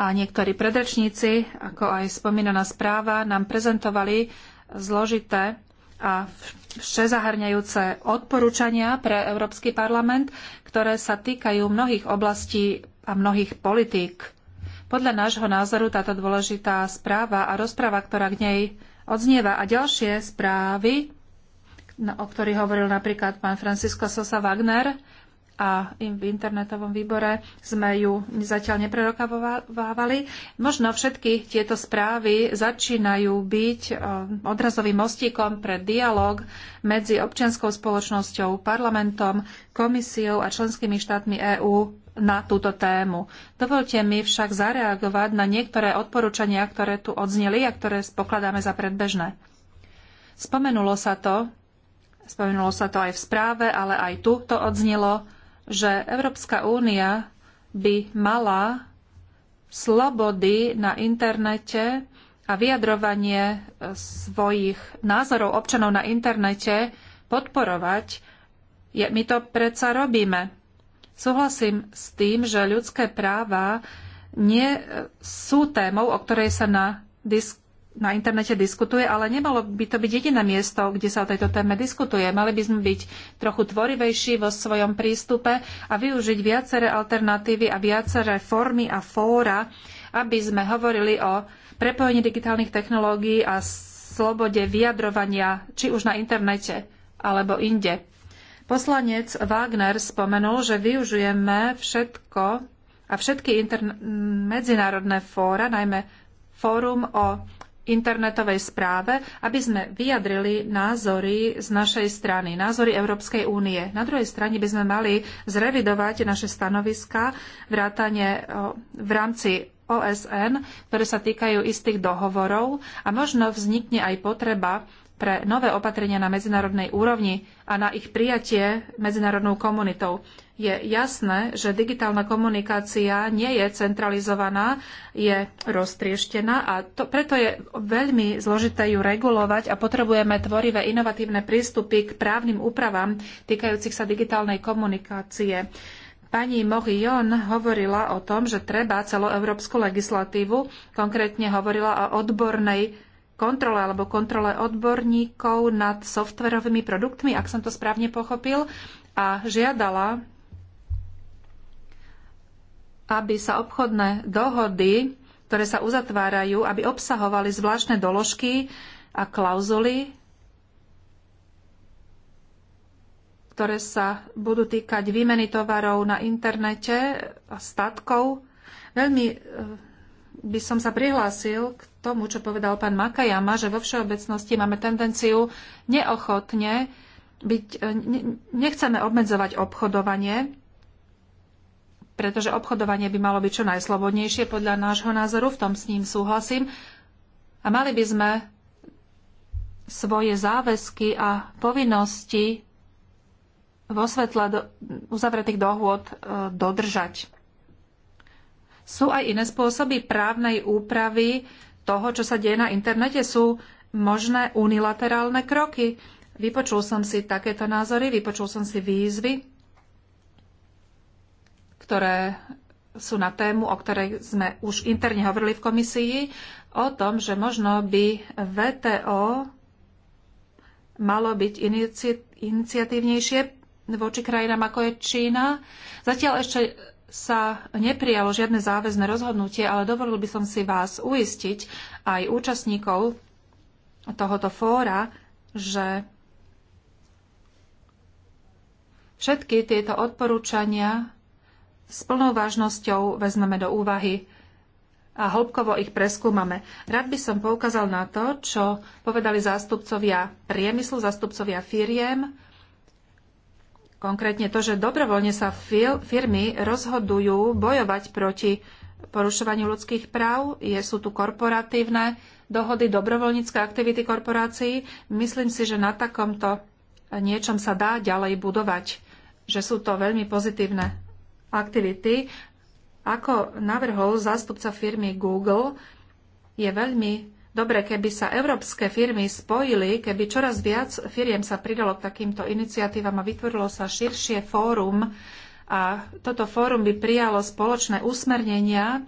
A niektorí predrečníci, ako aj spomínaná správa, nám prezentovali zložité a všezahrňajúce odporúčania pre Európsky parlament, ktoré sa týkajú mnohých oblastí a mnohých politík. Podľa nášho názoru táto dôležitá správa a rozpráva, ktorá k nej odznieva a ďalšie správy, no, o ktorých hovoril napríklad pán Francisco Sosa Wagner, a im v internetovom výbore sme ju zatiaľ neprerokavovávali. Možno všetky tieto správy začínajú byť e, odrazovým mostíkom pre dialog medzi občianskou spoločnosťou, parlamentom, komisiou a členskými štátmi EÚ na túto tému. Dovolte mi však zareagovať na niektoré odporúčania, ktoré tu odzneli a ktoré pokladáme za predbežné. Spomenulo sa to, spomenulo sa to aj v správe, ale aj tu to odznelo že Európska únia by mala slobody na internete a vyjadrovanie e, svojich názorov občanov na internete podporovať. Je, my to predsa robíme. Súhlasím s tým, že ľudské práva nie e, sú témou, o ktorej sa na disk- na internete diskutuje, ale nemalo by to byť jediné miesto, kde sa o tejto téme diskutuje. Mali by sme byť trochu tvorivejší vo svojom prístupe a využiť viaceré alternatívy a viaceré formy a fóra, aby sme hovorili o prepojení digitálnych technológií a slobode vyjadrovania, či už na internete alebo inde. Poslanec Wagner spomenul, že využijeme všetko a všetky medzinárodné fóra, najmä fórum o internetovej správe, aby sme vyjadrili názory z našej strany, názory Európskej únie. Na druhej strane by sme mali zrevidovať naše stanoviska vrátane v rámci OSN, ktoré sa týkajú istých dohovorov a možno vznikne aj potreba pre nové opatrenia na medzinárodnej úrovni a na ich prijatie medzinárodnou komunitou je jasné, že digitálna komunikácia nie je centralizovaná, je roztrieštená a to, preto je veľmi zložité ju regulovať a potrebujeme tvorivé inovatívne prístupy k právnym úpravám týkajúcich sa digitálnej komunikácie. Pani Mohion hovorila o tom, že treba celoeurópsku legislatívu, konkrétne hovorila o odbornej kontrole alebo kontrole odborníkov nad softverovými produktmi, ak som to správne pochopil, a žiadala aby sa obchodné dohody, ktoré sa uzatvárajú, aby obsahovali zvláštne doložky a klauzuly, ktoré sa budú týkať výmeny tovarov na internete a statkov. Veľmi eh, by som sa prihlásil k tomu, čo povedal pán Makajama, že vo všeobecnosti máme tendenciu neochotne byť, eh, nechceme obmedzovať obchodovanie, pretože obchodovanie by malo byť čo najslobodnejšie podľa nášho názoru, v tom s ním súhlasím. A mali by sme svoje záväzky a povinnosti vo svetle do, uzavretých dohôd e, dodržať. Sú aj iné spôsoby právnej úpravy toho, čo sa deje na internete. Sú možné unilaterálne kroky. Vypočul som si takéto názory, vypočul som si výzvy ktoré sú na tému, o ktorej sme už interne hovorili v komisii, o tom, že možno by VTO malo byť inici- iniciatívnejšie voči krajinám, ako je Čína. Zatiaľ ešte sa neprijalo žiadne záväzne rozhodnutie, ale dovolil by som si vás uistiť aj účastníkov tohoto fóra, že všetky tieto odporúčania s plnou vážnosťou vezmeme do úvahy a hĺbkovo ich preskúmame. Rád by som poukázal na to, čo povedali zástupcovia priemyslu, zástupcovia firiem, konkrétne to, že dobrovoľne sa firmy rozhodujú bojovať proti porušovaniu ľudských práv, je, sú tu korporatívne dohody, dobrovoľnícke aktivity korporácií. Myslím si, že na takomto niečom sa dá ďalej budovať, že sú to veľmi pozitívne aktivity, ako navrhol zástupca firmy Google, je veľmi dobre, keby sa európske firmy spojili, keby čoraz viac firiem sa pridalo k takýmto iniciatívam a vytvorilo sa širšie fórum a toto fórum by prijalo spoločné usmernenia,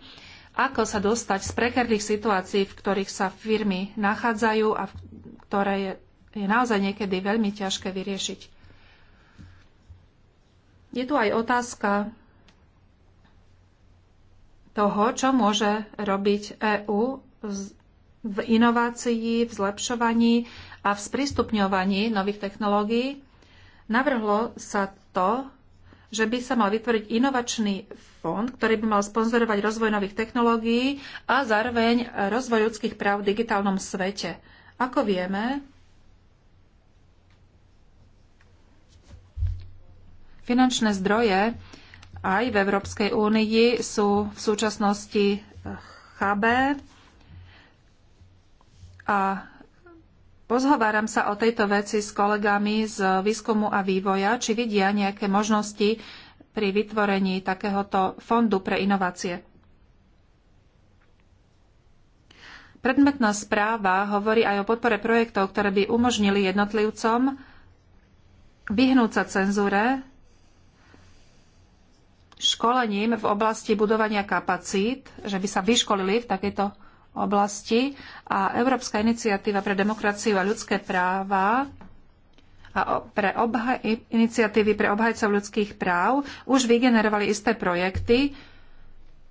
ako sa dostať z prekerných situácií, v ktorých sa firmy nachádzajú a v ktoré je, je naozaj niekedy veľmi ťažké vyriešiť. Je tu aj otázka toho, čo môže robiť EÚ v inovácii, v zlepšovaní a v sprístupňovaní nových technológií, navrhlo sa to, že by sa mal vytvoriť inovačný fond, ktorý by mal sponzorovať rozvoj nových technológií a zároveň rozvoj ľudských práv v digitálnom svete. Ako vieme, finančné zdroje aj v Európskej únii sú v súčasnosti eh, chabé. A pozhováram sa o tejto veci s kolegami z výskumu a vývoja, či vidia nejaké možnosti pri vytvorení takéhoto fondu pre inovácie. Predmetná správa hovorí aj o podpore projektov, ktoré by umožnili jednotlivcom vyhnúť sa cenzúre školením v oblasti budovania kapacít, že by sa vyškolili v takejto oblasti a Európska iniciatíva pre demokraciu a ľudské práva a pre obha- iniciatívy pre obhajcov ľudských práv už vygenerovali isté projekty,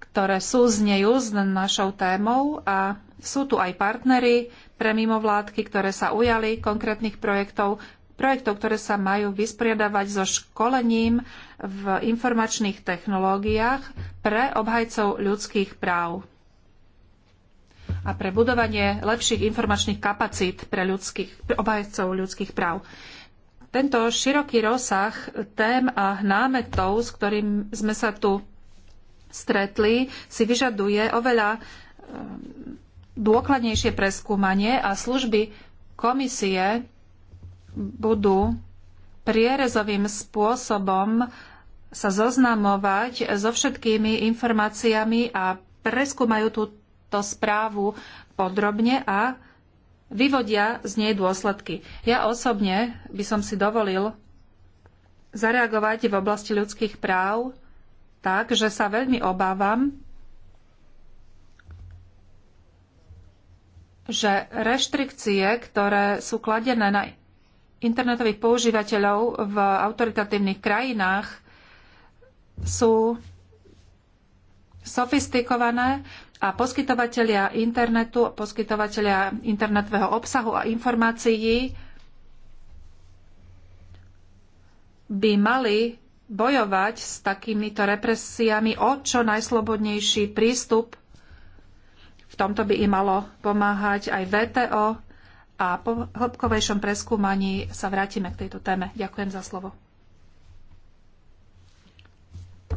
ktoré sú znejú s našou témou a sú tu aj partnery pre mimovládky, ktoré sa ujali konkrétnych projektov, projektov, ktoré sa majú vysporiadavať so školením v informačných technológiách pre obhajcov ľudských práv a pre budovanie lepších informačných kapacít pre, ľudských, pre obhajcov ľudských práv. Tento široký rozsah tém a námetov, s ktorým sme sa tu stretli, si vyžaduje oveľa e, dôkladnejšie preskúmanie a služby komisie budú prierezovým spôsobom sa zoznamovať so všetkými informáciami a preskúmajú túto správu podrobne a vyvodia z nej dôsledky. Ja osobne by som si dovolil zareagovať v oblasti ľudských práv tak, že sa veľmi obávam, že reštrikcie, ktoré sú kladené na internetových používateľov v autoritatívnych krajinách sú sofistikované a poskytovatelia internetu, poskytovatelia internetového obsahu a informácií by mali bojovať s takýmito represiami o čo najslobodnejší prístup. V tomto by im malo pomáhať aj VTO a po hĺbkovejšom preskúmaní sa vrátime k tejto téme. Ďakujem za slovo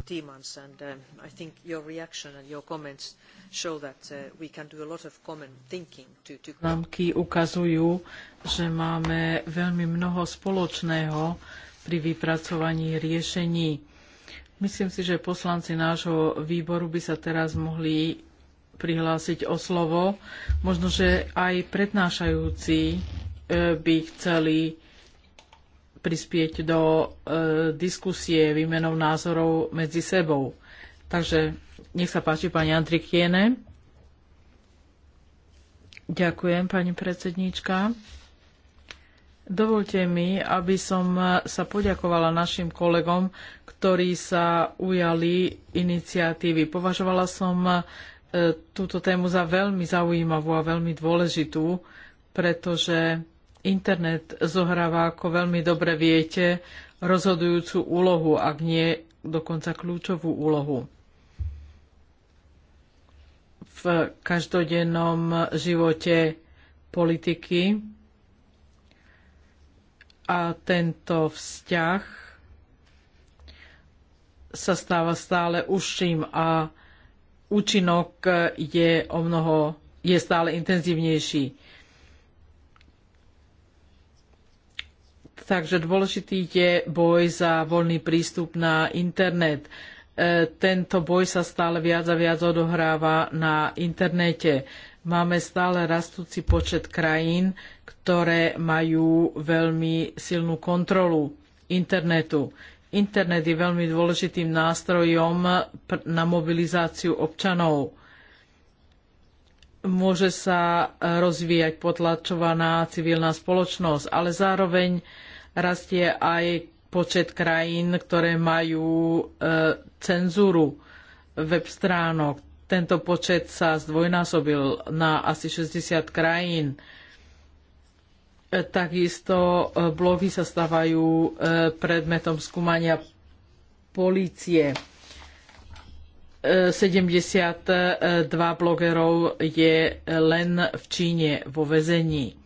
three months, and um, I think your reaction and your comments show that uh, we can do a lot of common thinking to, to... Známky ukazujú, že máme veľmi mnoho spoločného pri vypracovaní riešení. Myslím si, že poslanci nášho výboru by sa teraz mohli prihlásiť o slovo. Možno, že aj prednášajúci e, by chceli prispieť do e, diskusie výmenov názorov medzi sebou. Takže nech sa páči pani Andrikiene. Ďakujem, pani predsedníčka. Dovolte mi, aby som sa poďakovala našim kolegom, ktorí sa ujali iniciatívy. Považovala som e, túto tému za veľmi zaujímavú a veľmi dôležitú, pretože Internet zohráva, ako veľmi dobre viete, rozhodujúcu úlohu, ak nie dokonca kľúčovú úlohu v každodennom živote politiky a tento vzťah sa stáva stále užším a účinok je o mnoho je stále intenzívnejší. Takže dôležitý je boj za voľný prístup na internet. E, tento boj sa stále viac a viac odohráva na internete. Máme stále rastúci počet krajín, ktoré majú veľmi silnú kontrolu internetu. Internet je veľmi dôležitým nástrojom na mobilizáciu občanov môže sa e, rozvíjať potlačovaná civilná spoločnosť, ale zároveň rastie aj počet krajín, ktoré majú e, cenzúru web stránok. Tento počet sa zdvojnásobil na asi 60 krajín. E, takisto blogy sa stávajú predmetom skúmania policie. 72 blogerov je len v Číne vo väzení.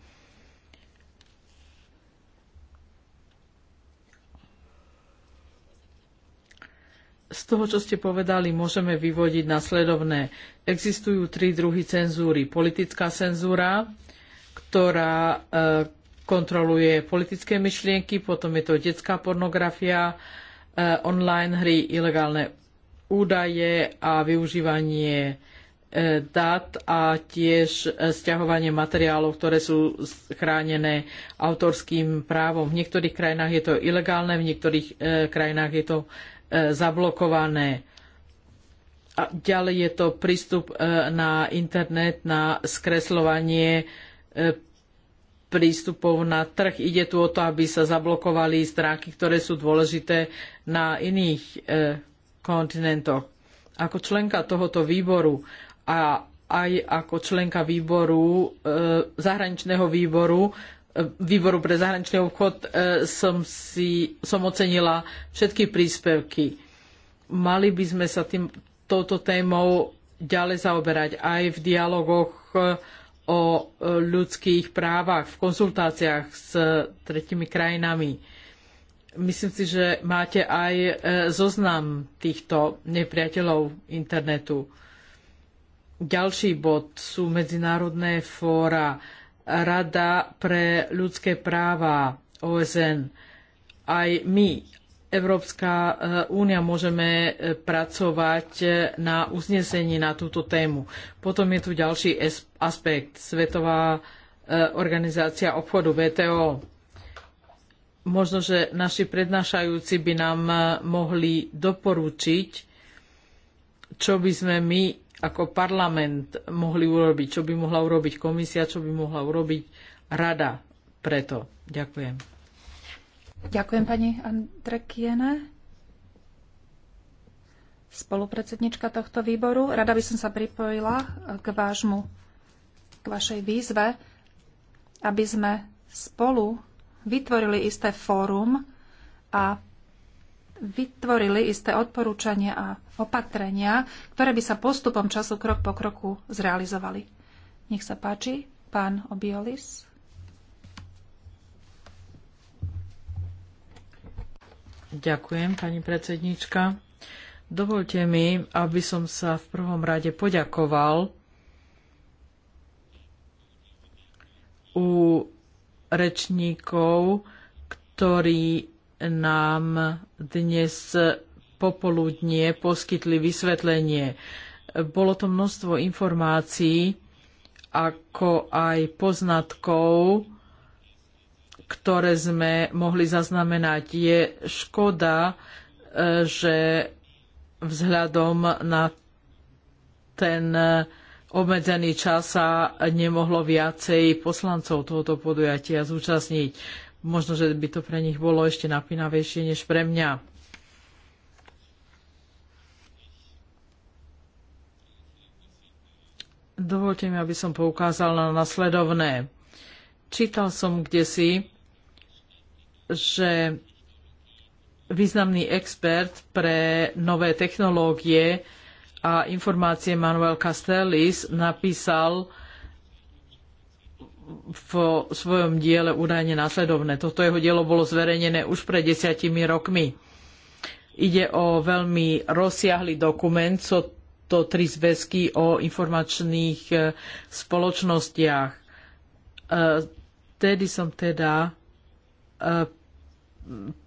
Z toho, čo ste povedali, môžeme vyvodiť nasledovné. Existujú tri druhy cenzúry. Politická cenzúra, ktorá e, kontroluje politické myšlienky, potom je to detská pornografia, e, online hry, ilegálne údaje a využívanie e, dát a tiež e, stiahovanie materiálov, ktoré sú chránené autorským právom. V niektorých krajinách je to ilegálne, v niektorých e, krajinách je to zablokované. A ďalej je to prístup na internet, na skresľovanie prístupov na trh. Ide tu o to, aby sa zablokovali stránky, ktoré sú dôležité na iných kontinentoch. Ako členka tohoto výboru a aj ako členka výboru, e, zahraničného výboru, e, výboru pre zahraničný obchod e, som, si, som ocenila všetky príspevky. Mali by sme sa tým, touto témou ďalej zaoberať aj v dialogoch o ľudských právach, v konzultáciách s tretimi krajinami Myslím si, že máte aj e, zoznam týchto nepriateľov internetu. Ďalší bod sú medzinárodné fóra, Rada pre ľudské práva OSN. Aj my, Európska e, únia, môžeme e, pracovať na uznesení na túto tému. Potom je tu ďalší aspekt, Svetová organizácia obchodu VTO možno, že naši prednášajúci by nám eh, mohli doporučiť, čo by sme my ako parlament mohli urobiť, čo by mohla urobiť komisia, čo by mohla urobiť rada preto. Ďakujem. Ďakujem pani Andrekiene, spolupredsednička tohto výboru. Rada by som sa pripojila eh, k vášmu, k vašej výzve, aby sme spolu vytvorili isté fórum a vytvorili isté odporúčania a opatrenia, ktoré by sa postupom času krok po kroku zrealizovali. Nech sa páči, pán Obiolis. Ďakujem, pani predsednička. Dovolte mi, aby som sa v prvom rade poďakoval u rečníkov, ktorí nám dnes popoludnie poskytli vysvetlenie. Bolo to množstvo informácií, ako aj poznatkov, ktoré sme mohli zaznamenať. Je škoda, e, že vzhľadom na ten obmedzený čas sa nemohlo viacej poslancov tohoto podujatia zúčastniť. Možno, že by to pre nich bolo ešte napínavejšie než pre mňa. Dovolte mi, aby som poukázal na nasledovné. Čítal som kdesi, že významný expert pre nové technológie a informácie Manuel Castellis napísal v svojom diele údajne následovné. Toto jeho dielo bolo zverejnené už pred desiatimi rokmi. Ide o veľmi rozsiahly dokument, sú to tri zväzky o informačných e, spoločnostiach. Vtedy e, som teda e,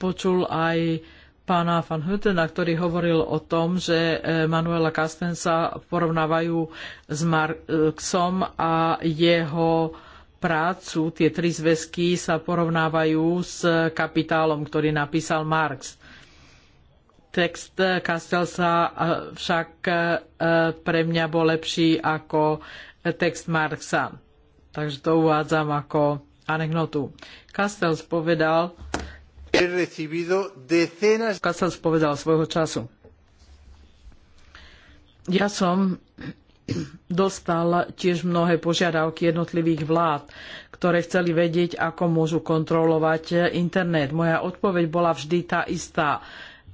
počul aj pána Van Hutena, ktorý hovoril o tom, že e, Manuela Castensa porovnávajú s Marxom a jeho prácu, tie tri zväzky sa porovnávajú s kapitálom, ktorý napísal Marx. Text Castelsa e, však e, pre mňa bol lepší ako text Marxa. Takže to uvádzam ako anekdotu. Castells povedal, keď som spovedal svojho času. Ja som dostal tiež mnohé požiadavky jednotlivých vlád, ktoré chceli vedieť, ako môžu kontrolovať internet. Moja odpoveď bola vždy tá istá.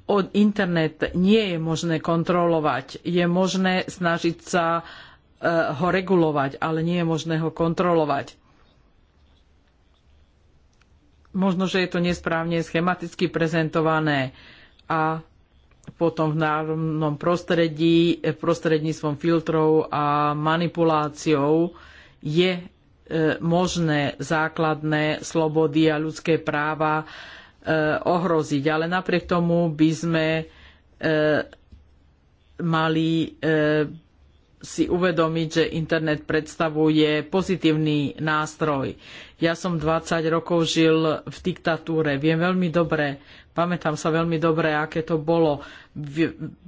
Od internet nie je možné kontrolovať. Je možné snažiť sa eh, ho regulovať, ale nie je možné ho kontrolovať. Možno, že je to nesprávne schematicky prezentované a potom v národnom prostredí, eh, prostredníctvom filtrov a manipuláciou je eh, možné základné slobody a ľudské práva eh, ohroziť. Ale napriek tomu by sme mali si uvedomiť, že internet predstavuje pozitívny nástroj. Ja som 20 rokov žil v diktatúre, viem veľmi dobre, pamätám sa veľmi dobre, aké to bolo.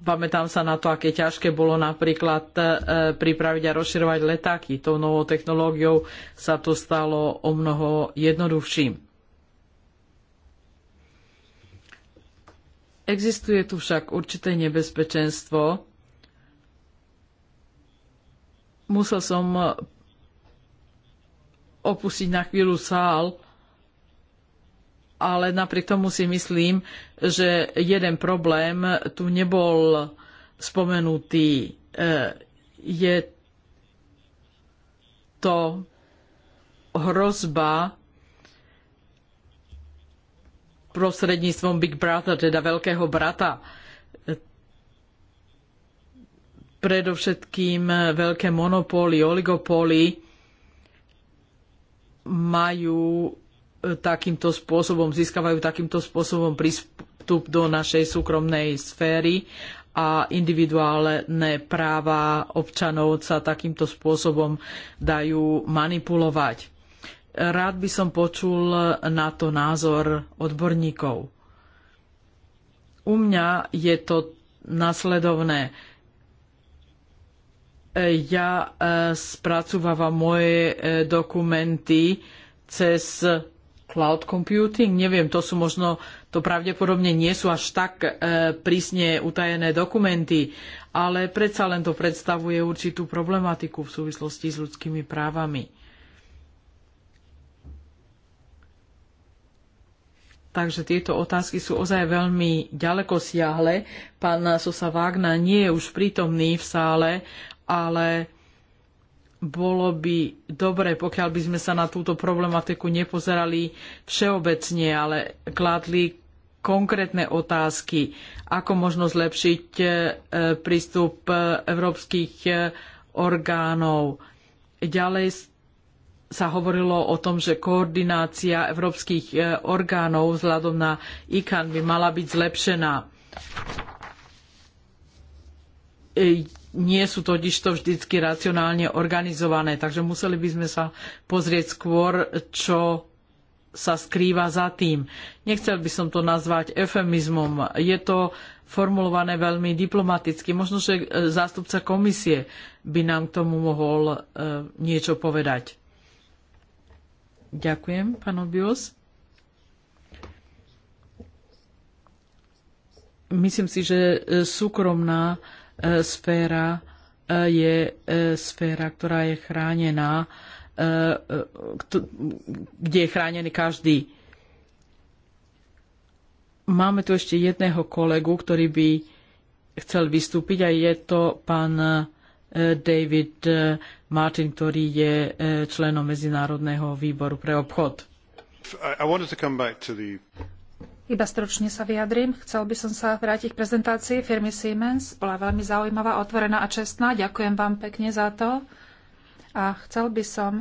Pamätám sa na to, aké ťažké bolo napríklad e, pripraviť a rozširovať letáky. Tou novou technológiou sa to stalo o mnoho jednoduchším. Existuje tu však určité nebezpečenstvo, musel som e, opustiť na chvíľu sál, ale napriek tomu si myslím, že jeden problém tu nebol spomenutý. E, je to hrozba prostredníctvom Big Brother, teda Veľkého brata predovšetkým veľké monopóly, oligopóly majú eh, takýmto spôsobom, získavajú takýmto spôsobom prístup do našej súkromnej sféry a individuálne práva občanov sa takýmto spôsobom dajú manipulovať. Rád by som počul na to názor odborníkov. U mňa je to nasledovné ja e, spracovávam moje e, dokumenty cez cloud computing. Neviem, to sú možno, to pravdepodobne nie sú až tak e, prísne utajené dokumenty, ale predsa len to predstavuje určitú problematiku v súvislosti s ľudskými právami. Takže tieto otázky sú ozaj veľmi ďaleko siahle. Pán Sosa Vágna nie je už prítomný v sále, ale bolo by dobre, pokiaľ by sme sa na túto problematiku nepozerali všeobecne, ale kládli konkrétne otázky, ako možno zlepšiť e, prístup e, európskych e, orgánov. Ďalej sa hovorilo o tom, že koordinácia európskych orgánov vzhľadom na ICAN by mala byť zlepšená nie sú totižto vždycky racionálne organizované, takže museli by sme sa pozrieť skôr, čo sa skrýva za tým. Nechcel by som to nazvať eufemizmom. Je to formulované veľmi diplomaticky. Možno, že e, zástupca komisie by nám k tomu mohol e, niečo povedať. Ďakujem, pán Obios. Myslím si, že e, súkromná sféra e, je e, sféra, ktorá je chránená, e, kde je chránený každý. Máme tu ešte jedného kolegu, ktorý by chcel vystúpiť a je to pán David Martin, ktorý je členom Medzinárodného výboru pre obchod. Iba stručne sa vyjadrím. Chcel by som sa vrátiť k prezentácii firmy Siemens. Bola veľmi zaujímavá, otvorená a čestná. Ďakujem vám pekne za to. A chcel by som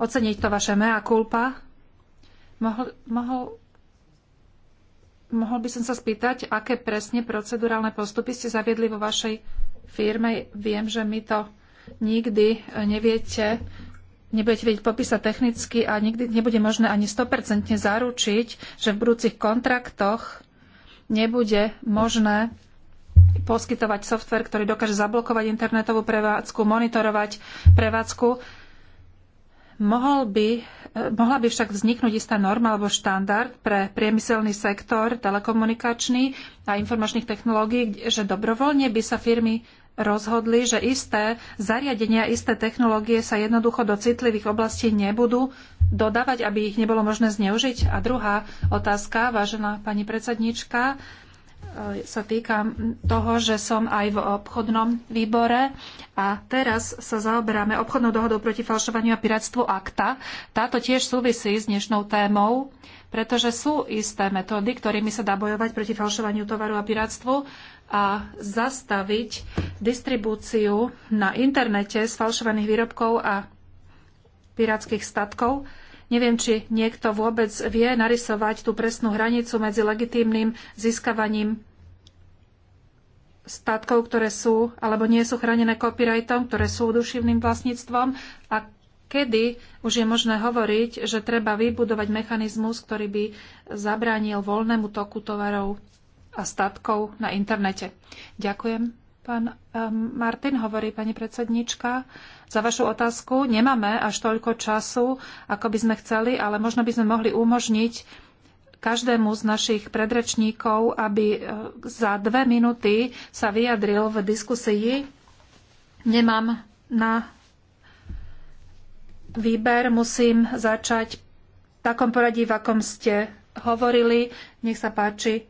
oceniť to vaše mea culpa. Mohol, mohol, mohol by som sa spýtať, aké presne procedurálne postupy ste zaviedli vo vašej firme. Viem, že mi to nikdy neviete nebudete vedieť popísať technicky a nikdy nebude možné ani 100% zaručiť, že v budúcich kontraktoch nebude možné poskytovať software, ktorý dokáže zablokovať internetovú prevádzku, monitorovať prevádzku. Mohol by, eh, mohla by však vzniknúť istá norma alebo štandard pre priemyselný sektor telekomunikačný a informačných technológií, že dobrovoľne by sa firmy rozhodli, že isté zariadenia, isté technológie sa jednoducho do citlivých oblastí nebudú dodávať, aby ich nebolo možné zneužiť? A druhá otázka, vážená pani predsednička, e, sa týka toho, že som aj v obchodnom výbore a teraz sa zaoberáme obchodnou dohodou proti falšovaniu a piráctvu akta. Táto tiež súvisí s dnešnou témou, pretože sú isté metódy, ktorými sa dá bojovať proti falšovaniu tovaru a piráctvu a zastaviť distribúciu na internete sfalšovaných výrobkov a pirátskych statkov. Neviem, či niekto vôbec vie narysovať tú presnú hranicu medzi legitímnym získavaním statkov, ktoré sú alebo nie sú chránené copyrightom, ktoré sú duševným vlastníctvom a kedy už je možné hovoriť, že treba vybudovať mechanizmus, ktorý by zabránil voľnému toku tovarov a statkov na internete. Ďakujem, pán ehm, Martin, hovorí pani predsednička, za vašu otázku. Nemáme až toľko času, ako by sme chceli, ale možno by sme mohli umožniť každému z našich predrečníkov, aby eh, za dve minúty sa vyjadril v diskusii. Nemám na výber, musím začať v takom poradí, v akom ste hovorili. Nech sa páči,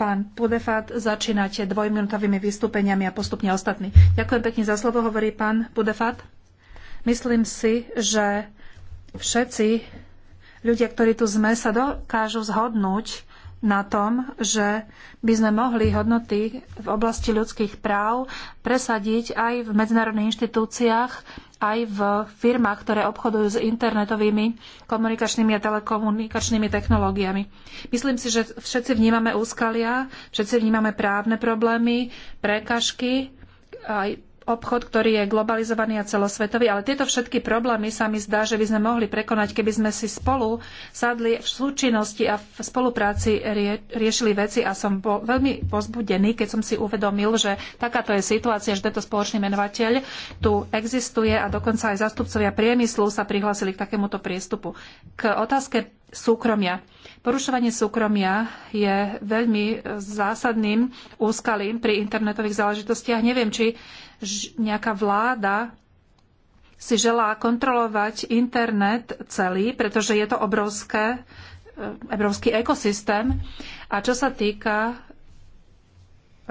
Pán Pudefat, začínate dvojminútovými vystúpeniami a postupne ostatní. Ďakujem pekne za slovo, hovorí pán Pudefat. Myslím si, že všetci ľudia, ktorí tu sme, sa dokážu zhodnúť na tom, že by sme mohli hodnoty v oblasti ľudských práv presadiť aj v medzinárodných inštitúciách, aj v firmách, ktoré obchodujú s internetovými komunikačnými a telekomunikačnými technológiami. Myslím si, že všetci vnímame úskalia, všetci vnímame právne problémy, prekažky, aj obchod, ktorý je globalizovaný a celosvetový, ale tieto všetky problémy sa mi zdá, že by sme mohli prekonať, keby sme si spolu sadli v súčinnosti a v spolupráci rie, riešili veci a som bol veľmi pozbudený, keď som si uvedomil, že takáto je situácia, že tento spoločný menovateľ tu existuje a dokonca aj zastupcovia priemyslu sa prihlásili k takémuto priestupu. K otázke súkromia. Porušovanie súkromia je veľmi zásadným úskalím pri internetových záležitostiach. Neviem, či nejaká vláda si želá kontrolovať internet celý, pretože je to obrovské, e, obrovský ekosystém. A čo sa týka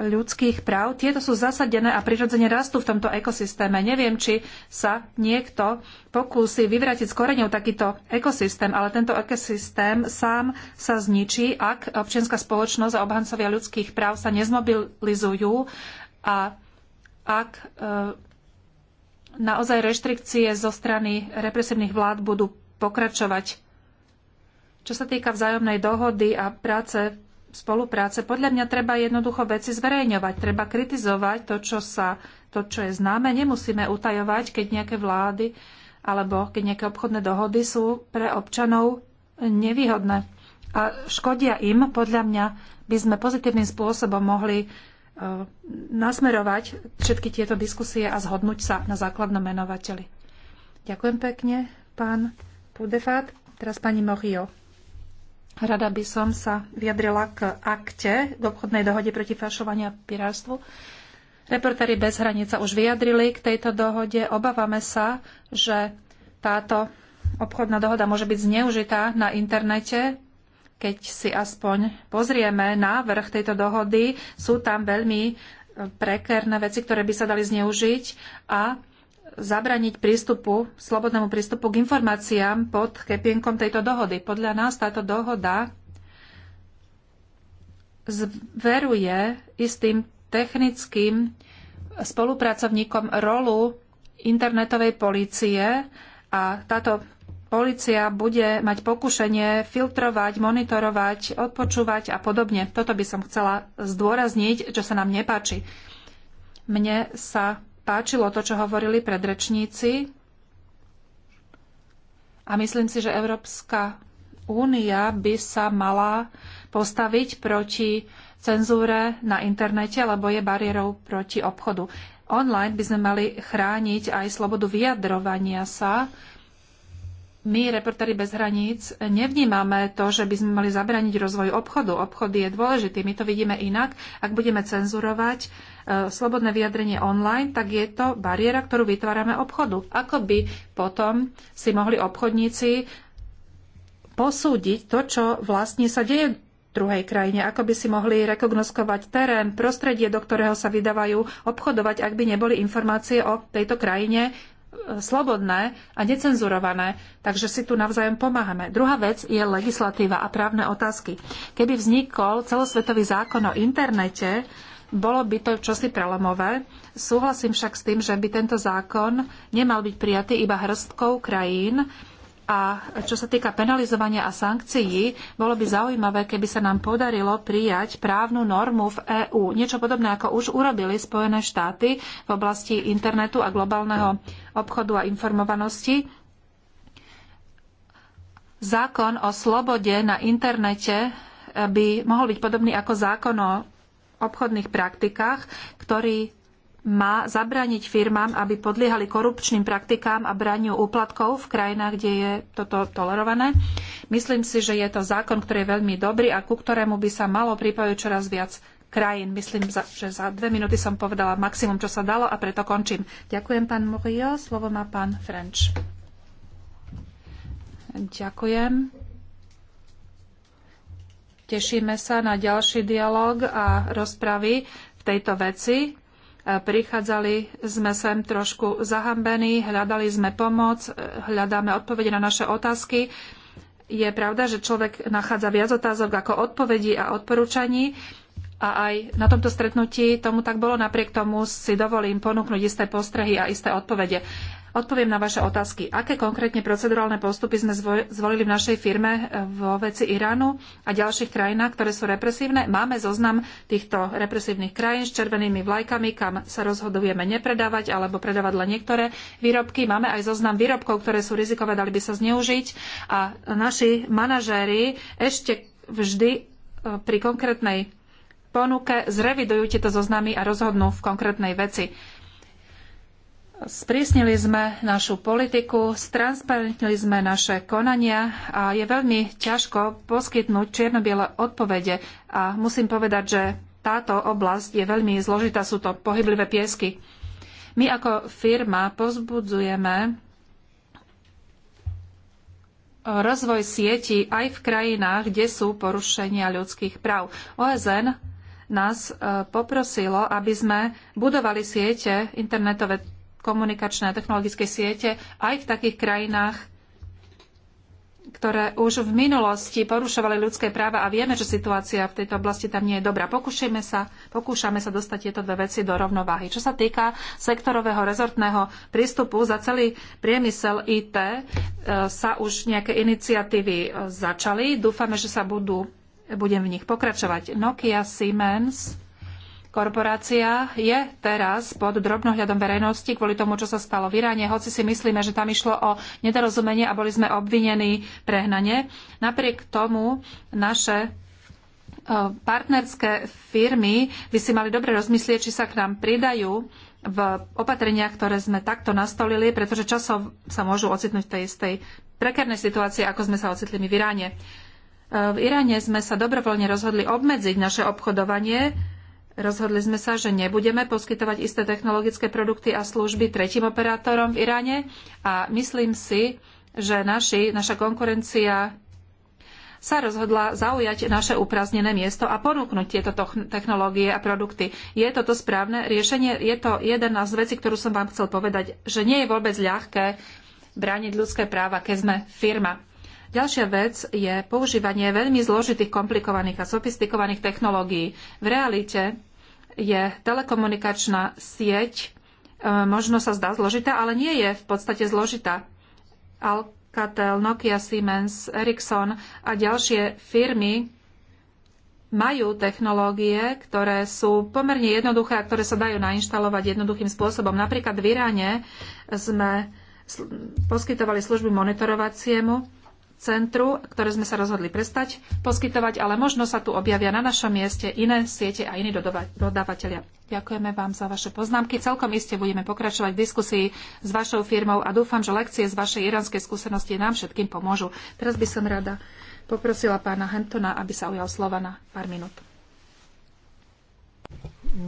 ľudských práv, tieto sú zasadené a prirodzene rastú v tomto ekosystéme. Neviem, či sa niekto pokúsi vyvrátiť z koreňov takýto ekosystém, ale tento ekosystém sám sa zničí, ak občianská spoločnosť a obhancovia ľudských práv sa nezmobilizujú a ak e, naozaj reštrikcie zo strany represívnych vlád budú pokračovať. Čo sa týka vzájomnej dohody a práce spolupráce. Podľa mňa treba jednoducho veci zverejňovať, treba kritizovať to, čo, sa, to, čo je známe. Nemusíme utajovať, keď nejaké vlády alebo keď nejaké obchodné dohody sú pre občanov nevýhodné a škodia im. Podľa mňa by sme pozitívnym spôsobom mohli e, nasmerovať všetky tieto diskusie a zhodnúť sa na základnom menovateli. Ďakujem pekne, pán Pudefat. Teraz pani Mohio. Rada by som sa vyjadrila k akte k obchodnej dohode proti fašovania a pirárstvu. Reportéri bez hranica už vyjadrili k tejto dohode. Obávame sa, že táto obchodná dohoda môže byť zneužitá na internete. Keď si aspoň pozrieme návrh tejto dohody, sú tam veľmi e, prekerné veci, ktoré by sa dali zneužiť a zabraniť prístupu, slobodnému prístupu k informáciám pod kepienkom tejto dohody. Podľa nás táto dohoda zveruje istým technickým spolupracovníkom rolu internetovej policie a táto policia bude mať pokušenie filtrovať, monitorovať, odpočúvať a podobne. Toto by som chcela zdôrazniť, čo sa nám nepáči. Mne sa páčilo to, čo hovorili predrečníci. A myslím si, že Európska únia by sa mala postaviť proti cenzúre na internete, lebo je bariérou proti obchodu. Online by sme mali chrániť aj slobodu vyjadrovania sa. My, reportéri bez hraníc, nevnímame to, že by sme mali zabraniť rozvoju obchodu. Obchod je dôležitý, my to vidíme inak. Ak budeme cenzurovať, E, slobodné vyjadrenie online, tak je to bariéra, ktorú vytvárame obchodu. Ako by potom si mohli obchodníci posúdiť to, čo vlastne sa deje v druhej krajine, ako by si mohli rekognoskovať terén, prostredie, do ktorého sa vydávajú obchodovať, ak by neboli informácie o tejto krajine e, slobodné a necenzurované, takže si tu navzájom pomáhame. Druhá vec je legislatíva a právne otázky. Keby vznikol celosvetový zákon o internete, bolo by to čosi prelomové. Súhlasím však s tým, že by tento zákon nemal byť prijatý iba hrstkou krajín, a čo sa týka penalizovania a sankcií, bolo by zaujímavé, keby sa nám podarilo prijať právnu normu v EÚ. Niečo podobné, ako už urobili Spojené štáty v oblasti internetu a globálneho obchodu a informovanosti. Zákon o slobode na internete by mohol byť podobný ako zákon o obchodných praktikách, ktorý má zabrániť firmám, aby podliehali korupčným praktikám a braniu úplatkov v krajinách, kde je toto tolerované. Myslím si, že je to zákon, ktorý je veľmi dobrý a ku ktorému by sa malo pripojiť čoraz viac krajín. Myslím, že za dve minúty som povedala maximum, čo sa dalo a preto končím. Ďakujem, pán Murillo. Slovo má pán French. Ďakujem. Tešíme sa na ďalší dialog a rozpravy v tejto veci. E, prichádzali sme sem trošku zahambení, hľadali sme pomoc, e, hľadáme odpovede na naše otázky. Je pravda, že človek nachádza viac otázok ako odpovedí a odporúčaní. A aj na tomto stretnutí tomu tak bolo, napriek tomu si dovolím ponúknuť isté postrehy a isté odpovede. Odpoviem na vaše otázky. Aké konkrétne procedurálne postupy sme zvolili v našej firme eh, vo veci Iránu a ďalších krajinách, ktoré sú represívne? Máme zoznam týchto represívnych krajín s červenými vlajkami, kam sa rozhodujeme nepredávať alebo predávať len niektoré výrobky. Máme aj zoznam výrobkov, ktoré sú rizikové, dali by sa zneužiť. A naši manažéri ešte vždy eh, pri konkrétnej ponuke zrevidujú tieto zoznamy a rozhodnú v konkrétnej veci Sprísnili sme našu politiku, stransparentnili sme naše konania a je veľmi ťažko poskytnúť čierno-biele odpovede. A musím povedať, že táto oblasť je veľmi zložitá, sú to pohyblivé piesky. My ako firma pozbudzujeme rozvoj sieti aj v krajinách, kde sú porušenia ľudských práv. OSN nás e, poprosilo, aby sme budovali siete internetové komunikačné a technologické siete aj v takých krajinách, ktoré už v minulosti porušovali ľudské práva a vieme, že situácia v tejto oblasti tam nie je dobrá. Pokúšame sa, pokúšame sa dostať tieto dve veci do rovnováhy. Čo sa týka sektorového rezortného prístupu, za celý priemysel IT e, sa už nejaké iniciatívy e, začali. Dúfame, že sa budú, budem v nich pokračovať. Nokia, Siemens, Korporácia je teraz pod drobnohľadom verejnosti kvôli tomu, čo sa stalo v Iráne, hoci si myslíme, že tam išlo o nedorozumenie a boli sme obvinení prehnane. Napriek tomu naše e, partnerské firmy by si mali dobre rozmyslieť, či sa k nám pridajú v opatreniach, ktoré sme takto nastolili, pretože časom sa môžu ocitnúť v tej istej prekernej situácii, ako sme sa ocitli my v Iráne. E, v Iráne sme sa dobrovoľne rozhodli obmedziť naše obchodovanie Rozhodli sme sa, že nebudeme poskytovať isté technologické produkty a služby tretím operátorom v Iráne a myslím si, že naši, naša konkurencia sa rozhodla zaujať naše uprázdnené miesto a ponúknuť tieto technológie a produkty. Je toto správne riešenie? Je to jedna z vecí, ktorú som vám chcel povedať, že nie je vôbec ľahké brániť ľudské práva, keď sme firma. Ďalšia vec je používanie veľmi zložitých, komplikovaných a sofistikovaných technológií. V realite je telekomunikačná sieť. E, možno sa zdá zložitá, ale nie je v podstate zložitá. Alcatel, Nokia, Siemens, Ericsson a ďalšie firmy majú technológie, ktoré sú pomerne jednoduché a ktoré sa dajú nainštalovať jednoduchým spôsobom. Napríklad v Iráne sme poskytovali služby monitorovaciemu centru, ktoré sme sa rozhodli prestať poskytovať, ale možno sa tu objavia na našom mieste iné siete a iní dodávateľia. Ďakujeme vám za vaše poznámky. Celkom iste budeme pokračovať v diskusii s vašou firmou a dúfam, že lekcie z vašej iránskej skúsenosti nám všetkým pomôžu. Teraz by som rada poprosila pána Hentona, aby sa ujal slova na pár minút.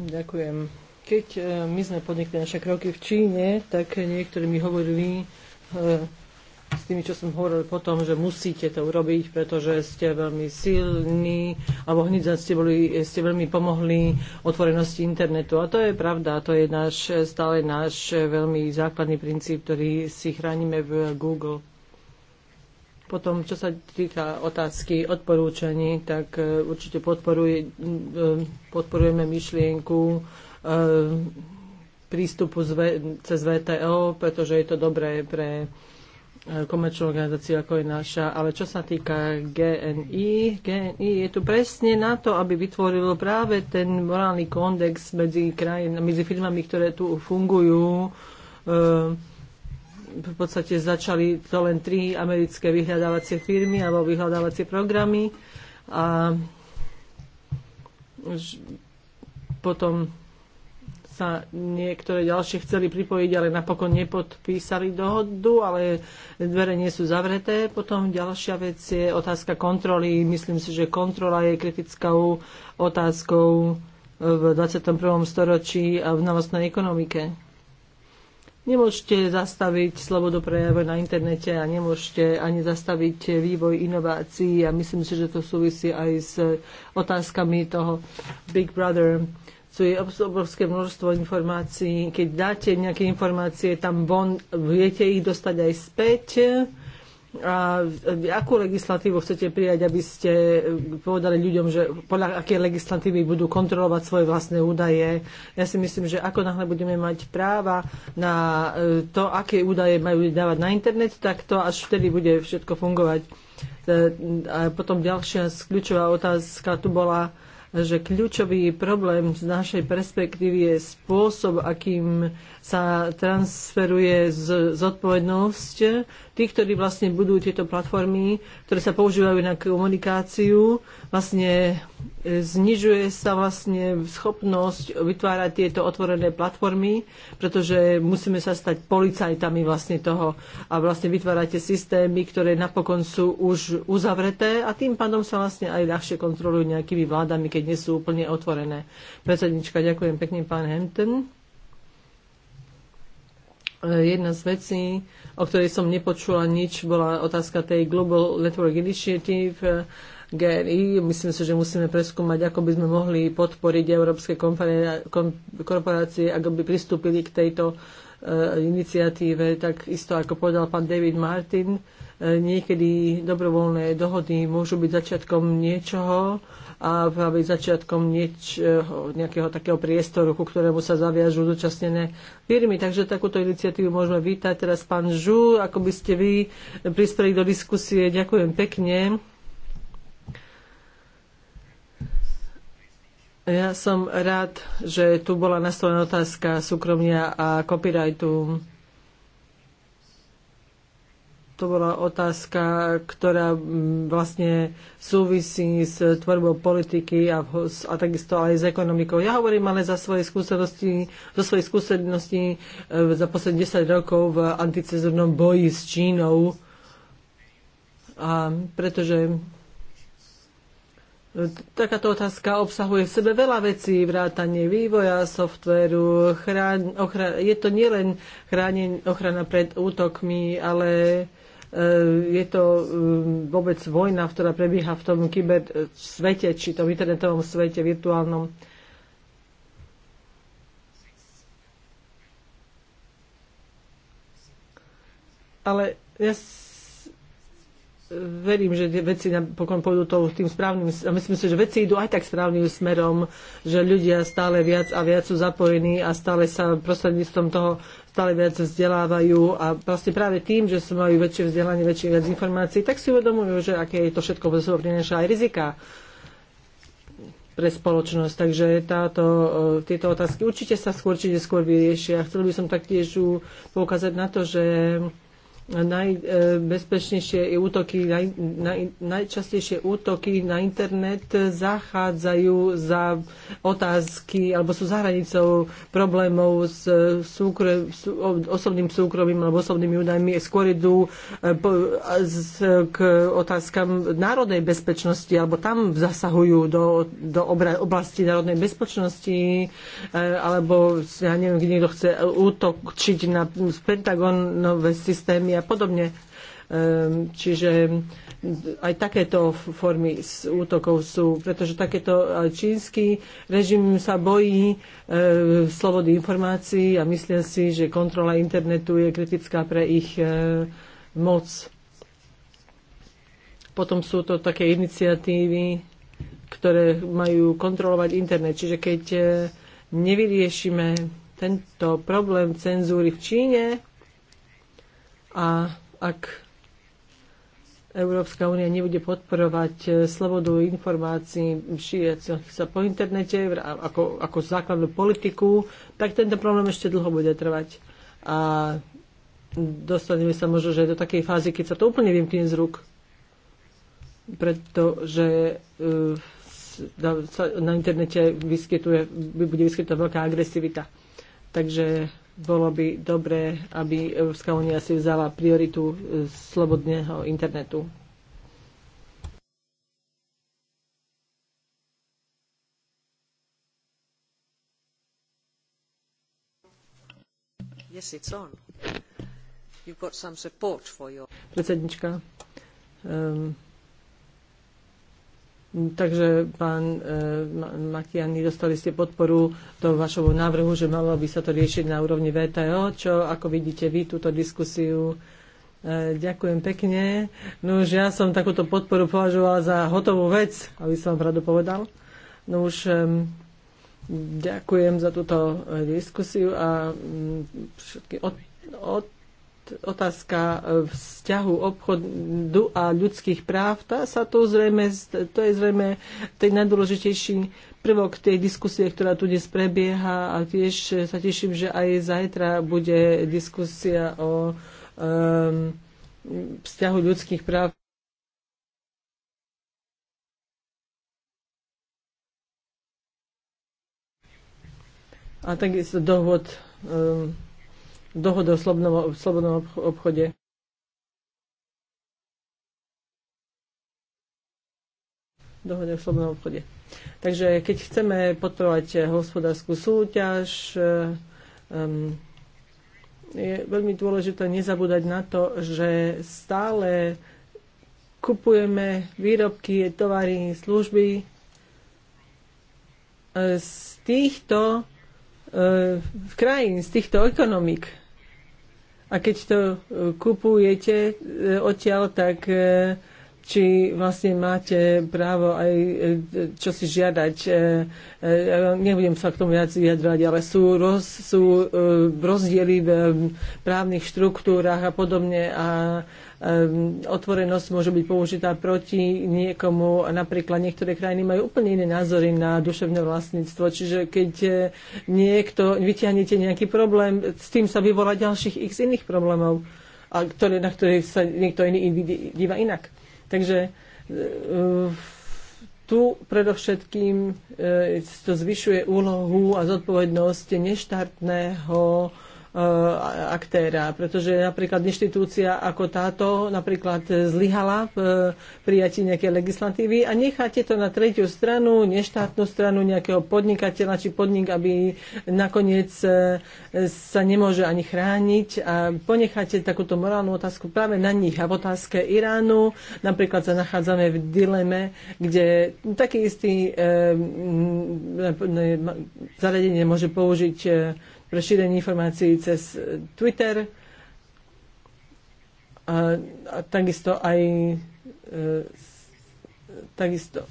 Ďakujem. Keď eh, my sme podnikli naše kroky v Číne, tak niektorí mi hovorili, eh, s tými, čo som hovoril potom, že musíte to urobiť, pretože ste veľmi silní, alebo hneď ste, boli, ste veľmi pomohli otvorenosti internetu. A to je pravda, to je náš, stále náš veľmi základný princíp, ktorý si chránime v Google. Potom, čo sa týka otázky odporúčaní, tak e, určite podporuje, e, podporujeme myšlienku e, prístupu cez VTO, pretože je to dobré pre E, komerčnú organizáciu, ako je naša. Ale čo sa týka GNI, GNI je tu presne na to, aby vytvorilo práve ten morálny kódex medzi, krajin, medzi firmami, ktoré tu fungujú. E, v podstate začali to len tri americké vyhľadávacie firmy alebo vyhľadávacie programy a potom sa niektoré ďalšie chceli pripojiť, ale napokon nepodpísali dohodu, ale dvere nie sú zavreté. Potom ďalšia vec je otázka kontroly. Myslím si, že kontrola je kritickou otázkou v 21. storočí a v novostnej ekonomike. Nemôžete zastaviť slobodu prejavu na internete a nemôžete ani zastaviť vývoj inovácií a myslím si, že to súvisí aj s otázkami toho Big Brother sú je obrovské množstvo informácií. Keď dáte nejaké informácie tam von, viete ich dostať aj späť. A akú legislatívu chcete prijať, aby ste povedali ľuďom, že podľa aké legislatívy budú kontrolovať svoje vlastné údaje? Ja si myslím, že ako náhle budeme mať práva na e, to, aké údaje majú dávať na internet, tak to až vtedy bude všetko fungovať. E, a potom ďalšia kľúčová otázka tu bola, že kľúčový problém z našej perspektívy je spôsob, akým sa transferuje z, zodpovednosť tých, ktorí vlastne budú tieto platformy, ktoré sa používajú na komunikáciu, vlastne e, znižuje sa vlastne schopnosť vytvárať tieto otvorené platformy, pretože musíme sa stať policajtami vlastne toho a vlastne vytvárate systémy, ktoré napokon sú už uzavreté a tým pádom sa vlastne aj ľahšie kontrolujú nejakými vládami, keď nie sú úplne otvorené. Predsednička, ďakujem pekne, pán Hempton. E, jedna z vecí, o ktorej som nepočula nič, bola otázka tej Global Network Initiative, e, GRI. Myslím si, že musíme preskúmať, ako by sme mohli podporiť európske korporácie, ako by pristúpili k tejto e, iniciatíve, tak isto ako povedal pán David Martin, niekedy dobrovoľné dohody môžu byť začiatkom niečoho, a aby začiatkom nieč, nejakého takého priestoru, ku ktorému sa zaviažú zúčastnené firmy. Takže takúto iniciatívu môžeme vítať. Teraz pán Žu, ako by ste vy prispeli do diskusie. Ďakujem pekne. Ja som rád, že tu bola nastavená otázka súkromia a copyrightu to bola otázka, ktorá mm, vlastne súvisí s tvorbou politiky a, a takisto aj s ekonomikou. Ja hovorím ale za svoje skúsenosti, zo svojej skúsenosti e, za posledných 10 rokov v anticezurnom boji s Čínou, a pretože e, Takáto otázka obsahuje v sebe veľa vecí, vrátanie vývoja, softvéru, chrán, ochra, je to nielen chránen, ochrana pred útokmi, ale Eh, je to eh, vôbec vojna, ktorá prebieha v tom kyber svete, či tom internetovom svete, virtuálnom. Ale ja verím, že veci napokon pôjdu to tým správnym, a myslím si, že veci idú aj tak správnym smerom, že ľudia stále viac a viac sú zapojení a stále sa prostredníctvom toho stále viac vzdelávajú a vlastne práve tým, že majú väčšie vzdelanie, väčšie viac informácií, tak si uvedomujú, že aké je to všetko, pretože že aj rizika pre spoločnosť. Takže táto, e, tieto otázky určite sa skôr či neskôr vyriešia. Chcel by som taktiež poukázať na to, že najbezpečnejšie útoky, naj, naj, najčastejšie útoky na internet zachádzajú za otázky alebo sú za hranicou problémov s súkr- osobným súkromím alebo osobnými údajmi. Skôr idú e, k otázkam národnej bezpečnosti alebo tam zasahujú do, do oblasti národnej bezpečnosti e, alebo ja neviem, kde niekto chce útočiť na Pentagonové systémy a a podobne. Ehm, čiže aj takéto formy útokov sú, pretože takéto e, čínsky režim sa bojí e, slobody informácií a myslia si, že kontrola internetu je kritická pre ich e, moc. Potom sú to také iniciatívy, ktoré majú kontrolovať internet. Čiže keď e, nevyriešime tento problém cenzúry v Číne, a ak Európska únia nebude podporovať e, slobodu informácií šíriacich sa po internete ako, ako základnú politiku, tak tento problém ešte dlho bude trvať. A dostaneme sa možno, že do takej fázy, keď sa to úplne vymkne z rúk. Pretože e, na internete vyskytuje, bude vyskytovať veľká agresivita. Takže bolo by dobré, aby Európska únia si vzala prioritu e, slobodného internetu. Yes, it's on. You've got some support for your... Predsednička, um, Takže, pán e, Makiani, dostali ste podporu do vašho návrhu, že malo by sa to riešiť na úrovni VTO, čo, ako vidíte vy, túto diskusiu e, Ďakujem pekne. No už ja som takúto podporu považovala za hotovú vec, aby som vám rado povedal. No už ďakujem za túto e, diskusiu a mm, všetky od, od, otázka e, vzťahu obchodu a ľudských práv, tá sa to zrejme, to je zrejme ten najdôležitejší prvok tej diskusie, ktorá tu dnes prebieha a tiež e, sa teším, že aj zajtra bude diskusia o um, vzťahu ľudských práv a takisto dohod um, dohody o slobodnom, slobodnom obchode. dohode o slobodnom obchode. Takže keď chceme podporovať hospodárskú súťaž, um, je veľmi dôležité nezabúdať na to, že stále kupujeme výrobky, tovary, služby eh, z týchto e, krajín, z týchto ekonomik. A keď to e, kupujete e, odtiaľ, tak e, či vlastne máte právo aj čo si žiadať. Nebudem sa k tomu viac vyjadrať, ale sú, roz, sú rozdiely v právnych štruktúrach a podobne a Ehm, otvorenosť môže byť použitá proti niekomu. Napríklad niektoré krajiny majú úplne iné názory na duševné vlastníctvo. Čiže keď eh, niekto vyťahnete nejaký problém, s tým sa vyvolá ďalších x iných problémov, a ktoré, na ktoré sa niekto iný díva inak. Takže eh, tu predovšetkým eh, to zvyšuje úlohu a zodpovednosť neštátneho aktéra, pretože napríklad inštitúcia ako táto napríklad zlyhala v prijatí nejakej legislatívy a necháte to na tretiu stranu, neštátnu stranu nejakého podnikateľa či podnik, aby nakoniec sa nemôže ani chrániť a ponecháte takúto morálnu otázku práve na nich a v otázke Iránu napríklad sa nachádzame v dileme, kde taký istý e, e, zariadenie môže použiť pre šírenie informácií cez Twitter a, a takisto aj e, takisto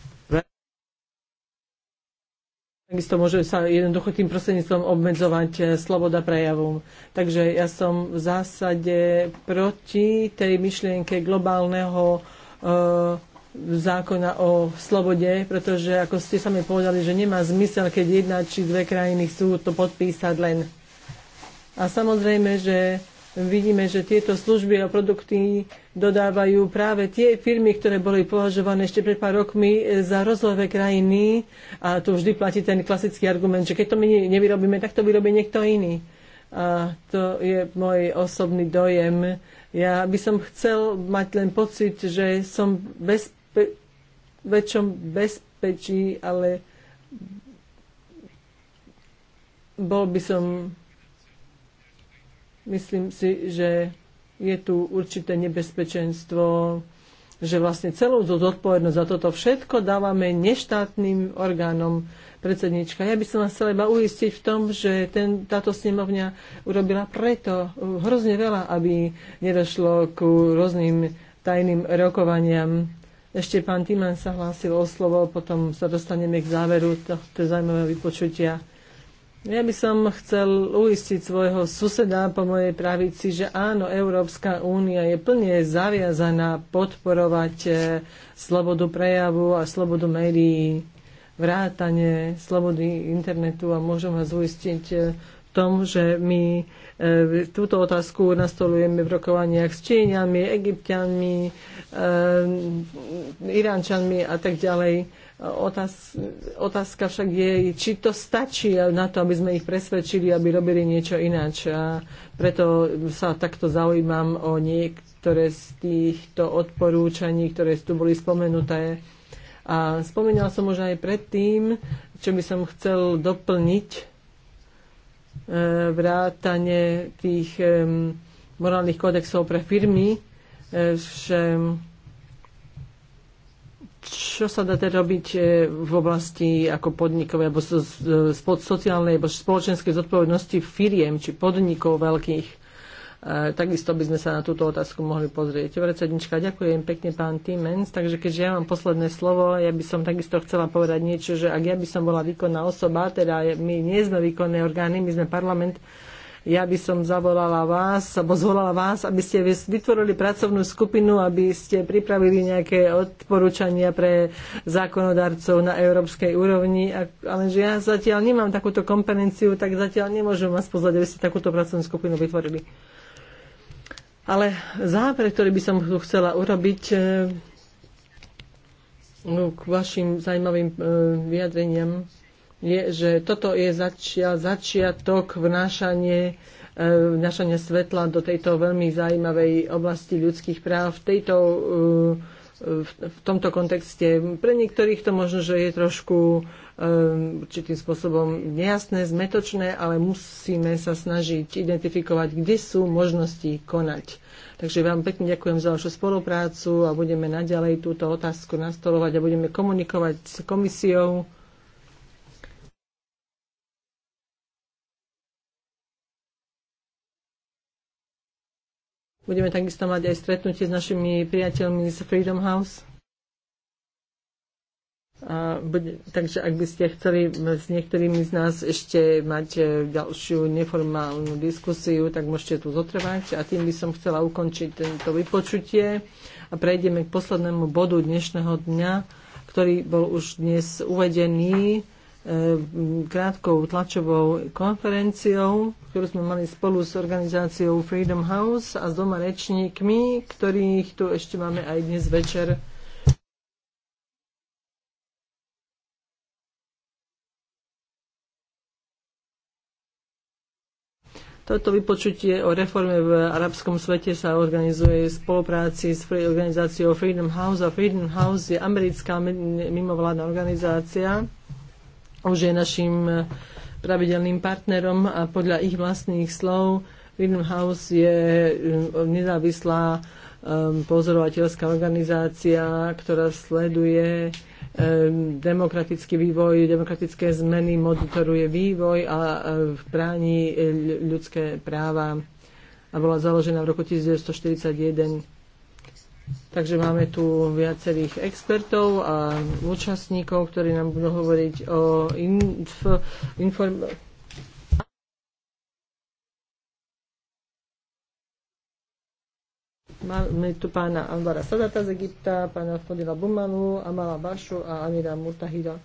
Takisto môže sa jednoducho tým prostredníctvom obmedzovať e, sloboda prejavu. Takže ja som v zásade proti tej myšlienke globálneho e, zákona o slobode, pretože ako ste sami povedali, že nemá zmysel, keď jedna či dve krajiny chcú to podpísať len. A samozrejme, že vidíme, že tieto služby a produkty dodávajú práve tie firmy, ktoré boli považované ešte pred pár rokmi e, za rozvojové krajiny a tu vždy platí ten klasický argument, že keď to my nevyrobíme, tak to vyrobí niekto iný. A to je môj osobný dojem. Ja by som chcel mať len pocit, že som bez be, väčšom bezpečí, ale bol by som, myslím si, že je tu určité nebezpečenstvo, že vlastne celú tú zodpovednosť za toto všetko dávame neštátnym orgánom predsednička. Ja by som vás chcela iba uistiť v tom, že ten, táto snemovňa urobila preto hrozne veľa, aby nedošlo k rôznym tajným rokovaniam ešte pán Timan sa hlásil o slovo, potom sa dostaneme k záveru tohto zaujímavého vypočutia. Ja by som chcel uistiť svojho suseda po mojej pravici, že áno, Európska únia je plne zaviazaná podporovať e, slobodu prejavu a slobodu médií, vrátanie slobody internetu a môžem vás uistiť e, tom, že my e, túto otázku nastolujeme v rokovaniach s Číňami, Egyptianmi, e, Iránčanmi a tak ďalej. otázka však je, či to stačí na to, aby sme ich presvedčili, aby robili niečo ináč. A preto sa takto zaujímam o niektoré z týchto odporúčaní, ktoré tu boli spomenuté. A spomínal som už aj predtým, čo by som chcel doplniť E, vrátane tých morálnych kódexov pre firmy, e, že čo sa dá teda robiť e, v oblasti ako podnikovej alebo sociálnej alebo spoločenskej zodpovednosti firiem či podnikov veľkých? takisto by sme sa na túto otázku mohli pozrieť. Vrecednička, ďakujem pekne pán Tímens. Takže keďže ja mám posledné slovo, ja by som takisto chcela povedať niečo, že ak ja by som bola výkonná osoba, teda my nie sme výkonné orgány, my sme parlament, ja by som zavolala vás, alebo zvolala vás, aby ste vytvorili pracovnú skupinu, aby ste pripravili nejaké odporúčania pre zákonodarcov na európskej úrovni. Ale že ja zatiaľ nemám takúto kompetenciu, tak zatiaľ nemôžem vás pozvať, aby ste takúto pracovnú skupinu vytvorili. Ale záver, ktorý by som chcela urobiť eh, no, k vašim zaujímavým eh, vyjadreniam, je, že toto je začia, začiatok vnášanie, eh, vnášania svetla do tejto veľmi zaujímavej oblasti ľudských práv. V tejto uh, v tomto kontexte. Pre niektorých to možno, že je trošku eh, určitým spôsobom nejasné, zmetočné, ale musíme sa snažiť identifikovať, kde sú možnosti konať. Takže vám pekne ďakujem za vašu spoluprácu a budeme naďalej túto otázku nastolovať a budeme komunikovať s komisiou. Budeme takisto mať aj stretnutie s našimi priateľmi z Freedom House. A bude, takže ak by ste chceli s niektorými z nás ešte mať e, ďalšiu neformálnu diskusiu, tak môžete tu zotrvať. A tým by som chcela ukončiť tento vypočutie. A prejdeme k poslednému bodu dnešného dňa, ktorý bol už dnes uvedený. Eh, krátkou tlačovou konferenciou, ktorú sme mali spolu s organizáciou Freedom House a s doma rečníkmi, ktorých tu ešte máme aj dnes večer. Toto vypočutie o reforme v arabskom svete sa organizuje v spolupráci s organizáciou Freedom House a Freedom House je americká mimovládna organizácia, už je našim e, pravidelným partnerom a podľa ich vlastných slov Freedom House je e, nezávislá e, pozorovateľská organizácia, ktorá sleduje demokratický vývoj, demokratické zmeny, monitoruje vývoj a bráni ľudské práva a bola založená v roku 1941 Takže máme tu viacerých expertov a účastníkov, ktorí nám budú hovoriť o inf, inform, Máme tu pána Anvara Sadata z Egypta, pána Fodila Bumanu, Amala Bašu a Amira Murtahida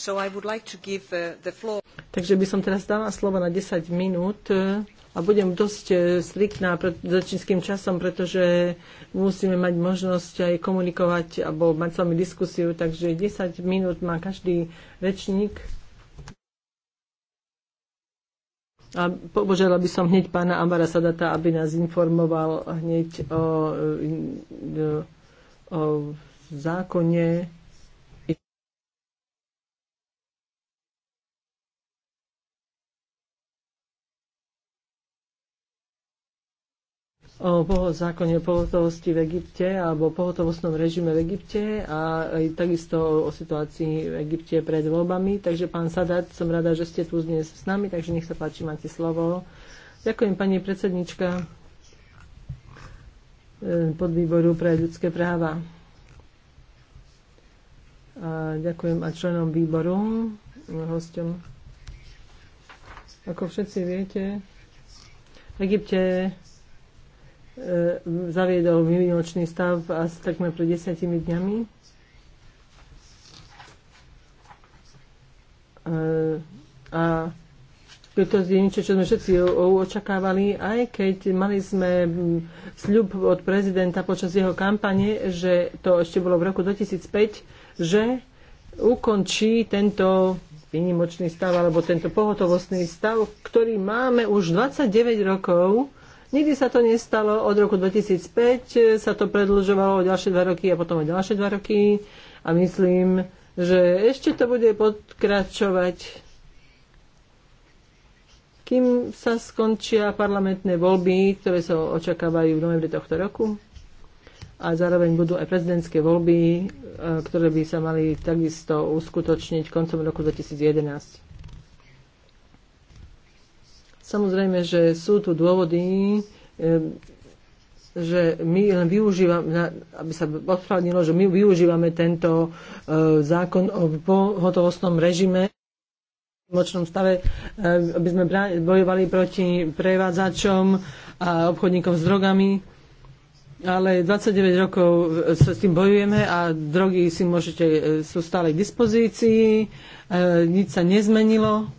So like uh, Takže by som teraz dala slovo na 10 minút uh, a budem dosť uh, striktná pred začínským časom, pretože musíme mať možnosť aj komunikovať alebo mať s vami diskusiu, takže 10 minút má každý rečník. A požiadala by som hneď pána Amara Sadata, aby nás informoval hneď o, o, o zákone o zákone o pohotovosti v Egypte alebo o pohotovostnom režime v Egypte a aj takisto o situácii v Egypte pred voľbami. Takže pán Sadat, som rada, že ste tu dnes s nami, takže nech sa páči, máte slovo. Ďakujem, pani predsednička e, podvýboru pre ľudské práva. A ďakujem a členom výboru, hostom. Ako všetci viete, v Egypte E, zaviedol výnimočný stav asi takmer pred desiatimi dňami. E, a to je niečo, čo sme všetci očakávali, aj keď mali sme sľub od prezidenta počas jeho kampane, že to ešte bolo v roku 2005, že ukončí tento výnimočný stav alebo tento pohotovostný stav, ktorý máme už 29 rokov Nikdy sa to nestalo. Od roku 2005 sa to predlžovalo o ďalšie dva roky a potom o ďalšie dva roky. A myslím, že ešte to bude podkračovať kým sa skončia parlamentné voľby, ktoré sa očakávajú v novembri tohto roku. A zároveň budú aj prezidentské voľby, e, ktoré by sa mali takisto uskutočniť koncom roku 2011. Samozrejme, že sú tu dôvody, že my len využívame, aby sa odpravdilo, že my využívame tento e, zákon o pohotovostnom režime v močnom stave, e, aby sme bojovali proti prevádzačom a obchodníkom s drogami. Ale 29 rokov e, sa s tým bojujeme a drogy si môžete, sú stále k dispozícii, nič sa nezmenilo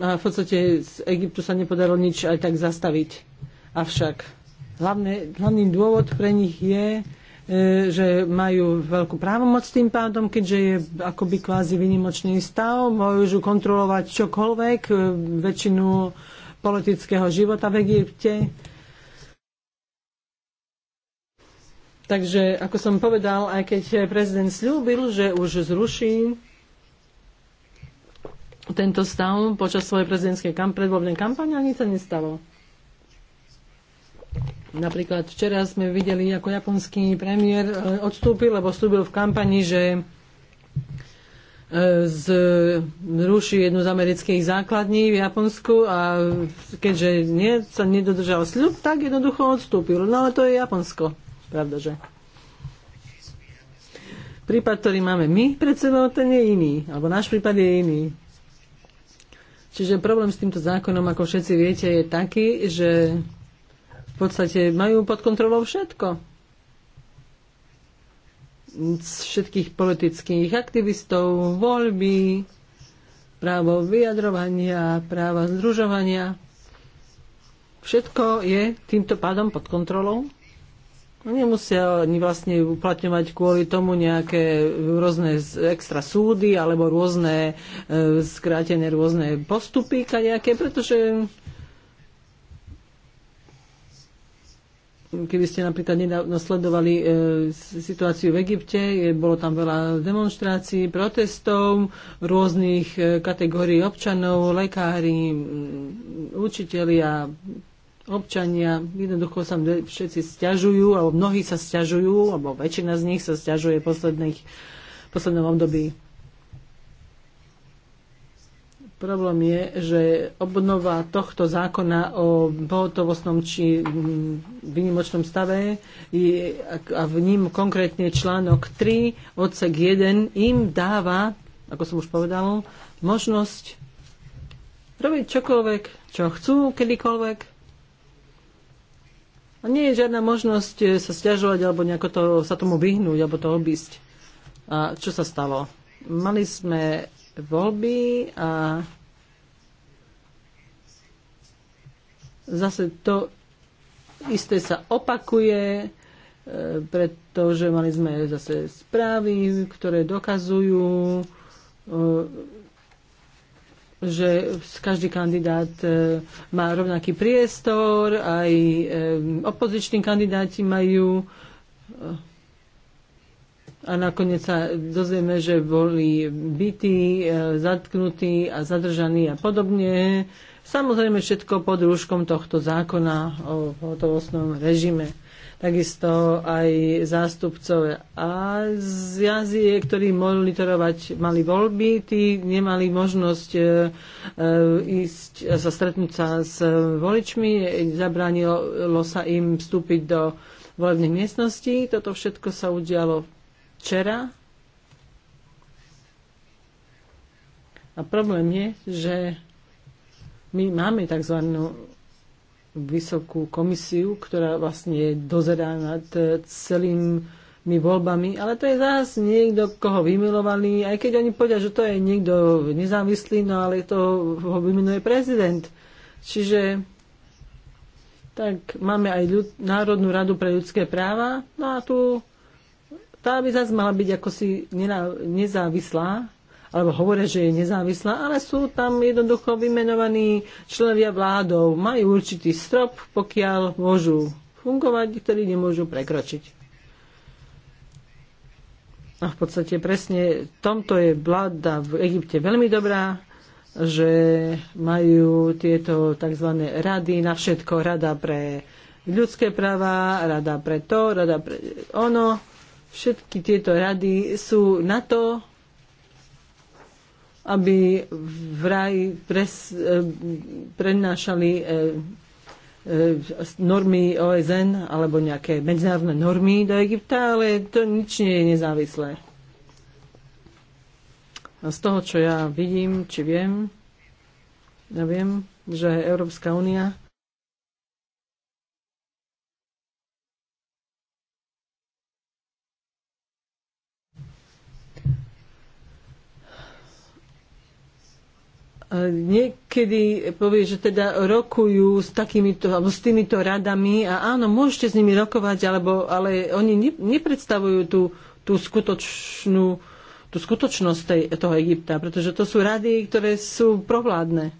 a v podstate z Egyptu sa nepodarilo nič aj tak zastaviť. Avšak hlavne, hlavný dôvod pre nich je, e, že majú veľkú právomoc tým pádom, keďže je akoby kvázi vynimočný stav, môžu kontrolovať čokoľvek, e, väčšinu politického života v Egypte. Takže, ako som povedal, aj keď prezident slúbil, že už zruší tento stav počas svojej prezidentskej kam, predvoľnej kampane a nič sa nestalo. Napríklad včera sme videli, ako japonský premiér e, odstúpil, lebo slúbil v kampani, že e, z, jednu z amerických základní v Japonsku a keďže nie, sa nedodržal sľub, tak jednoducho odstúpil. No ale to je Japonsko, pravda, že? Prípad, ktorý máme my pred sebou, ten je iný. Alebo náš prípad je iný. Čiže problém s týmto zákonom, ako všetci viete, je taký, že v podstate majú pod kontrolou všetko. Z Všetkých politických aktivistov, voľby, právo vyjadrovania, práva združovania. Všetko je týmto pádom pod kontrolou Nemusia ani vlastne uplatňovať kvôli tomu nejaké rôzne extra súdy alebo rôzne e, skrátené rôzne postupy nejaké, pretože keby ste napríklad nasledovali e, situáciu v Egypte, je, bolo tam veľa demonstrácií, protestov rôznych e, kategórií občanov, lekári, učitelia, občania jednoducho sa všetci stiažujú, alebo mnohí sa stiažujú, alebo väčšina z nich sa stiažuje v posledných, v poslednom období. Problém je, že obnova tohto zákona o pohotovostnom či mm, výnimočnom stave je, a v ním konkrétne článok 3, odsek 1, im dáva, ako som už povedal, možnosť robiť čokoľvek, čo chcú, kedykoľvek, a nie je žiadna možnosť eh, sa stiažovať alebo nejako to, sa tomu vyhnúť alebo to obísť. A čo sa stalo? Mali sme voľby a zase to isté sa opakuje, eh, pretože mali sme zase správy, ktoré dokazujú eh, že každý kandidát e, má rovnaký priestor, aj e, opoziční kandidáti majú e, a nakoniec sa dozvieme, že boli bytí, zatknutí a zadržaní a podobne. Samozrejme všetko pod rúškom tohto zákona o hotovostnom režime takisto aj zástupcov z jazie, ktorí monitorovať mali voľby, tí nemali možnosť e, e, ísť sa stretnúť sa s voličmi, zabránilo sa im vstúpiť do volebných miestností. Toto všetko sa udialo včera. A problém je, že my máme tzv vysokú komisiu, ktorá vlastne dozerá nad e, celými voľbami, ale to je zás niekto, koho vymenovaný, aj keď oni povedia, že to je niekto nezávislý, no ale to ho vymenuje prezident. Čiže tak máme aj ľud, Národnú radu pre ľudské práva, no a tu tá by zase mala byť ako si nezávislá, alebo hovoria, že je nezávislá, ale sú tam jednoducho vymenovaní členovia vládov. Majú určitý strop, pokiaľ môžu fungovať, ktorý nemôžu prekročiť. A v podstate presne tomto je vláda v Egypte veľmi dobrá, že majú tieto tzv. rady na všetko. Rada pre ľudské práva, rada pre to, rada pre ono. Všetky tieto rady sú na to, aby raj pres, eh, prenášali eh, eh, normy OSN alebo nejaké medzinárodné normy do Egypta, ale to nič nie je nezávislé. A z toho, čo ja vidím, či viem, ja viem, že Európska únia niekedy povie, že teda rokujú s takýmito, alebo s týmito radami a áno, môžete s nimi rokovať, alebo, ale oni ne, nepredstavujú tú, tú skutočnú tú skutočnosť tej, toho Egypta, pretože to sú rady, ktoré sú provládne.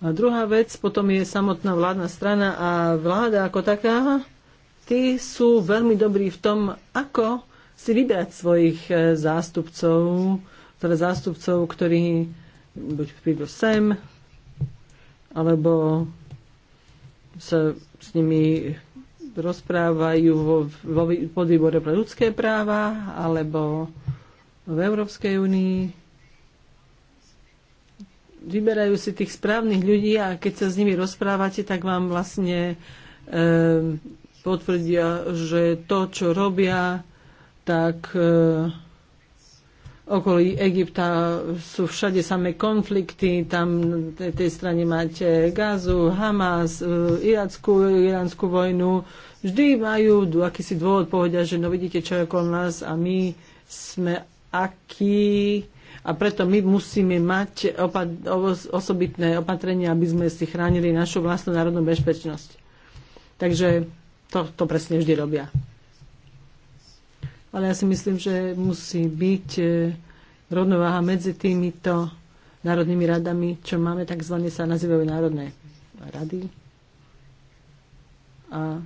A druhá vec potom je samotná vládna strana a vláda ako taká, tí sú veľmi dobrí v tom, ako si vybrať svojich e, zástupcov, teda zástupcov, ktorí buď prídu sem, alebo sa s nimi rozprávajú vo, vo podvýbore pre ľudské práva alebo v Európskej únii. Vyberajú si tých správnych ľudí a keď sa s nimi rozprávate, tak vám vlastne e, potvrdia, že to, čo robia, tak e, okolí Egypta sú všade samé konflikty, tam na tej strane máte Gazu, Hamas, e, Irackú, Iránsku vojnu. Vždy majú akýsi dôvod povedia, že no vidíte, čo je okolo nás a my sme akí a preto my musíme mať opat- osobitné opatrenia, aby sme si chránili našu vlastnú národnú bezpečnosť. Takže to, to presne vždy robia ale ja si myslím, že musí byť e, rovnováha medzi týmito národnými radami, čo máme, takzvané sa nazývajú národné rady. A,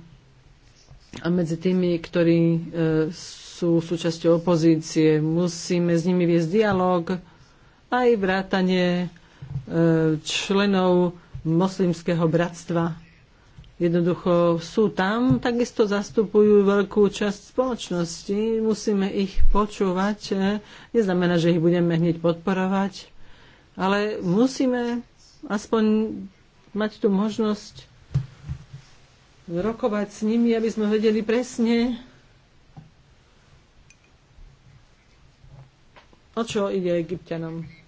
a medzi tými, ktorí e, sú súčasťou opozície, musíme s nimi viesť dialog, aj vrátanie e, členov moslimského bratstva jednoducho sú tam, takisto zastupujú veľkú časť spoločnosti. Musíme ich počúvať. Neznamená, že ich budeme hneď podporovať, ale musíme aspoň mať tú možnosť rokovať s nimi, aby sme vedeli presne, o čo ide egyptianom.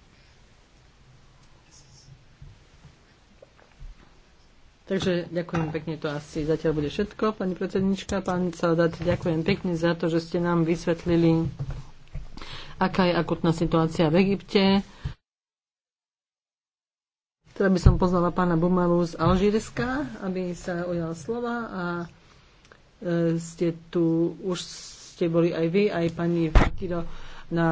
Takže ďakujem pekne, to asi zatiaľ bude všetko. Pani predsednička, pán Saldat, ďakujem pekne za to, že ste nám vysvetlili, aká je akutná situácia v Egypte. Teda by som pozvala pána Bumalu z Alžírska, aby sa ujal slova a e, ste tu, už ste boli aj vy, aj pani Fakiro na,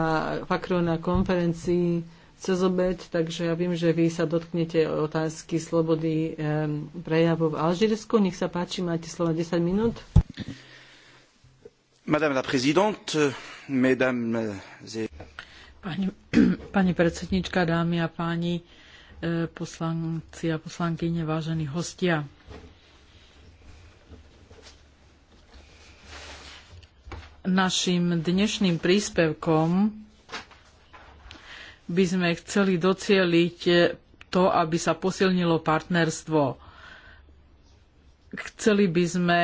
Fakro na konferencii cez obed, takže ja viem, že vy sa dotknete otázky slobody prejavu v Alžírsku. Nech sa páči, máte slova 10 minút. Madame la présidente, mesdames et... Pani, pani predsednička, dámy a páni e, poslanci a poslankyne, vážení hostia. Našim dnešným príspevkom by sme chceli docieliť to, aby sa posilnilo partnerstvo. Chceli by sme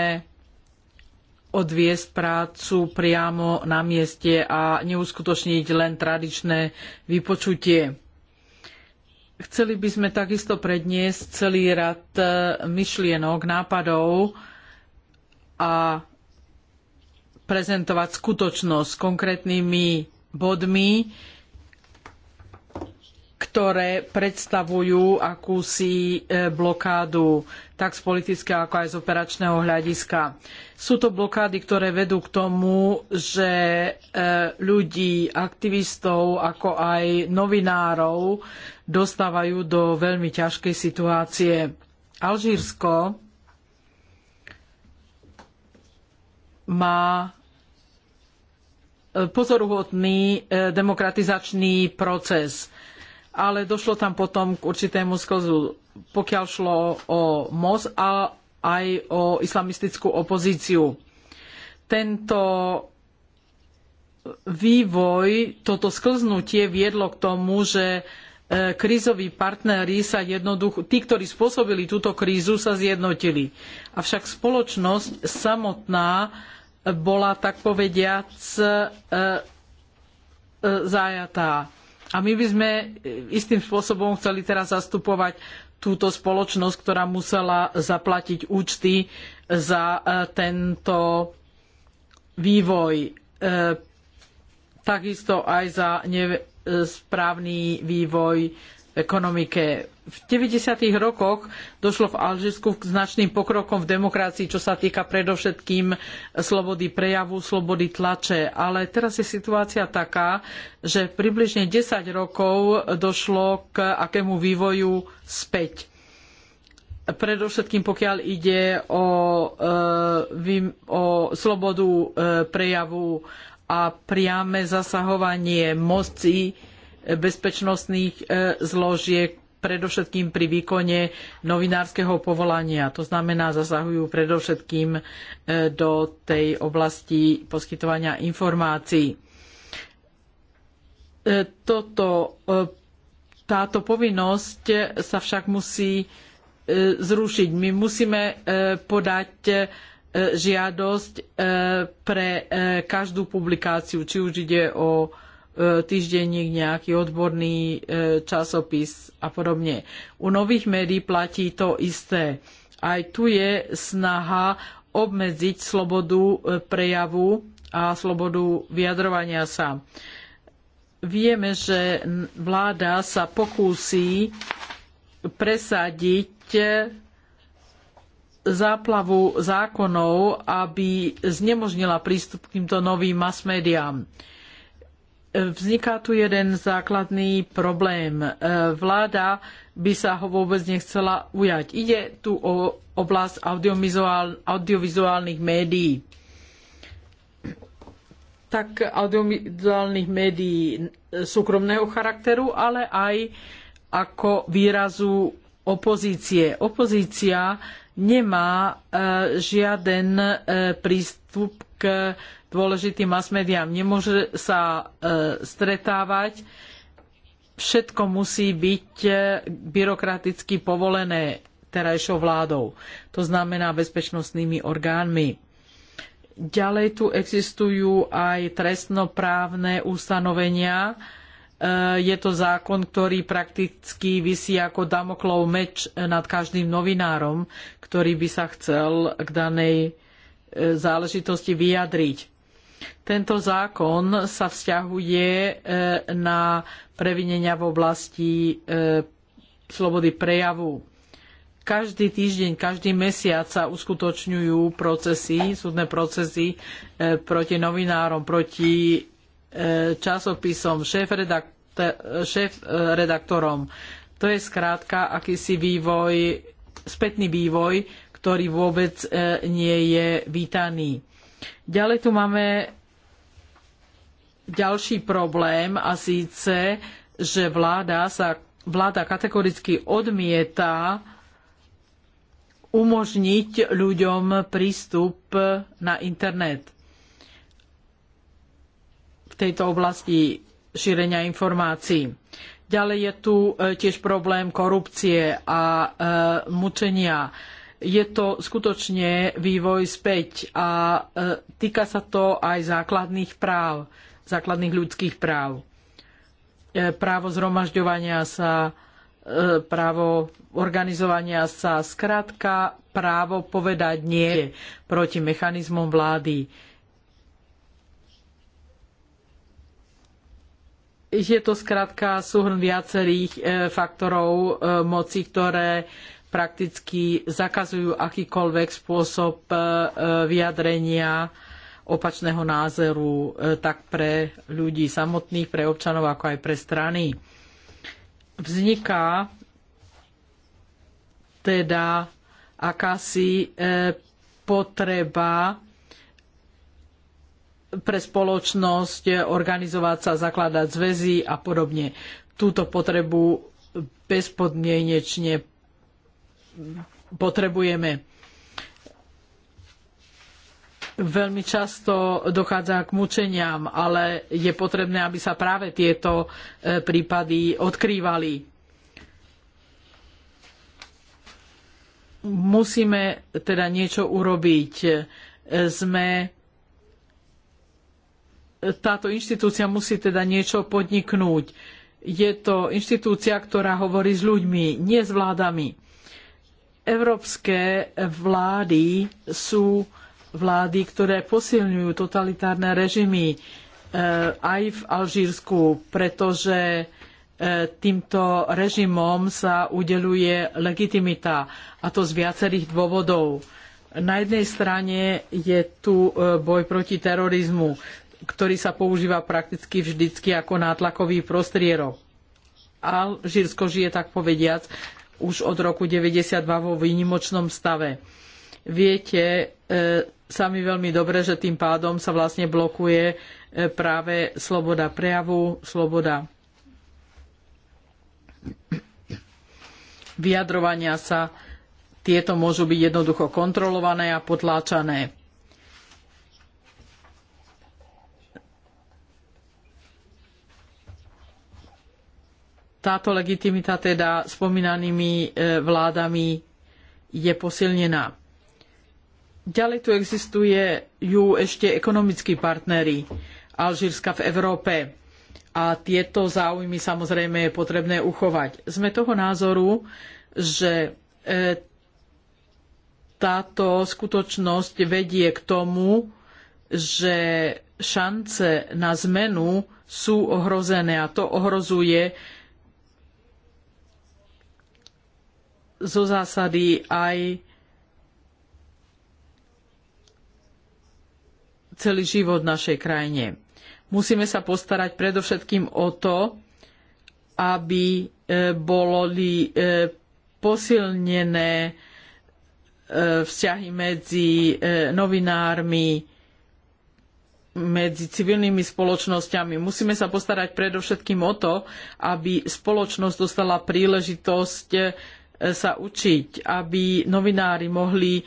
odviesť prácu priamo na mieste a neuskutočniť len tradičné vypočutie. Chceli by sme takisto predniesť celý rad e, myšlienok, nápadov a prezentovať skutočnosť konkrétnymi bodmi, ktoré predstavujú akúsi e, blokádu tak z politického, ako aj z operačného hľadiska. Sú to blokády, ktoré vedú k tomu, že e, ľudí, aktivistov, ako aj novinárov dostávajú do veľmi ťažkej situácie. Alžírsko má e, pozoruhodný demokratizačný proces ale došlo tam potom k určitému sklzu, pokiaľ šlo o MOS a aj o islamistickú opozíciu. Tento vývoj, toto sklznutie viedlo k tomu, že e, krízoví partneri sa jednoducho, tí, ktorí spôsobili túto krízu, sa zjednotili. Avšak spoločnosť samotná bola, tak povediac, e, e, zajatá. A my by sme e, istým spôsobom chceli teraz zastupovať túto spoločnosť, ktorá musela zaplatiť účty za e, tento vývoj. E, takisto aj za nesprávny vývoj ekonomike. V 90. rokoch došlo v Alžírsku k značným pokrokom v demokracii, čo sa týka predovšetkým slobody prejavu, slobody tlače. Ale teraz je situácia taká, že približne 10 rokov došlo k akému vývoju späť predovšetkým pokiaľ ide o, e, o, slobodu e, prejavu a priame zasahovanie moci bezpečnostných e, zložiek, predovšetkým pri výkone novinárskeho povolania. To znamená, zasahujú predovšetkým e, do tej oblasti poskytovania informácií. E, toto, táto povinnosť sa však musí zrušiť. My musíme podať žiadosť pre každú publikáciu, či už ide o E, týždenník, nejaký odborný e, časopis a podobne. U nových médií platí to isté. Aj tu je snaha obmedziť slobodu e, prejavu a slobodu vyjadrovania sa. Vieme, že vláda sa pokúsi presadiť záplavu zákonov, aby znemožnila prístup k týmto novým mass médiám. Vzniká tu jeden základný problém. E, vláda by sa ho vôbec nechcela ujať. Ide tu o oblasť audiovizuál, audiovizuálnych médií. Tak audiovizuálnych médií súkromného charakteru, ale aj ako výrazu opozície. Opozícia nemá e, žiaden e, prístup k dôležitým mass médiám. Nemôže sa e, stretávať. Všetko musí byť e, byrokraticky povolené terajšou vládou, to znamená bezpečnostnými orgánmi. Ďalej tu existujú aj trestnoprávne ustanovenia. E, je to zákon, ktorý prakticky visí ako damoklov meč nad každým novinárom, ktorý by sa chcel k danej záležitosti vyjadriť. Tento zákon sa vzťahuje e, na previnenia v oblasti e, slobody prejavu. Každý týždeň, každý mesiac sa uskutočňujú procesy, súdne procesy e, proti novinárom, proti časopisom, šéf-redaktorom. To je skrátka akýsi vývoj, spätný vývoj ktorý vôbec e, nie je vítaný. Ďalej tu máme ďalší problém a síce, že vláda, sa, vláda kategoricky odmieta umožniť ľuďom prístup na internet. V tejto oblasti šírenia informácií. Ďalej je tu e, tiež problém korupcie a e, mučenia je to skutočne vývoj späť a e, týka sa to aj základných práv, základných ľudských práv. E, právo zhromažďovania sa, e, právo organizovania sa, skrátka právo povedať nie proti mechanizmom vlády. Je to skrátka súhrn viacerých faktorov moci, ktoré prakticky zakazujú akýkoľvek spôsob e, e, vyjadrenia opačného názoru e, tak pre ľudí samotných, pre občanov, ako aj pre strany. Vzniká teda akási potreba pre spoločnosť organizovať sa, zakladať zväzy a podobne. Túto potrebu bezpodmienečne potrebujeme. Veľmi často dochádza k mučeniam, ale je potrebné, aby sa práve tieto e, prípady odkrývali. Musíme teda niečo urobiť. E, sme e, táto inštitúcia musí teda niečo podniknúť. Je to inštitúcia, ktorá hovorí s ľuďmi, nie s vládami Evropské vlády sú vlády, ktoré posilňujú totalitárne režimy e, aj v Alžírsku, pretože e, týmto režimom sa udeluje legitimita, a to z viacerých dôvodov. Na jednej strane je tu e, boj proti terorizmu, ktorý sa používa prakticky vždycky ako nátlakový prostriedok. Alžírsko žije tak povediac už od roku 92 vo výnimočnom stave. Viete e, sami veľmi dobre, že tým pádom sa vlastne blokuje e, práve sloboda prejavu, sloboda vyjadrovania sa. Tieto môžu byť jednoducho kontrolované a potláčané. táto legitimita teda spomínanými e, vládami je posilnená. Ďalej tu existuje ju ešte ekonomickí partnery Alžírska v Európe a tieto záujmy samozrejme je potrebné uchovať. Sme toho názoru, že e, táto skutočnosť vedie k tomu, že šance na zmenu sú ohrozené a to ohrozuje zo zásady aj celý život v našej krajine. Musíme sa postarať predovšetkým o to, aby e, boli e, posilnené e, vzťahy medzi novinármi, medzi civilnými spoločnosťami. Musíme sa postarať predovšetkým o to, aby spoločnosť dostala príležitosť sa učiť, aby novinári mohli e,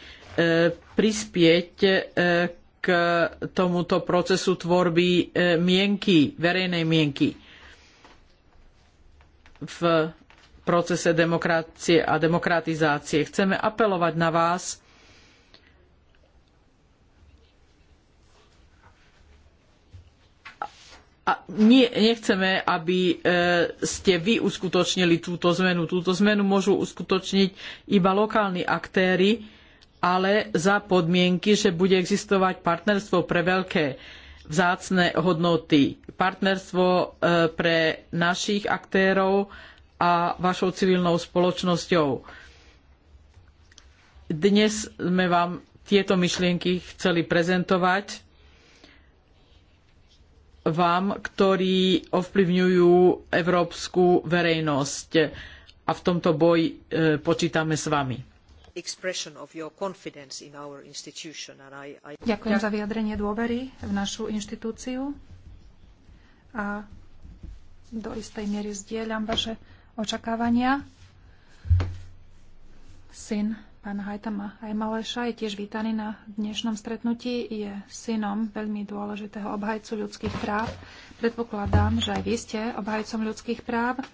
prispieť e, k tomuto procesu tvorby e, mienky, verejnej mienky v procese demokracie a demokratizácie. Chceme apelovať na vás, a nie, nechceme, aby e, ste vy uskutočnili túto zmenu. Túto zmenu môžu uskutočniť iba lokálni aktéry, ale za podmienky, že bude existovať partnerstvo pre veľké vzácne hodnoty. Partnerstvo e, pre našich aktérov a vašou civilnou spoločnosťou. Dnes sme vám tieto myšlienky chceli prezentovať vám, ktorí ovplyvňujú európsku verejnosť. A v tomto boji e, počítame s vami. Ďakujem za vyjadrenie dôvery v našu inštitúciu a do istej miery zdieľam vaše očakávania. Syn Pán Hajtama Ajmaleša je tiež vítaný na dnešnom stretnutí. Je synom veľmi dôležitého obhajcu ľudských práv. Predpokladám, že aj vy ste obhajcom ľudských práv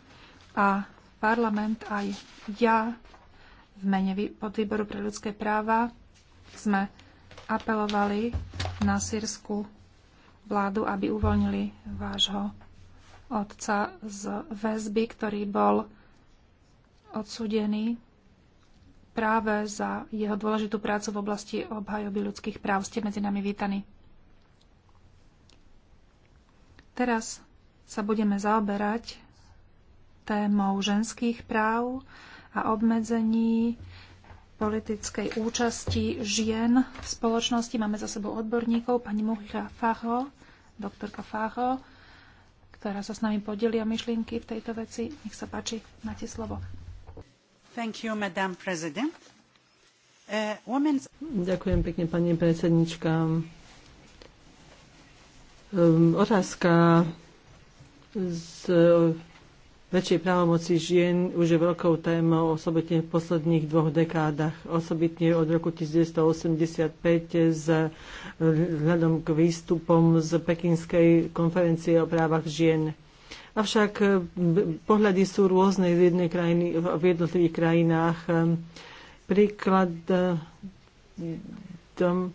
a parlament aj ja v mene podvýboru pre ľudské práva sme apelovali na sírsku vládu, aby uvoľnili vášho otca z väzby, ktorý bol odsudený práve za jeho dôležitú prácu v oblasti obhajoby ľudských práv. Ste medzi nami vítaní. Teraz sa budeme zaoberať témou ženských práv a obmedzení politickej účasti žien v spoločnosti. Máme za sebou odborníkov, pani Muhira Faho, doktorka Faho, ktorá sa s nami podelia myšlienky v tejto veci. Nech sa páči, máte slovo. Uh, Ďakujem pekne, pani predsednička. Um, otázka z uh, väčšej právomoci žien už je veľkou témou, osobitne v posledných dvoch dekádach, osobitne od roku 1985 s uh, hľadom k výstupom z Pekinskej konferencie o právach žien. Avšak e, pohľady sú rôzne z jednej krajiny, v jednotlivých krajinách. E, príklad tom, e,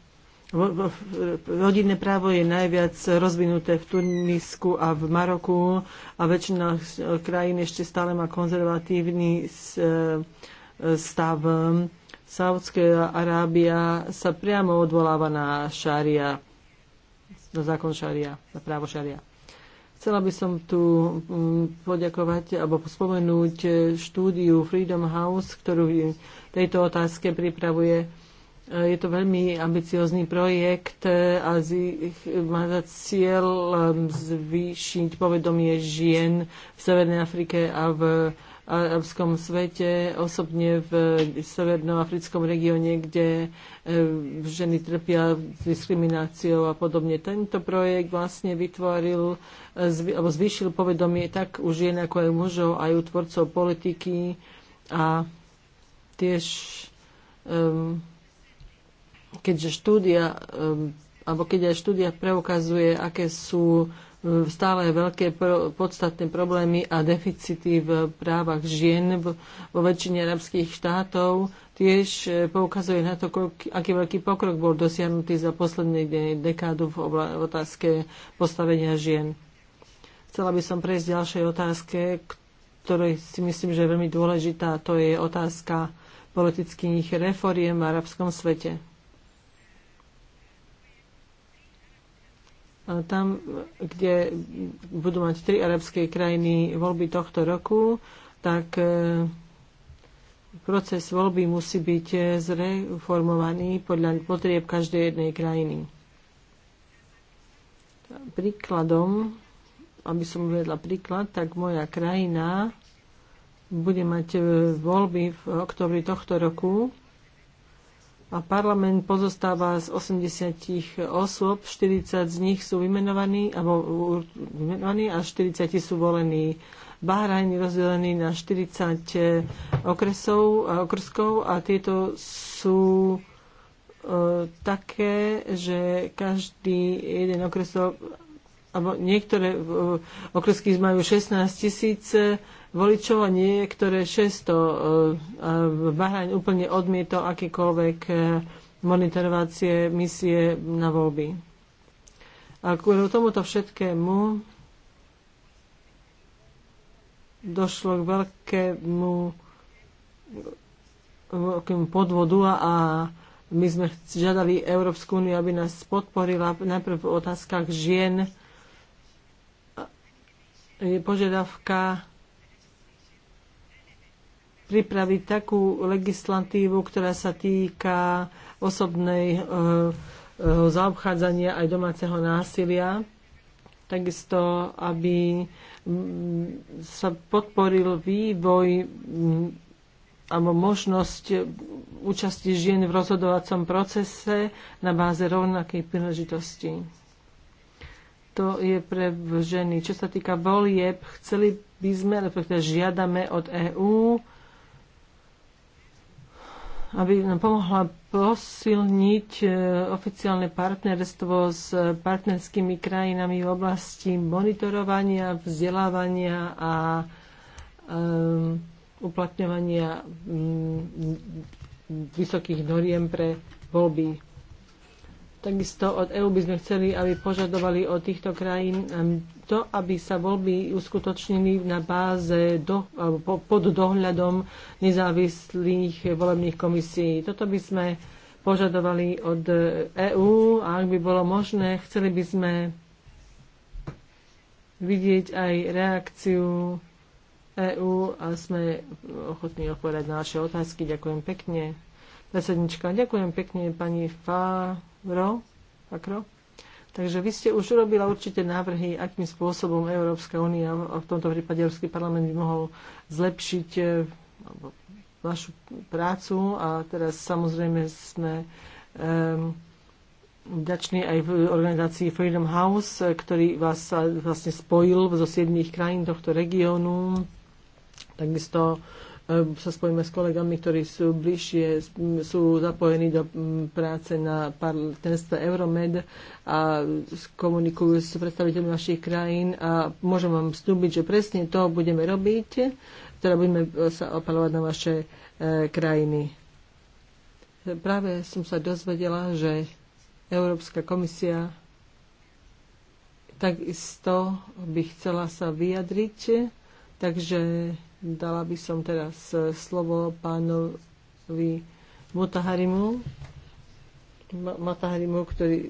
rodinné právo je najviac rozvinuté v Tunisku a v Maroku a väčšina krajín ešte stále má konzervatívny stav. Saudská Arábia sa priamo odvoláva na šária, na zákon šária, na právo šária. Chcela by som tu mm, poďakovať alebo spomenúť štúdiu Freedom House, ktorú tejto otázke pripravuje. E, je to veľmi ambiciózny projekt a má za cieľ um, zvýšiť povedomie žien v Severnej Afrike a v arabskom svete, osobne v severnoafrickom regióne, kde e, ženy trpia diskrimináciou a podobne. Tento projekt vlastne vytvoril e, alebo zvýšil povedomie tak u žien ako aj u mužov, aj u tvorcov politiky a tiež um, keďže štúdia um, alebo keď aj štúdia preukazuje, aké sú stále veľké podstatné problémy a deficity v právach žien vo väčšine arabských štátov. Tiež e, poukazuje na to, aký veľký pokrok bol dosiahnutý za posledné dekádu v otázke postavenia žien. Chcela by som prejsť ďalšej otázke, ktorej si myslím, že je veľmi dôležitá. To je otázka politických reforiem v arabskom svete. tam, kde budú mať tri arabské krajiny voľby tohto roku, tak e, proces voľby musí byť zreformovaný podľa potrieb každej jednej krajiny. Príkladom, aby som uvedla príklad, tak moja krajina bude mať voľby v oktobri tohto roku a parlament pozostáva z 80 osôb, 40 z nich sú vymenovaní, alebo vymenovaní a 40 sú volení. Bahrajn je rozdelený na 40 e, okresov, okrskov a tieto sú e, také, že každý jeden okresov alebo niektoré e, okresky majú 16 tisíc nie a niektoré 600. Eh, Bahrajn úplne odmieto akýkoľvek eh, monitorovacie misie na voľby. A kvôli tomuto všetkému došlo k veľkému veľkému podvodu a my sme žiadali Európsku úniu, aby nás podporila najprv v otázkach žien. Je požiadavka pripraviť takú legislatívu, ktorá sa týka osobnej e, e, zaobchádzania aj domáceho násilia. Takisto, aby sa podporil vývoj alebo možnosť účasti žien v rozhodovacom procese na báze rovnakej príležitosti. To je pre ženy. Čo sa týka volieb, chceli by sme, respektíve žiadame od EÚ, aby nám pomohla posilniť e, oficiálne partnerstvo s partnerskými krajinami v oblasti monitorovania, vzdelávania a um, uplatňovania um, vysokých noriem pre voľby Takisto od EÚ by sme chceli, aby požadovali od týchto krajín to, aby sa voľby uskutočnili na báze do, pod dohľadom nezávislých volebných komisí. Toto by sme požadovali od EÚ a ak by bolo možné, chceli by sme vidieť aj reakciu EÚ a sme ochotní odpovedať na naše otázky. Ďakujem pekne. Predsednička, ďakujem pekne pani Fá. Ro? Akro? Takže vy ste už urobila určite návrhy, akým spôsobom Európska únia, a v tomto prípade Európsky parlament by mohol zlepšiť eh, vašu prácu a teraz samozrejme sme um, vďační aj v organizácii Freedom House, eh, ktorý vás eh, vlastne spojil zo siedmých krajín tohto regiónu. Takisto sa spojíme s kolegami, ktorí sú bližšie, sú zapojení do práce na partnerstve Euromed a komunikujú s predstaviteľmi našich krajín a môžem vám slúbiť, že presne to budeme robiť, teda budeme e, sa opalovať na vaše e, krajiny. Práve som sa dozvedela, že Európska komisia takisto by chcela sa vyjadriť, takže Dala by som teraz e, slovo pánovi Mutaharimu. Mataharimu, ktorý e,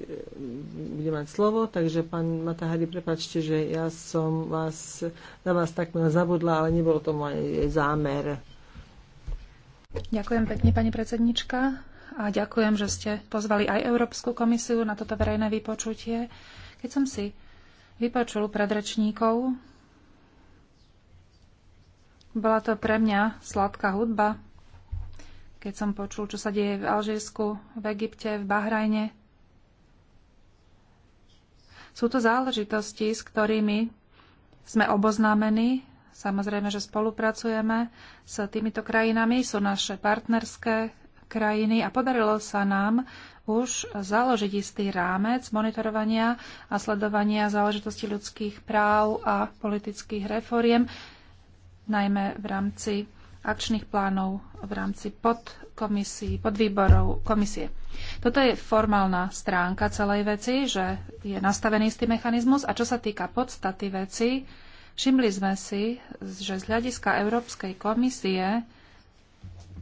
bude mať slovo. Takže, pán Matahari, prepačte, že ja som vás, na vás takmer zabudla, ale nebol to môj zámer. Ďakujem pekne, pani predsednička. A ďakujem, že ste pozvali aj Európsku komisiu na toto verejné vypočutie. Keď som si vypočul predrečníkov, bola to pre mňa sladká hudba, keď som počul, čo sa deje v Alžírsku, v Egypte, v Bahrajne. Sú to záležitosti, s ktorými sme oboznámení. Samozrejme, že spolupracujeme s týmito krajinami. Sú naše partnerské krajiny a podarilo sa nám už založiť istý rámec monitorovania a sledovania záležitosti ľudských práv a politických reforiem najmä v rámci akčných plánov, v rámci podkomisí, podvýborov komisie. Toto je formálna stránka celej veci, že je nastavený istý mechanizmus a čo sa týka podstaty veci, všimli sme si, že z hľadiska Európskej komisie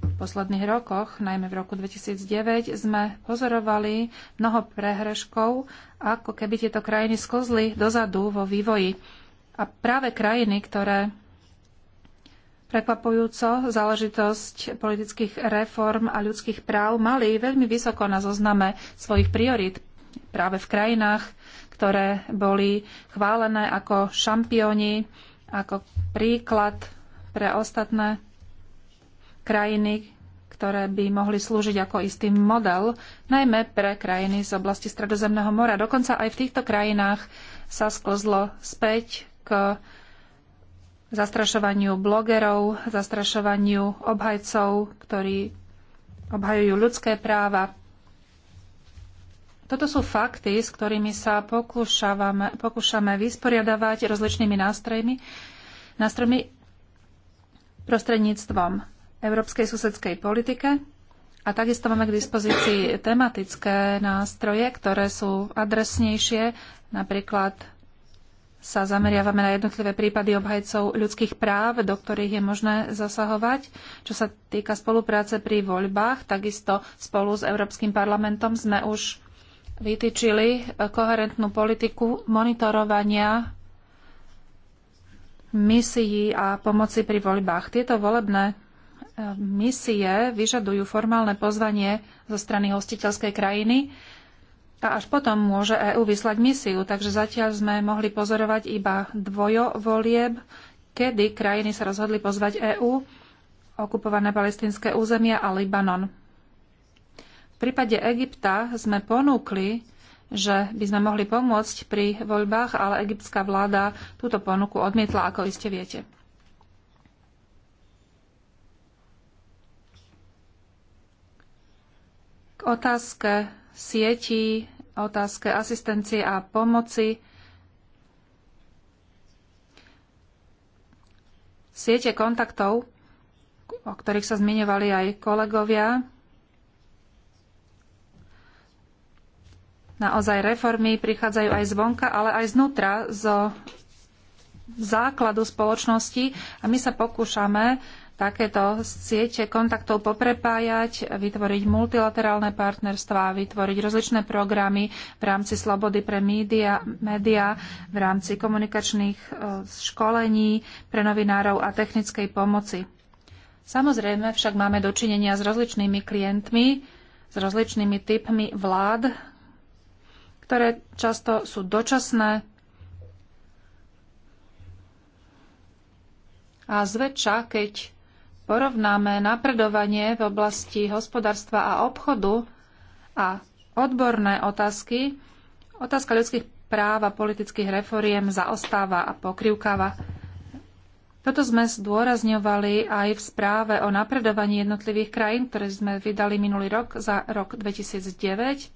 v posledných rokoch, najmä v roku 2009, sme pozorovali mnoho prehreškov, ako keby tieto krajiny sklzli dozadu vo vývoji. A práve krajiny, ktoré Prekvapujúco, záležitosť politických reform a ľudských práv mali veľmi vysoko na zozname svojich priorít práve v krajinách, ktoré boli chválené ako šampióni, ako príklad pre ostatné krajiny, ktoré by mohli slúžiť ako istý model, najmä pre krajiny z oblasti Stredozemného mora. Dokonca aj v týchto krajinách sa sklzlo späť k zastrašovaniu blogerov, zastrašovaniu obhajcov, ktorí obhajujú ľudské práva. Toto sú fakty, s ktorými sa pokúšame vysporiadavať rozličnými nástrojmi, nástrojmi prostredníctvom európskej susedskej politike a takisto máme k dispozícii tematické nástroje, ktoré sú adresnejšie, napríklad sa zameriavame na jednotlivé prípady obhajcov ľudských práv, do ktorých je možné zasahovať. Čo sa týka spolupráce pri voľbách, takisto spolu s Európskym parlamentom sme už vytýčili eh, koherentnú politiku monitorovania misií a pomoci pri voľbách. Tieto volebné eh, misie vyžadujú formálne pozvanie zo strany hostiteľskej krajiny a až potom môže EÚ vyslať misiu, takže zatiaľ sme mohli pozorovať iba dvojo volieb, kedy krajiny sa rozhodli pozvať EÚ, okupované palestinské územia a Libanon. V prípade Egypta sme ponúkli, že by sme mohli pomôcť pri voľbách, ale egyptská vláda túto ponuku odmietla, ako iste viete. K otázke sietí, otázke asistencie a pomoci. Siete kontaktov, o ktorých sa zmiňovali aj kolegovia, naozaj reformy prichádzajú aj zvonka, ale aj znútra, zo základu spoločnosti a my sa pokúšame takéto siete kontaktov poprepájať, vytvoriť multilaterálne partnerstvá, vytvoriť rozličné programy v rámci slobody pre média, média v rámci komunikačných e, školení pre novinárov a technickej pomoci. Samozrejme však máme dočinenia s rozličnými klientmi, s rozličnými typmi vlád, ktoré často sú dočasné, a zväčša, keď porovnáme napredovanie v oblasti hospodárstva a obchodu a odborné otázky, otázka ľudských práv a politických reforiem zaostáva a pokrivkáva. Toto sme zdôrazňovali aj v správe o napredovaní jednotlivých krajín, ktoré sme vydali minulý rok za rok 2009.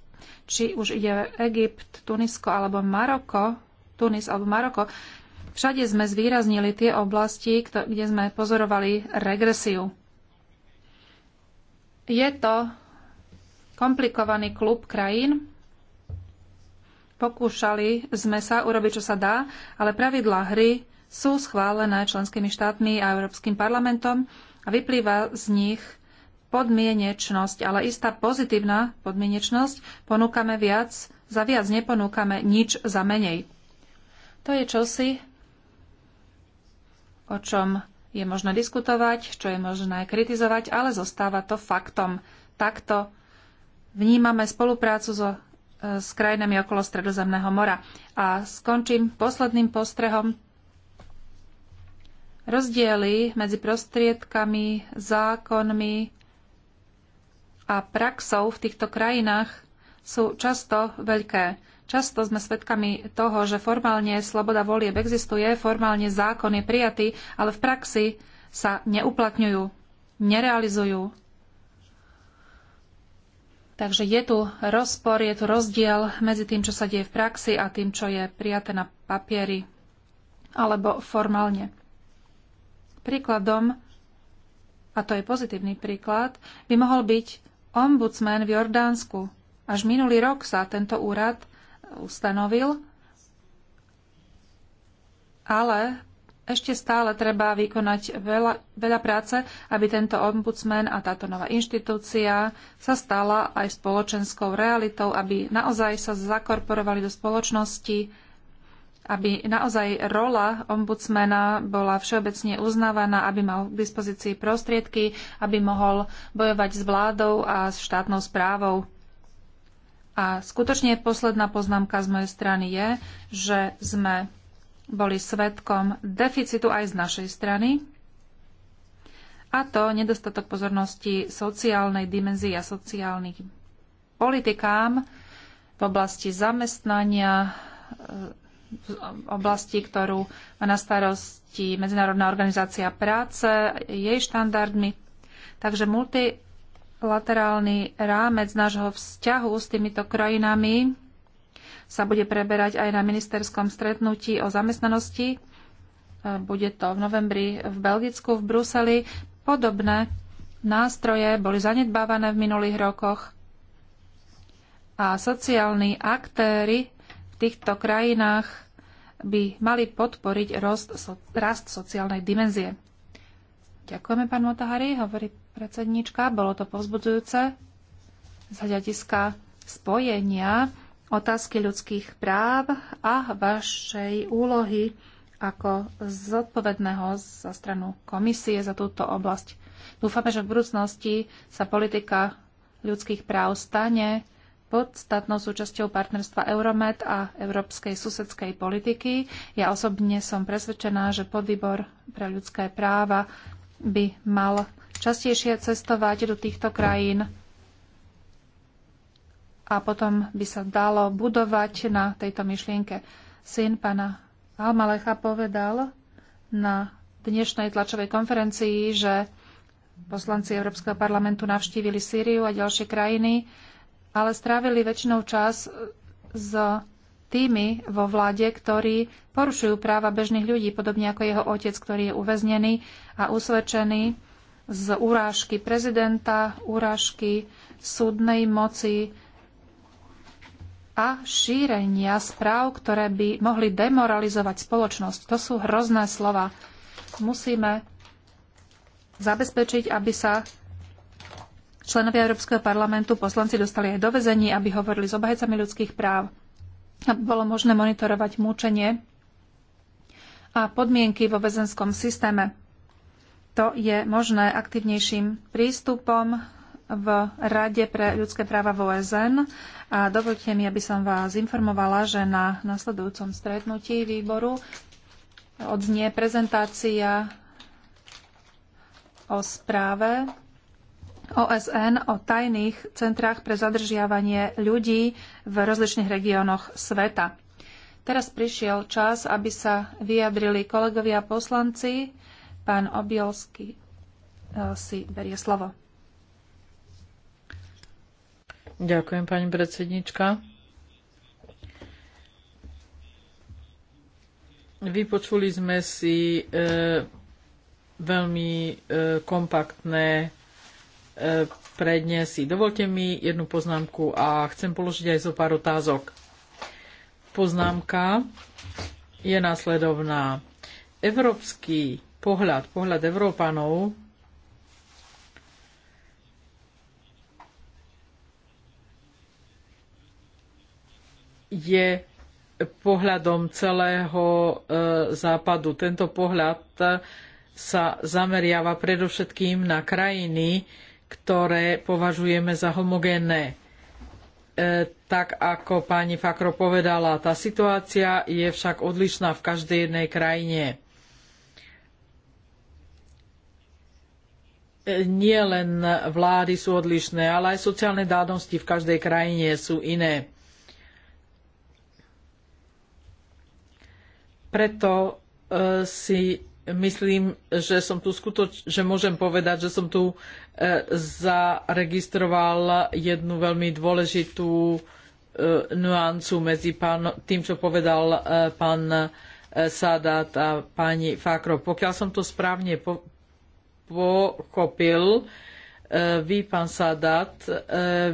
Či už ide Egypt, Tunisko alebo Maroko, Tunis alebo Maroko, Všade sme zvýraznili tie oblasti, kde sme pozorovali regresiu. Je to komplikovaný klub krajín. Pokúšali sme sa urobiť, čo sa dá, ale pravidlá hry sú schválené členskými štátmi a Európskym parlamentom a vyplýva z nich podmienečnosť, ale istá pozitívna podmienečnosť. Ponúkame viac za viac, neponúkame nič za menej. To je čosi, o čom je možné diskutovať, čo je možné kritizovať, ale zostáva to faktom. Takto vnímame spoluprácu so, e, s krajinami okolo Stredozemného mora. A skončím posledným postrehom. Rozdiely medzi prostriedkami, zákonmi a praxou v týchto krajinách sú často veľké. Často sme svedkami toho, že formálne sloboda volieb existuje, formálne zákon je prijatý, ale v praxi sa neuplatňujú, nerealizujú. Takže je tu rozpor, je tu rozdiel medzi tým, čo sa deje v praxi a tým, čo je prijaté na papieri alebo formálne. Príkladom, a to je pozitívny príklad, by mohol byť ombudsman v Jordánsku. Až minulý rok sa tento úrad ustanovil, ale ešte stále treba vykonať veľa, veľa práce, aby tento ombudsman a táto nová inštitúcia sa stala aj spoločenskou realitou, aby naozaj sa zakorporovali do spoločnosti, aby naozaj rola ombudsmana bola všeobecne uznávaná, aby mal k dispozícii prostriedky, aby mohol bojovať s vládou a s štátnou správou. A skutočne posledná poznámka z mojej strany je, že sme boli svetkom deficitu aj z našej strany, a to nedostatok pozornosti sociálnej dimenzii a sociálnych politikám v oblasti zamestnania, v oblasti, ktorú má na starosti Medzinárodná organizácia práce, jej štandardmi. Takže multi laterálny rámec nášho vzťahu s týmito krajinami sa bude preberať aj na ministerskom stretnutí o zamestnanosti. E, bude to v novembri v Belgicku, v Bruseli. Podobné nástroje boli zanedbávané v minulých rokoch a sociálni aktéry v týchto krajinách by mali podporiť rast, rast sociálnej dimenzie. Ďakujeme, pán Motahari, hovorí predsednička. Bolo to povzbudzujúce z hľadiska spojenia otázky ľudských práv a vašej úlohy ako zodpovedného za stranu komisie za túto oblasť. Dúfame, že v budúcnosti sa politika ľudských práv stane podstatnou súčasťou partnerstva Euromed a európskej susedskej politiky. Ja osobne som presvedčená, že podvýbor pre ľudské práva by mal častejšie cestovať do týchto krajín a potom by sa dalo budovať na tejto myšlienke. Syn pána Almalecha povedal na dnešnej tlačovej konferencii, že poslanci Európskeho parlamentu navštívili Sýriu a ďalšie krajiny, ale strávili väčšinou čas s tými vo vláde, ktorí porušujú práva bežných ľudí, podobne ako jeho otec, ktorý je uväznený a usvedčený z urážky prezidenta, urážky súdnej moci a šírenia správ, ktoré by mohli demoralizovať spoločnosť. To sú hrozné slova. Musíme zabezpečiť, aby sa členovia Európskeho parlamentu, poslanci dostali aj do vezení, aby hovorili s obhajcami ľudských práv aby bolo možné monitorovať mučenie a podmienky vo väzenskom systéme. To je možné aktívnejším prístupom v Rade pre ľudské práva v OSN a dovolte mi, aby som vás informovala, že na nasledujúcom stretnutí výboru odznie prezentácia o správe OSN o tajných centrách pre zadržiavanie ľudí v rozličných regiónoch sveta. Teraz prišiel čas, aby sa vyjadrili kolegovia poslanci. Pán Obielsky e, si berie slovo. Ďakujem, pani predsednička. Vypočuli sme si e, veľmi e, kompaktné predniesí. Dovolte mi jednu poznámku a chcem položiť aj zo pár otázok. Poznámka je následovná. Európsky pohľad, pohľad Európanov je pohľadom celého e, západu. Tento pohľad sa zameriava predovšetkým na krajiny, ktoré považujeme za homogénne. E, tak ako pani Fakro povedala, tá situácia je však odlišná v každej jednej krajine. E, nie len vlády sú odlišné, ale aj sociálne dávnosti v každej krajine sú iné. Preto e, si myslím, že, som tu skutoč- že môžem povedať, že som tu E, zaregistroval jednu veľmi dôležitú e, nuancu medzi pán, tým, čo povedal e, pán Sadat a pani Fakro. Pokiaľ som to správne pochopil, vy, pán Sadat,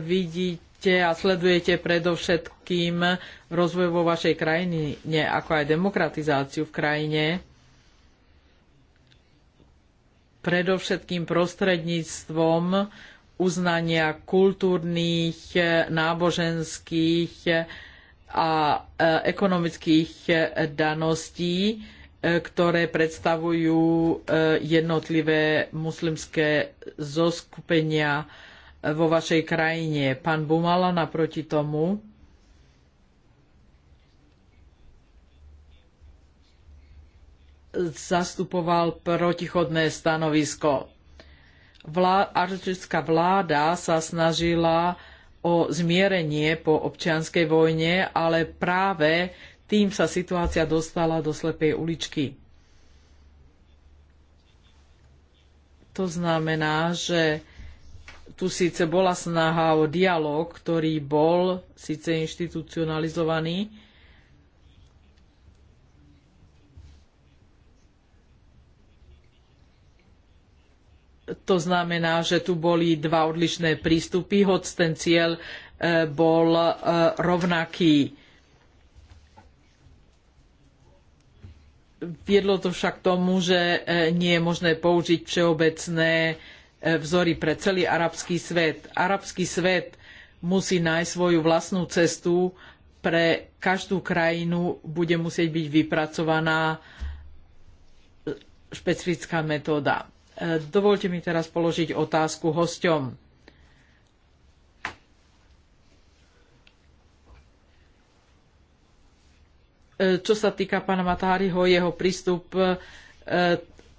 vidíte a sledujete predovšetkým rozvoj vo vašej krajine, ako aj demokratizáciu v krajine predovšetkým prostredníctvom uznania kultúrnych, e, náboženských e, a e, ekonomických daností, ktoré predstavujú jednotlivé muslimské zoskupenia vo vašej krajine. Pán Bumala naproti tomu zastupoval protichodné stanovisko. Vlá, arčická vláda sa snažila o zmierenie po občianskej vojne, ale práve tým sa situácia dostala do slepej uličky. To znamená, že tu síce bola snaha o dialog, ktorý bol síce inštitucionalizovaný, To znamená, že tu boli dva odlišné prístupy, hoď ten cieľ e, bol e, rovnaký. Viedlo to však k tomu, že e, nie je možné použiť všeobecné vzory pre celý arabský svet. Arabský svet musí nájsť svoju vlastnú cestu, pre každú krajinu bude musieť byť vypracovaná špecifická metóda. Dovolte mi teraz položiť otázku hosťom. E, čo sa týka pána Matáriho, jeho prístup, e,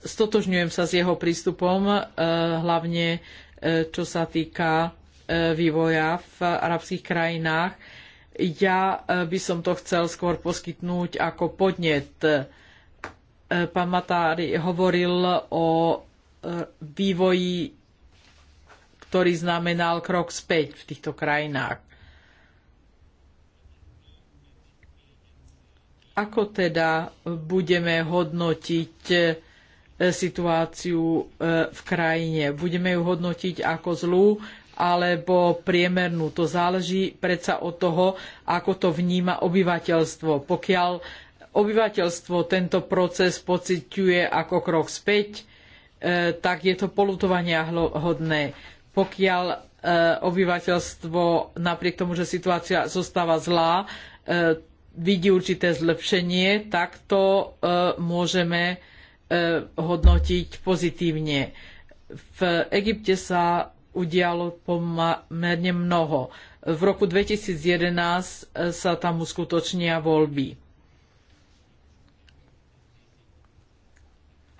stotožňujem sa s jeho prístupom, e, hlavne čo sa týka vývoja v arabských krajinách. Ja by som to chcel skôr poskytnúť ako podnet. Pán Matári hovoril o vývoji, ktorý znamenal krok späť v týchto krajinách. Ako teda budeme hodnotiť e, situáciu e, v krajine? Budeme ju hodnotiť ako zlú alebo priemernú? To záleží predsa od toho, ako to vníma obyvateľstvo. Pokiaľ obyvateľstvo tento proces pociťuje ako krok späť, Eh, tak je to polutovania hodné. Pokiaľ eh, obyvateľstvo napriek tomu, že situácia zostáva zlá, eh, vidí určité zlepšenie, tak to môžeme hodnotiť pozitívne. V Egypte sa udialo pomerne mnoho. V roku 2011 sa tam uskutočnia voľby.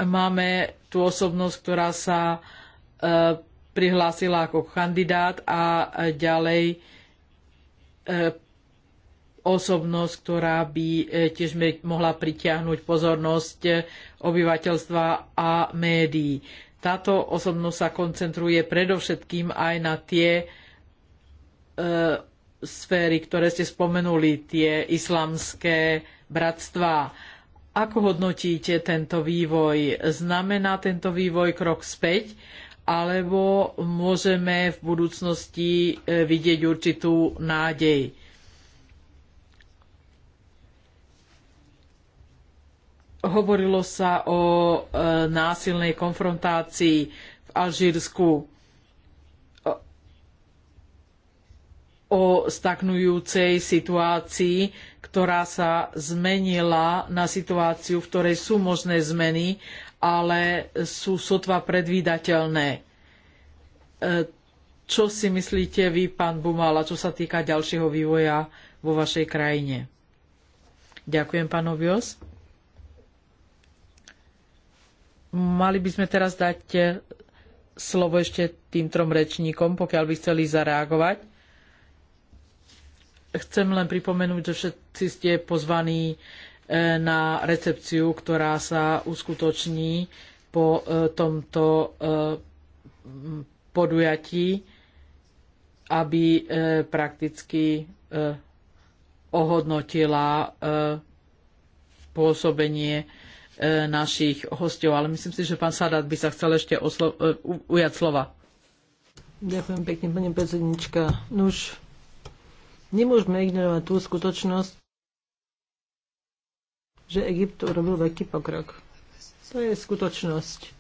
máme tú osobnosť, ktorá sa e, prihlásila ako kandidát a e, ďalej e, osobnosť, ktorá by tiež mohla pritiahnuť pozornosť obyvateľstva a médií. Táto osobnosť sa koncentruje predovšetkým aj na tie e, sféry, ktoré ste spomenuli, tie islamské bratstvá. Ako hodnotíte tento vývoj? Znamená tento vývoj krok späť? Alebo môžeme v budúcnosti e, vidieť určitú nádej? Hovorilo sa o e, násilnej konfrontácii v Alžírsku, o stagnujúcej situácii ktorá sa zmenila na situáciu, v ktorej sú možné zmeny, ale sú sotva predvídateľné. E, čo si myslíte vy, pán Bumala, čo sa týka ďalšieho vývoja vo vašej krajine? Ďakujem, pán Mali by sme teraz dať e, slovo ešte tým trom rečníkom, pokiaľ by chceli zareagovať. Chcem len pripomenúť, že všetci ste pozvaní e, na recepciu, ktorá sa uskutoční po e, tomto e, podujatí, aby prakticky ohodnotila pôsobenie našich hostov. Ale myslím si, že pán Sadat by sa chcel ešte oslo- ujať slova. Ďakujem pekne, pani predsednička. Nuž, Nemôžeme ignorovať tú skutočnosť, že Egypt urobil veľký pokrok. To je skutočnosť.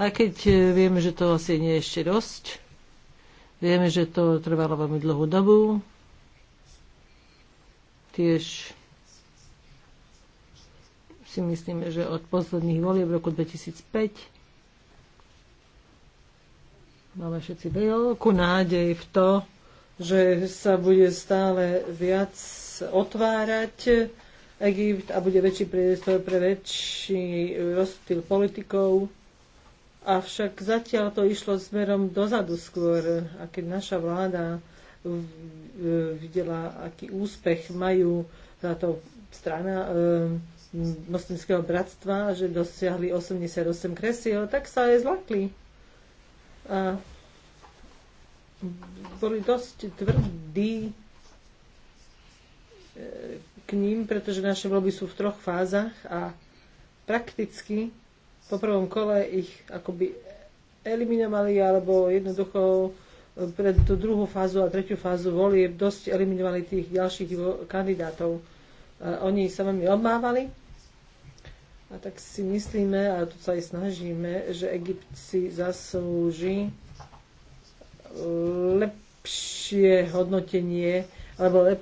A keď e, vieme, že to asi nie je ešte dosť, vieme, že to trvalo veľmi dlhú dobu, tiež si myslíme, že od posledných volieb v roku 2005 máme všetci veľkú nádej v to, že sa bude stále viac otvárať Egypt a bude väčší priestor pre väčší rozptyl politikov. Avšak zatiaľ to išlo smerom dozadu skôr. A keď naša vláda videla, aký úspech majú to strana e, moslimského bratstva, že dosiahli 88 kresiel, tak sa aj zlakli. A boli dosť tvrdí e, k ním, pretože naše voľby sú v troch fázach a prakticky po prvom kole ich akoby eliminovali alebo jednoducho e, pre tú druhú fázu a tretiu fázu volie, dosť eliminovali tých ďalších kandidátov. E, oni sa veľmi obmávali a tak si myslíme, a tu sa aj snažíme, že Egypt si zaslúži lepšie hodnotenie alebo lepšie